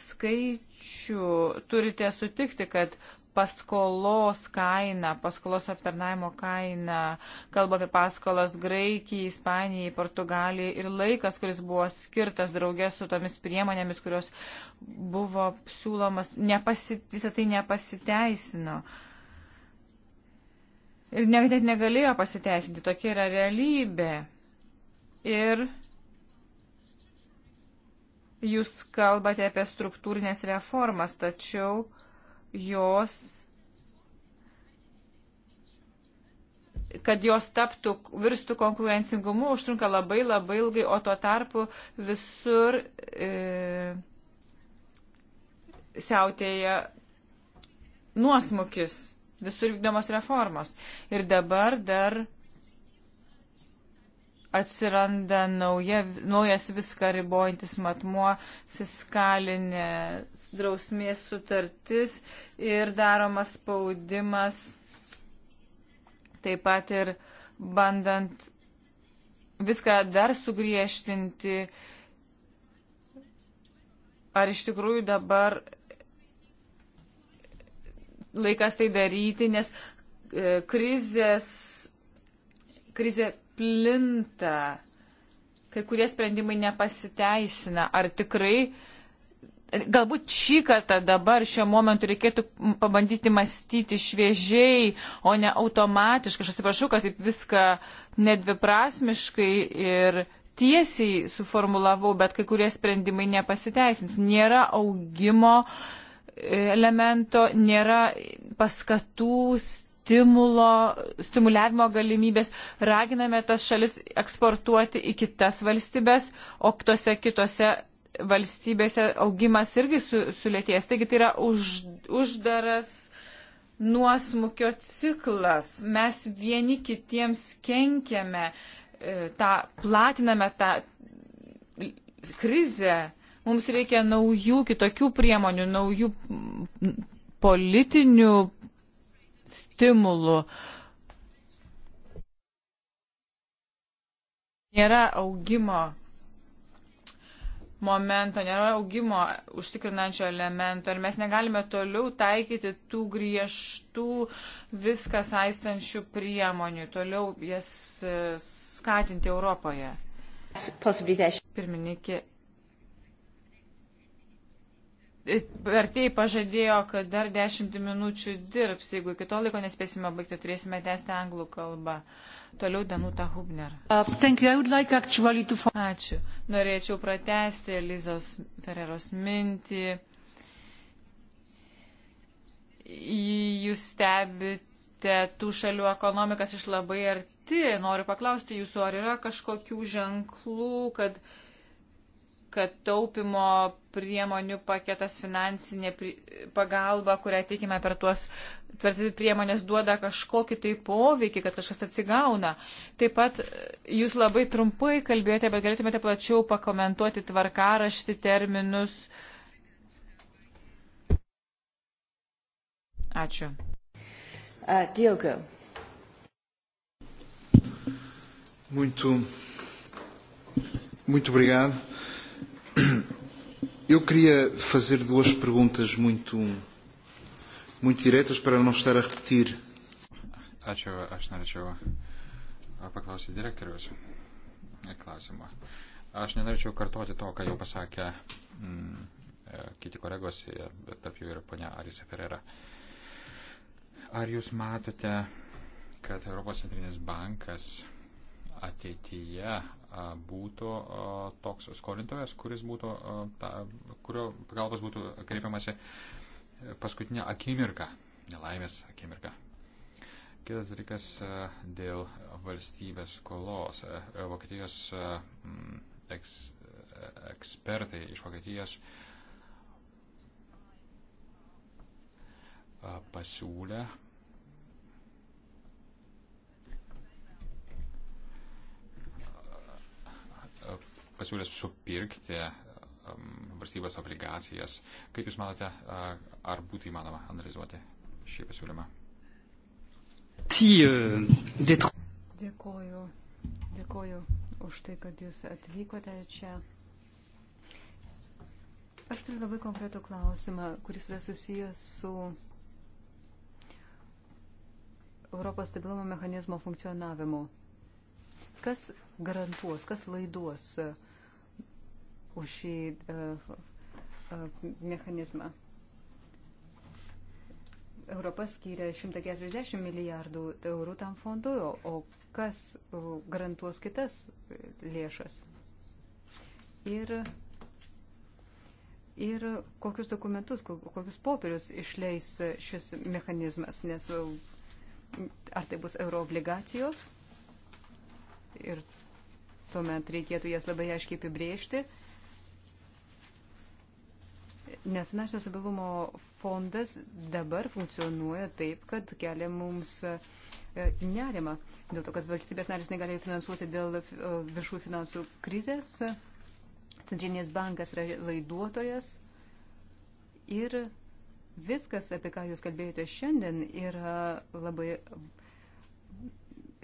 skaičių, turite sutikti, kad paskolos kainą, paskolos aptarnaimo kainą. Kalba apie paskolas Graikijai, Ispanijai, Portugalijai ir laikas, kuris buvo skirtas draugės su tomis priemonėmis, kurios buvo siūlomas, nepasi, visą tai nepasiteisino. Ir net negalėjo pasiteisinti, tokia yra realybė. Ir Jūs kalbate apie struktūrinės reformas, tačiau jos, kad jos taptų, virstų konkurencingumu, užtrunka labai labai ilgai, o tuo tarpu visur e, siautėja nuosmukis, visur vykdomos reformos. Ir dabar dar atsiranda nauja, naujas viską ribojantis matmuo, fiskalinė drausmės sutartis ir daromas spaudimas taip pat ir bandant viską dar sugriežtinti, ar iš tikrųjų dabar laikas tai daryti, nes e, krizės, krizė plinta, kai kurie sprendimai nepasiteisina. Ar tikrai, galbūt šį kartą dabar šiuo momentu reikėtų pabandyti mąstyti šviežiai, o ne automatiškai. Aš atsiprašau, kad taip viską nedviprasmiškai ir tiesiai suformulavau, bet kai kurie sprendimai nepasiteisins. Nėra augimo e, elemento, nėra paskatų stimulo, stimuliavimo galimybės, raginame tas šalis eksportuoti į kitas valstybės, o tose kitose valstybėse augimas irgi su, sulėties. Taigi tai yra už, uždaras nuosmukio ciklas. Mes vieni kitiems kenkiame, e, tą, platiname tą krizę. Mums reikia naujų, kitokių priemonių, naujų politinių stimulų. Nėra augimo momento, nėra augimo užtikrinančio elemento ir mes negalime toliau taikyti tų griežtų viską saistančių priemonių, toliau jas e, skatinti Europoje. Pirmininkė Vertėjai pažadėjo, kad dar dešimt minučių dirbs. Jeigu iki to laiko nespėsime baigti, turėsime tęsti anglų kalbą. Toliau Danuta Hubner. Uh, like to... Ačiū. Norėčiau pratesti Elizos Ferreros mintį. Jūs stebite tų šalių ekonomikas iš labai arti. Noriu paklausti jūsų, ar yra kažkokių ženklų, kad, kad taupimo priemonių paketas, finansinė pagalba, kurią teikime per tuos tvartyti priemonės duoda kažkokį tai poveikį, kad kažkas atsigauna. Taip pat jūs labai trumpai kalbėjote, bet galėtumėte plačiau pakomentuoti tvarkaraštį, terminus. Ačiū. Uh, Diogo. Muito, muito obrigado. Eu queria fazer duas perguntas muito, muito diretas para não estar a repetir. Ačiū, aš norėčiau paklausyti direktorius klausimą. Aš nenorėčiau kartoti to, ką jau pasakė mm, e, kiti kolegos, e, bet tarp jų ir ponia Arisa Ferrera. Ar jūs matote, kad Europos centrinis bankas ateityje būtų toks skolintojas, kuris būtų, ta, kurio pagalbos būtų kreipiamasi paskutinę akimirką, nelaimės akimirką. Kitas dalykas dėl valstybės skolos. Vokietijos eks, ekspertai iš Vokietijos pasiūlė pasiūlė supirkti um, valstybės obligacijas. Kaip Jūs manote, ar būtų įmanoma analizuoti šį pasiūlymą? Euh, Dėkoju. Dėkoju už tai, kad Jūs atvykote čia. Aš turiu labai konkretų klausimą, kuris yra susijęs su Europos stabilumo mechanizmo funkcionavimu. Kas garantuos, kas laiduos uh, už šį uh, uh, mechanizmą. Europa skiria 140 milijardų eurų tam fondui, o kas garantuos kitas lėšas? Ir, ir kokius dokumentus, kokius popierius išleis šis mechanizmas, nes ar tai bus euroobligacijos ir tuomet reikėtų jas labai aiškiai apibriežti. Nesunašinio stabilumo fondas dabar funkcionuoja taip, kad kelia mums e, nerima. Dėl to, kad valstybės narės negali finansuoti dėl e, viršų finansų krizės, Centrinės bankas yra laiduotojas ir viskas, apie ką jūs kalbėjote šiandien, yra labai,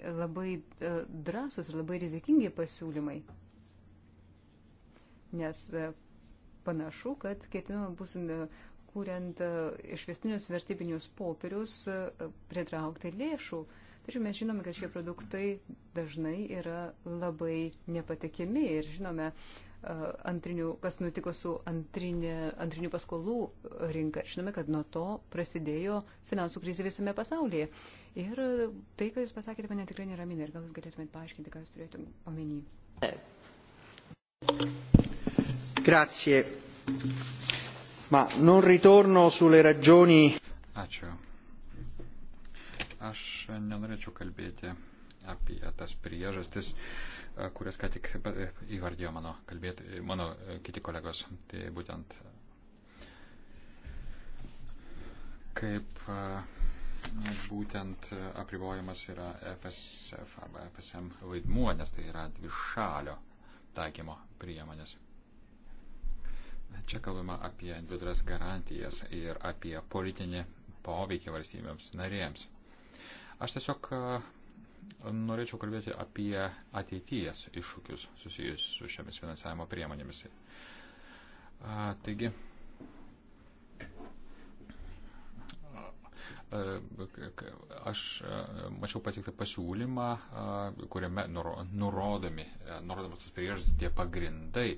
labai e, drąsus ir labai rizikingi pasiūlymai. Nes panašu, kad ketinama bus e, kuriant e, išvestinius vertybinius popierius e, pritraukti lėšų. Tačiau mes žinome, kad šie produktai dažnai yra labai nepatikimi ir žinome, antrinių, kas nutiko su antrinė, antrinių paskolų rinka. Žinome, kad nuo to prasidėjo finansų krizė visame pasaulyje. Ir tai, ką Jūs pasakėte, mane tikrai neramina. Ir gal Jūs galėtumėte paaiškinti, ką Jūs turėjote omeny. Grazie. Ma non ritorno sulle ragioni. Ačiū. Aš nenorėčiau kalbėti apie tas priežastis, kurias ką tik įvardėjo mano, kalbėti, mano kiti kolegos. Tai būtent kaip būtent apribojimas yra FSF arba FSM vaidmuo, nes tai yra dvišalio taikymo priemonės. Čia kalbama apie individualias garantijas ir apie politinį poveikį valstybėms narėms. Aš tiesiog e, norėčiau kalbėti apie ateities iššūkius susijus su šiomis finansavimo priemonėmis. A, e, taigi, e, aš mačiau patiktą pasiūlymą, kuriame nurodomi, nurodomas tos priežastys, tie pagrindai,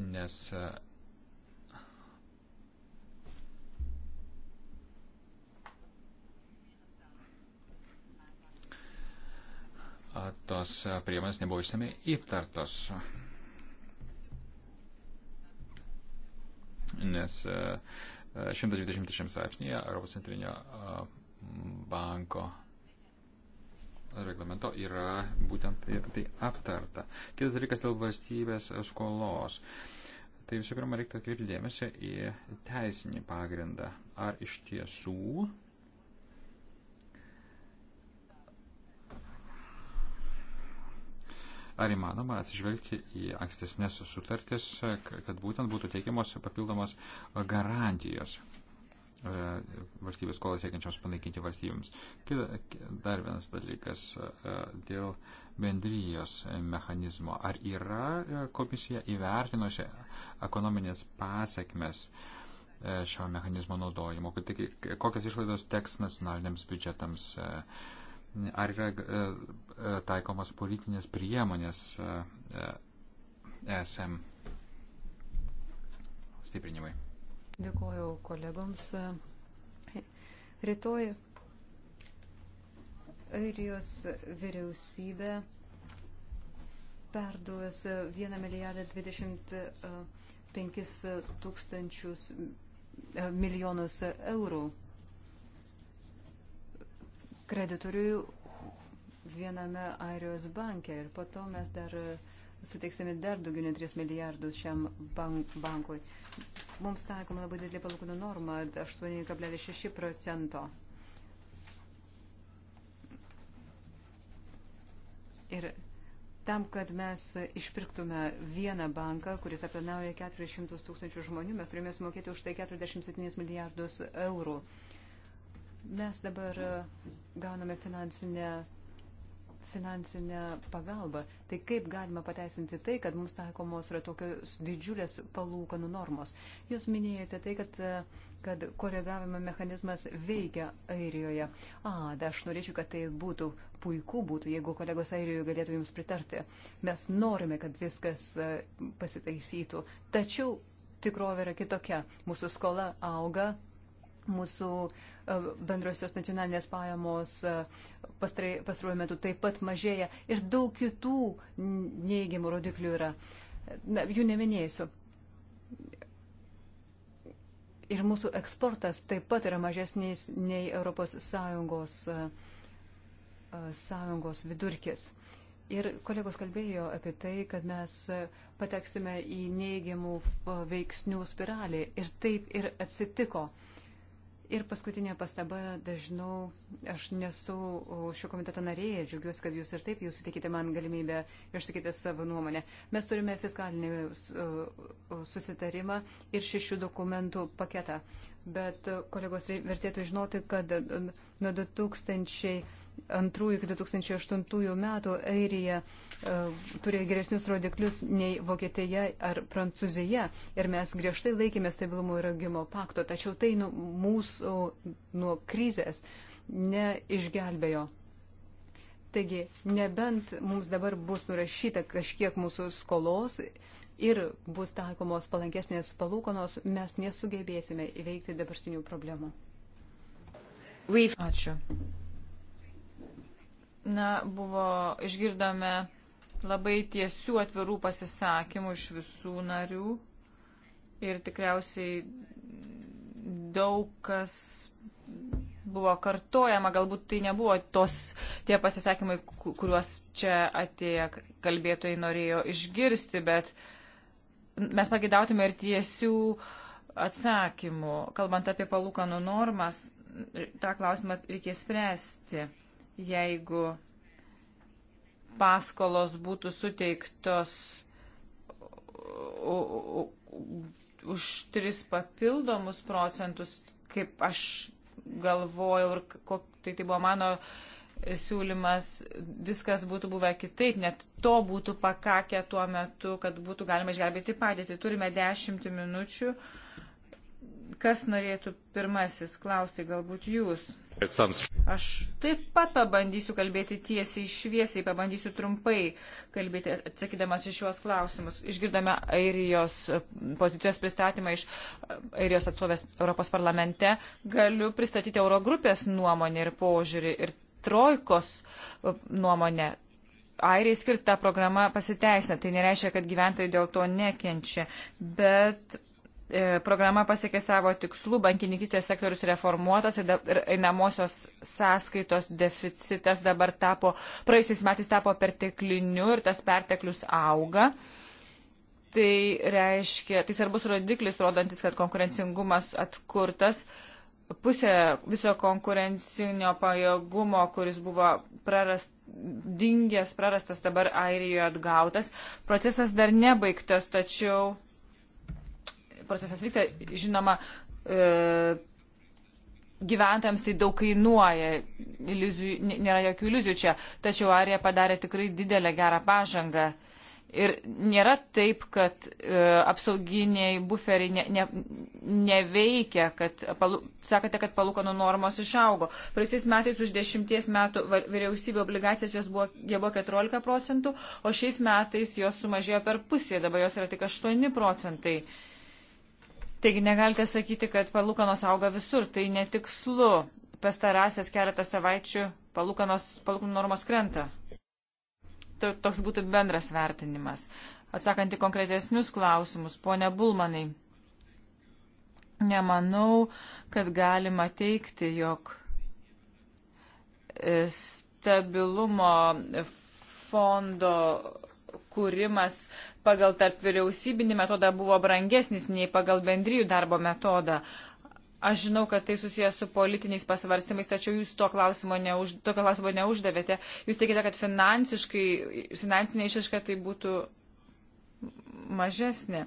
nes e, tos e, priemonės nebuvo išsamei įtartos. Nes 123 e, straipsnėje Europos centrinio banko reglamento yra būtent tai, tai aptarta. Kitas dalykas dėl valstybės skolos. Tai visų pirma, reikia atkreipti dėmesį į teisinį pagrindą. Ar iš tiesų Ar įmanoma atsižvelgti į ankstesnės sutartis, kad būtent būtų teikiamos papildomos garantijos E, valstybės skolą siekiančioms panaikinti valstybėms. Dar vienas dalykas e, dėl bendrijos mechanizmo. Ar yra e, komisija įvertinusi ekonominės pasiekmes šio mechanizmo naudojimo? Kokias išlaidos teks nacionaliniams biudžetams? Ar yra taikomas politinės priemonės ESM stiprinimui? Dėkuoju kolegoms. Rytoj Airijos vyriausybė perduos 1 milijardą 25 e, tūkstančius e, milijonus eurų kreditoriui viename Airijos banke ir po to mes dar uh, suteiksime dar daugiau nei 3 milijardus šiam bank, bankui. Mums taikoma labai didelė palūkanų norma 8,6 procento. Ir tam, kad mes išpirktume vieną banką, kuris aptarnauja 400 tūkstančių žmonių, mes turime sumokėti už tai 47 milijardus eurų. Mes dabar e, gauname finansinę finansinę pagalbą, tai kaip galima pateisinti tai, kad mums taikomos yra tokios didžiulės palūkanų normos? Jūs minėjote tai, kad kad koregavimo mechanizmas veikia Airijoje. A, da, aš norėčiau, kad tai būtų puiku, būtų, jeigu kolegos Airijoje galėtų jums pritarti. Mes norime, kad viskas e, pasitaisytų. Tačiau tikrovė yra kitokia. Mūsų skola auga, mūsų uh, E, bendrosios nacionalinės pajamos e, pastaruoju metu taip pat mažėja ir daug kitų neįgimų rodiklių yra. Na, jų neminėsiu. Ir mūsų eksportas taip pat yra mažesnis nei Europos Sąjungos, e, sąjungos vidurkis. Ir kolegos kalbėjo apie tai, kad mes pateksime į neigiamų veiksnių spiralį. Ir taip ir atsitiko. Uh, Ir paskutinė pastaba, dažnau, aš nesu šio komiteto narė ir džiaugiuosi, kad jūs ir taip, jūs suteikite man galimybę išsakyti savo nuomonę. Mes turime fiskalinį susitarimą ir šešių dokumentų paketą. Bet kolegos vertėtų žinoti, kad nuo 2000. 2002 iki 2008 metų Airija e, turėjo geresnius rodiklius nei Vokietija ar Prancūzija ir mes griežtai laikėme stabilumo ir augimo pakto, tačiau tai nu, mūsų nuo krizės neišgelbėjo. Taigi, nebent mums dabar bus nurašyta kažkiek mūsų skolos ir bus taikomos palankesnės palūkonos, mes nesugebėsime įveikti dabartinių problemų. Ačiū. Na, buvo, išgirdome labai tiesių atvirų pasisakymų iš visų narių ir tikriausiai daug kas buvo kartojama, galbūt tai nebuvo tos tie pasisakymai, kuriuos čia atėję kalbėtojai norėjo išgirsti, bet mes pagidautume ir tiesių atsakymų. Kalbant apie palūkanų normas, tą klausimą reikės spręsti jeigu paskolos būtų suteiktos už 3 papildomus procentus, kaip aš galvojau ir kok, tai, tai buvo mano siūlymas, viskas būtų buvę kitaip, net to būtų pakakę tuo metu, kad būtų galima išgelbėti padėtį. Turime 10 minučių. Uh, Kas norėtų pirmasis klausyti, galbūt jūs? Aš taip pat pabandysiu kalbėti tiesiai, šviesiai, pabandysiu trumpai kalbėti, atsakydamas iš juos klausimus. Išgirdome Airijos pozicijos pristatymą iš Airijos atstovės Europos parlamente. Galiu pristatyti Eurogrupės nuomonę ir požiūrį ir Trojkos e, nuomonę. Airijai skirta programa pasiteisina, tai nereiškia, kad gyventojai dėl to nekenčia, bet E, programa pasiekė savo tikslų, bankininkistės sektorius reformuotas ir einamosios sąskaitos deficitas dabar tapo, praėjusiais metais tapo pertekliniu ir tas perteklius auga. Tai reiškia, tai svarbus rodiklis, rodantis, kad konkurencingumas atkurtas. Pusė viso konkurencinio pajėgumo, kuris buvo prarast, dingęs, prarastas, dabar Airijoje atgautas. Procesas dar nebaigtas, tačiau procesas vyksta, žinoma, e, gyventojams tai daug kainuoja, iliuzijų, nėra jokių iliuzijų čia, tačiau Arija padarė tikrai didelę gerą pažangą. Ir nėra taip, kad e, apsauginiai buferiai ne, ne, neveikia, kad palu, sakate, kad palūkanų normos išaugo. Praėjusiais metais už dešimties metų vyriausybė obligacijas jos buvo, jie buvo 14 procentų, o šiais metais jos sumažėjo per pusę, dabar jos yra tik 8 procentai. E, Taigi negalite sakyti, kad palūkanos auga visur, tai netikslu. Pastarąsias keletą savaičių palūkanos, palūkanų normos krenta. Toks būtų bendras vertinimas. Atsakant į konkretesnius klausimus, ponia Bulmanai, nemanau, kad galima teikti, jog e, stabilumo fondo kūrimas pagal tarp vyriausybinį metodą buvo brangesnis nei pagal bendryjų darbo metodą. Aš žinau, kad tai susijęs su politiniais pasvarstymais, tačiau jūs to klausimo, neuž, to klausimo neuždavėte. Jūs teikite, kad finansinė išiška tai būtų mažesnė.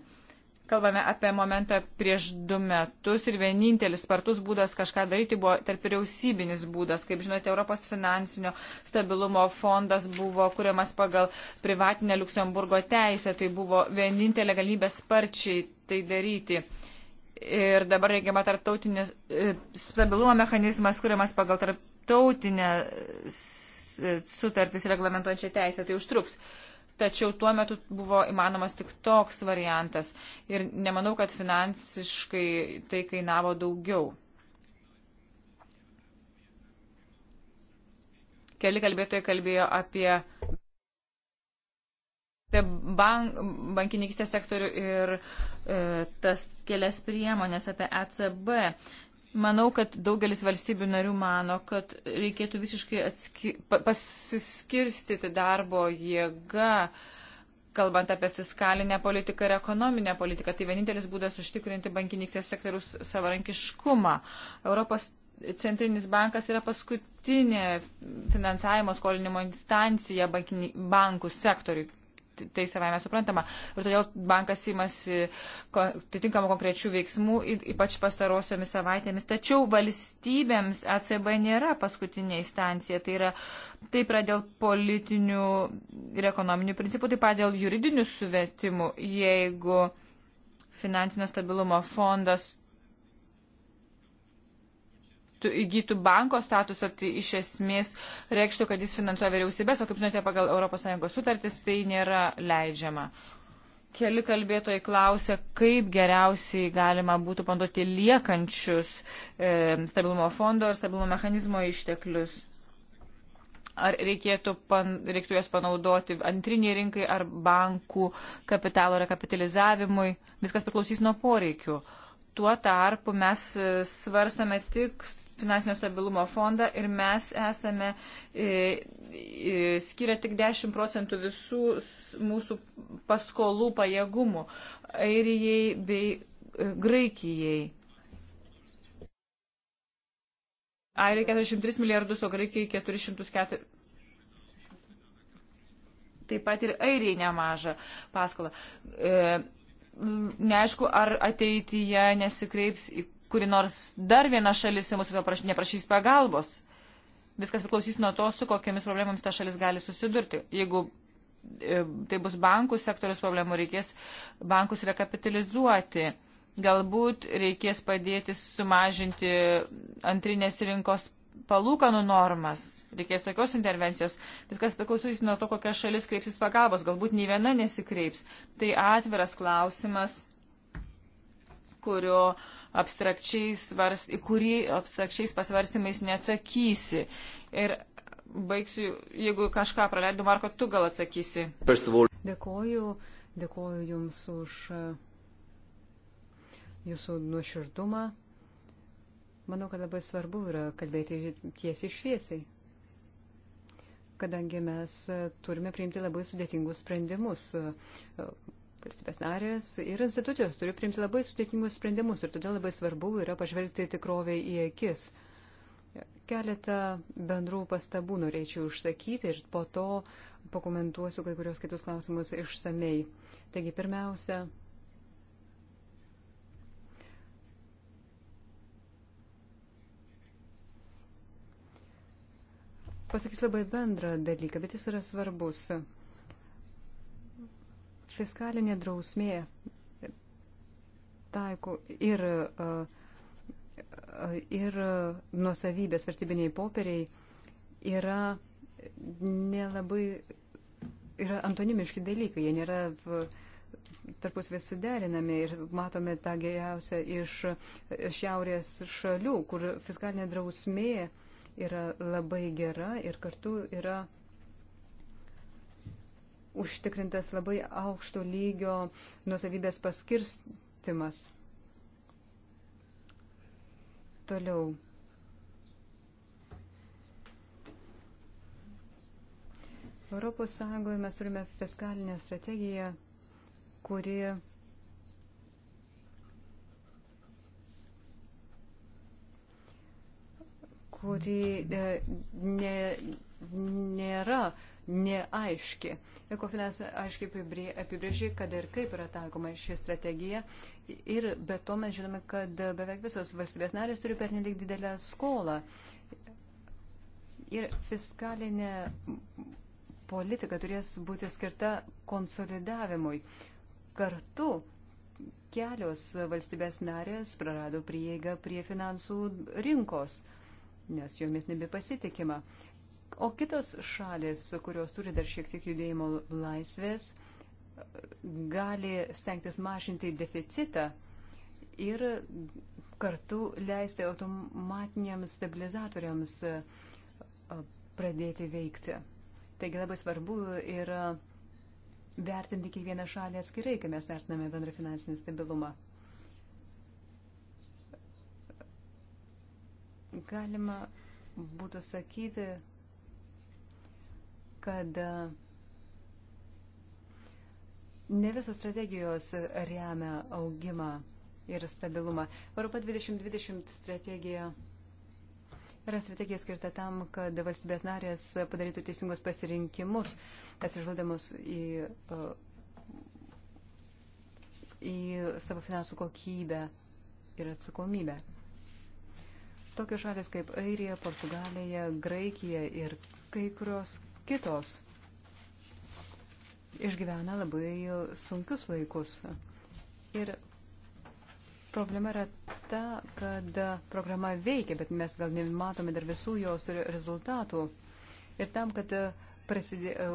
Kalbame apie momentą prieš du metus ir vienintelis spartus būdas kažką daryti buvo tarp vyriausybinis būdas. Kaip žinote, Europos finansinio stabilumo fondas buvo kuriamas pagal privatinę Luksemburgo teisę. Tai buvo vienintelė galimybė sparčiai tai daryti. Ir dabar reikiama tarptautinis e, stabilumo mechanizmas kuriamas pagal tarptautinę e, sutartis reglamentuojančią teisę. Tai užtruks. Uh, tačiau tuo metu buvo įmanomas tik toks variantas ir nemanau, kad finansiškai tai kainavo daugiau. Keli kalbėtojai kalbėjo apie, apie bank, bankininkistės sektorių ir e, tas kelias priemonės apie ECB. Manau, kad daugelis valstybių narių mano, kad reikėtų visiškai atski, pasiskirstyti darbo jėgą, kalbant apie fiskalinę politiką ir ekonominę politiką. Tai vienintelis būdas užtikrinti bankininkės sektoriaus savarankiškumą. Europos centrinis bankas yra paskutinė finansavimo skolinimo instancija bankini, bankų sektoriui tai savai mes suprantama. Ir todėl bankas įmasi atitinkamų konkrečių veiksmų, ypač pastarosiomis savaitėmis. Tačiau valstybėms ACB nėra paskutinė instancija. Tai yra taip yra dėl politinių ir ekonominių principų, taip pat dėl juridinių suvetimų. Jeigu finansinio stabilumo fondas įgytų banko statusą, tai iš esmės reikštų, kad jis finansuoja vyriausybės, o kaip žinote, pagal ES sutartis tai nėra leidžiama. Keli kalbėtojai klausė, kaip geriausiai galima būtų panduoti liekančius e, stabilumo fondo ir stabilumo mechanizmo išteklius. Ar reikėtų pan, reiktų jas panaudoti antriniai rinkai ar bankų kapitalo rekapitalizavimui. Viskas priklausys nuo poreikių tuo tarpu mes e, svarstame tik finansinio stabilumo fondą ir mes esame e, e, skiria tik 10 procentų visų mūsų paskolų pajėgumų Airijai bei e, Graikijai. Airija 43 milijardus, o Graikijai 404. Taip pat ir Airijai nemažą paskolą. E, neaišku, ar ateityje nesikreips į kuri nors dar viena šalis į mus neprašys pagalbos. Viskas priklausys nuo to, su kokiamis problemams ta šalis gali susidurti. Jeigu e, tai bus bankų sektorius problemų, reikės bankus rekapitalizuoti. Galbūt reikės padėti sumažinti antrinės rinkos palūkanų normas, reikės tokios intervencijos, viskas priklausys nuo to, kokia šalis kreipsis pagalbos, galbūt nei viena nesikreips. Tai atviras klausimas, kurio abstrakčiais, vars, į kurį abstrakčiais pasvarstymais neatsakysi. Ir baigsiu, jeigu kažką praleidau, Marko, tu gal atsakysi. Dėkoju, dėkoju Jums už uh, Jūsų nuoširdumą. Manau, kad labai svarbu yra kalbėti tiesiai šviesiai, kadangi mes uh, turime priimti labai sudėtingus sprendimus uh, valstybės narės ir institucijos turi priimti labai sudėtingus sprendimus ir todėl labai svarbu yra pažvelgti tikroviai į akis. Keletą bendrų pastabų norėčiau užsakyti ir po to pakomentuosiu kai kurios kitus klausimus išsamei. Taigi, pirmiausia, pasakys labai bendrą dalyką, bet jis yra svarbus. Fiskalinė drausmė taiko ir, e, e, ir nuosavybės vertybiniai popieriai yra nelabai, yra antonimiški dalykai, jie nėra tarpusvės suderinami ir matome tą geriausią iš šiaurės šalių, kur fiskalinė drausmė yra labai gera ir kartu yra užtikrintas labai aukšto lygio nusavybės paskirstimas. Toliau. Europos Sąjungoje mes turime fiskalinę strategiją, kuri kuri e, ne, nėra neaiški. Ekofinas aiškiai apibrėžė, kada ir kaip yra taikoma ši strategija. Ir be to mes žinome, kad beveik visos valstybės narės turi pernelyg didelę skolą. Ir fiskalinė politika turės būti skirta konsolidavimui. Kartu kelios valstybės narės prarado prieigą prie finansų rinkos, nes jomis nebepasitikima. O kitos šalis, kurios turi dar šiek tiek judėjimo laisvės, gali stengtis mažinti deficitą ir kartu leisti automatiniams stabilizatoriams pradėti veikti. Taigi labai svarbu yra vertinti kiekvieną šalį atskirai, kai mes vertiname bendrą finansinį stabilumą. Galima būtų sakyti, kad e, ne visos strategijos remia augimą ir stabilumą. Europa 2020 strategija yra strategija skirta tam, kad valstybės narės padarytų teisingus pasirinkimus, atsižvaldamus į, e, į savo finansų kokybę ir atsakomybę. Tokios šalis kaip Airija, Portugalija, Graikija ir kai kurios kitos išgyvena labai sunkius laikus. Ir problema yra ta, kad programa veikia, bet mes gal nematome dar visų jos rezultatų. Ir tam, kad e, prasidė, e,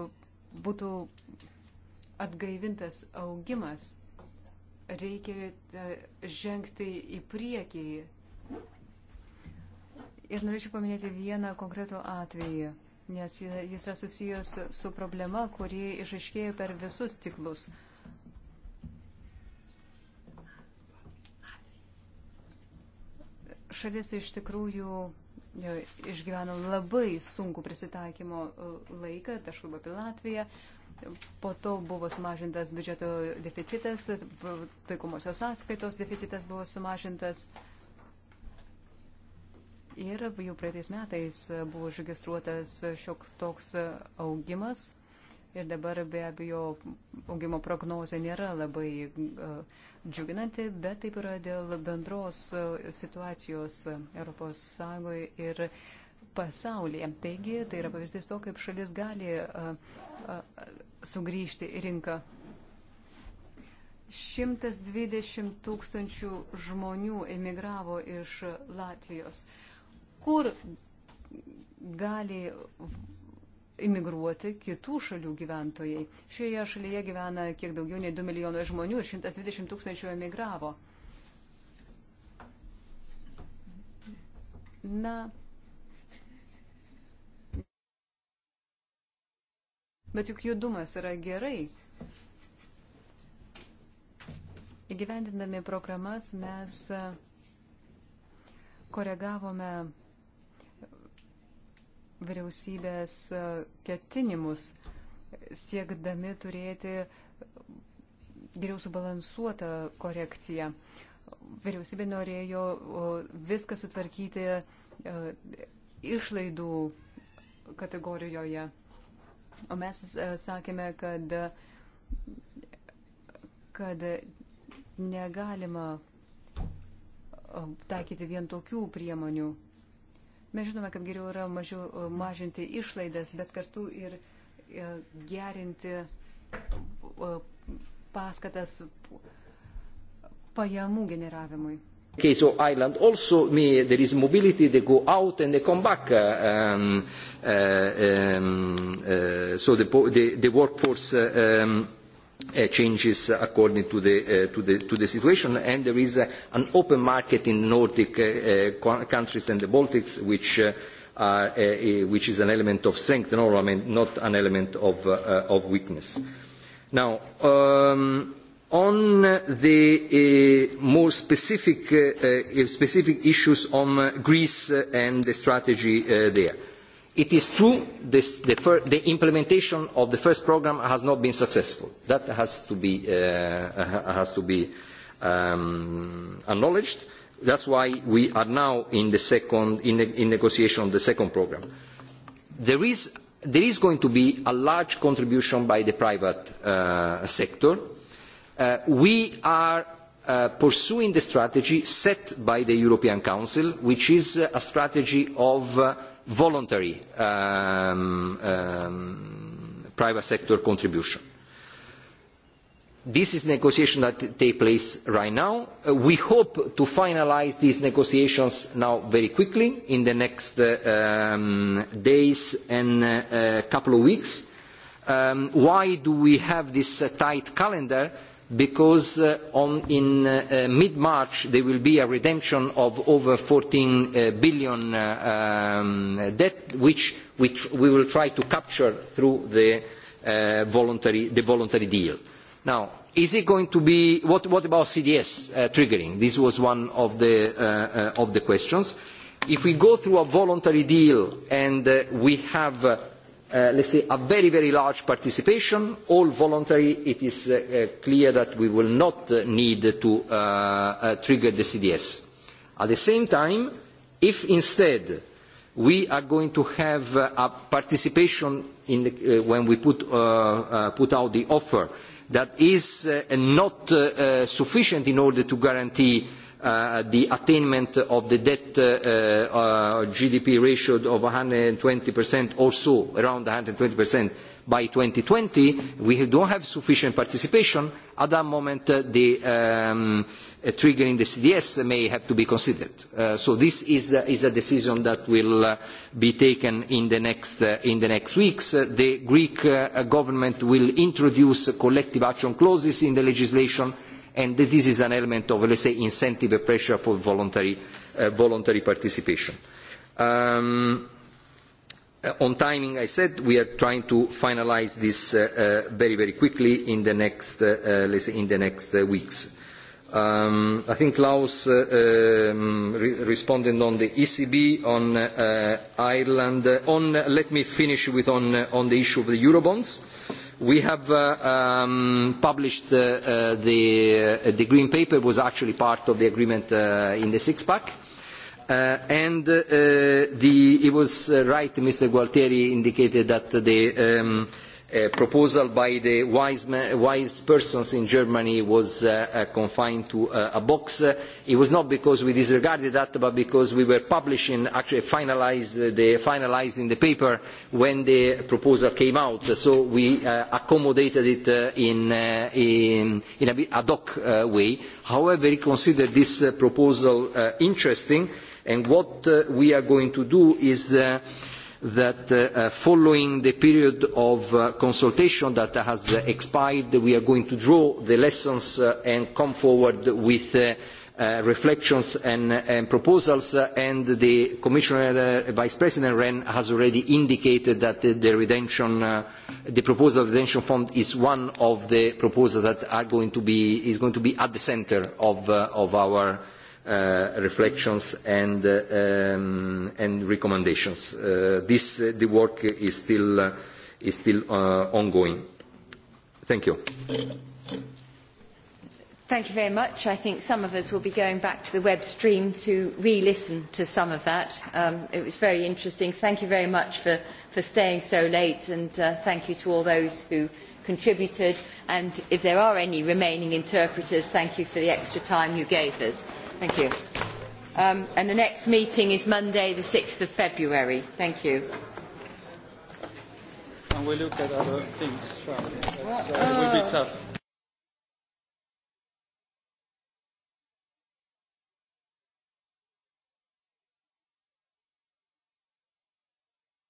būtų atgaivintas augimas, reikia e, žengti į priekį. Ir norėčiau paminėti vieną konkretų atvejį nes jis yra susijęs su problema, kuri išaiškėjo per visus tiklus. Šalis iš tikrųjų išgyveno labai sunku prisitaikymo e, laiką, tai aš kalbu apie Latviją. Po to buvo sumažintas biudžeto deficitas, taikomosios sąskaitos deficitas buvo sumažintas. Ir jau praeitais metais buvo užregistruotas šioks toks augimas. Ir dabar be abejo augimo prognozė nėra labai e, džiuginanti, bet taip yra dėl bendros e, situacijos ES ir pasaulyje. Taigi tai yra pavyzdys to, kaip šalis gali e, sugrįžti į rinką. 120 tūkstančių žmonių emigravo iš Latvijos kur gali imigruoti kitų šalių gyventojai. Šioje šalyje gyvena kiek daugiau nei 2 milijonai žmonių ir 120 tūkstančių emigravo. Na. Bet juk judumas yra gerai. Įgyvendindami programas mes koregavome vyriausybės e, ketinimus, siekdami turėti geriau subalansuotą korekciją. Vyriausybė norėjo viską sutvarkyti e, išlaidų kategorijoje. O mes e, sakėme, kad, kad negalima taikyti vien tokių priemonių Mes žinome, kad geriau yra mažiau, e, mažinti išlaidas, bet kartu ir e, gerinti e, paskatas pajamų generavimui. Case of Ireland also me, there is mobility, they go out and they come back. Uh, um, uh, um, uh, so the, the, the workforce uh, um, uh, changes according to the, uh, to, the, to the situation. And there is uh, an open market in the Nordic uh, uh, countries and the Baltics, which, uh, are, uh, uh which is an element of strength, not an element of, uh, uh, of weakness. Now, um, On the uh, more specific, uh, uh, specific issues on uh, Greece and the strategy there. It is true this, the, fir the implementation of the first program has not been successful. That has to be, uh, uh, has to be um, acknowledged. That's why we are now in, the second, in, the, in negotiation of the second program. There is, there is going to be a large contribution by the private uh, sector. Uh, we are Uh, pursuing the strategy set by the European Council, which is uh, a strategy of uh, voluntary um, um, private sector contribution. This is negotiation that take place right now. Uh, we hope to finalize these negotiations now very quickly in the next uh, um, days and a uh, uh, couple of weeks. Um, why do we have this uh, tight calendar? Uh, because uh, on, in uh, uh, mid-March there will be a redemption of over 14 uh, billion uh, um, debt, which, which we will try to capture through the, uh, voluntary, the voluntary deal. Now, is it going to be, what, what about CDS uh, triggering? This was one of the, uh, uh, of the questions. If we go through a voluntary deal and uh, we have uh, uh, let's say, a very, very large participation, all voluntary, it is uh, uh, clear that we will not uh, need to uh, uh, trigger the CDS. At the same time, if instead we are going to have uh, a participation in the, uh, when we put, uh, uh, put out the offer that is uh, not uh, uh, sufficient in order to guarantee uh, uh, the attainment of the debt uh, uh, uh GDP ratio of 120% or so, around 120% by 2020, we don't have sufficient participation. At that moment, uh, the um, uh, triggering the CDS may have to be considered. Uh, so this is, uh, is a decision that will uh, be taken in the next, uh, in the next weeks. Uh, the Greek uh, government will introduce collective action clauses in the legislation uh, and this is an element of, let's say, incentive pressure for voluntary, uh, voluntary participation. Um, uh, on timing, I said we are trying to finalize this uh, uh, very, very quickly in the next, uh, uh, let's say, in the next uh, weeks. Um, I think Klaus uh, um, re responded on the ECB, on uh, Ireland. Uh, on, uh, let me finish with on, uh, on the issue of the Eurobonds. Uh, We have uh, um, published uh, uh, the, uh, the green paper was actually part of the agreement uh, in the six pack. Uh, and uh, uh, the, it was uh, right, Mr. Gualtieri indicated that the um, uh, uh, proposal by the wise, man, wise persons in Germany was uh, uh, confined to uh, a box. Uh, it was not because we disregarded that, but because we were publishing, actually finalized, uh, the, finalized in the paper when the proposal came out. So we uh, accommodated it uh, in, uh, in, in a bit ad hoc uh, way. However, we consider this uh, proposal uh, interesting, and what uh, we are going to do is uh, that uh, uh, following the period of uh, consultation that has uh, expired, we are going to draw the lessons uh, and come forward with uh, uh, reflections and, uh, and proposals, uh, and the Commissioner uh, Vice President Ren has already indicated that uh, the redemption, uh, the proposal of the redemption fund is one of the proposals that are going to be, is going to be at the center of, uh, of our uh, reflections and, uh, um, and recommendations. Uh, this, uh, the work is still, uh, is still uh, ongoing. Thank you. Thank you very much. I think some of us will be going back to the web stream to re-listen to some of that. Um, it was very interesting. Thank you very much for, for staying so late and uh, thank you to all those who contributed and if there are any remaining interpreters, thank you for the extra time you gave us. Thank you. Um, and the next meeting is Monday, the 6th of February. Thank you. And we look at other things, shall we? That's, uh, oh. It will be oh. tough.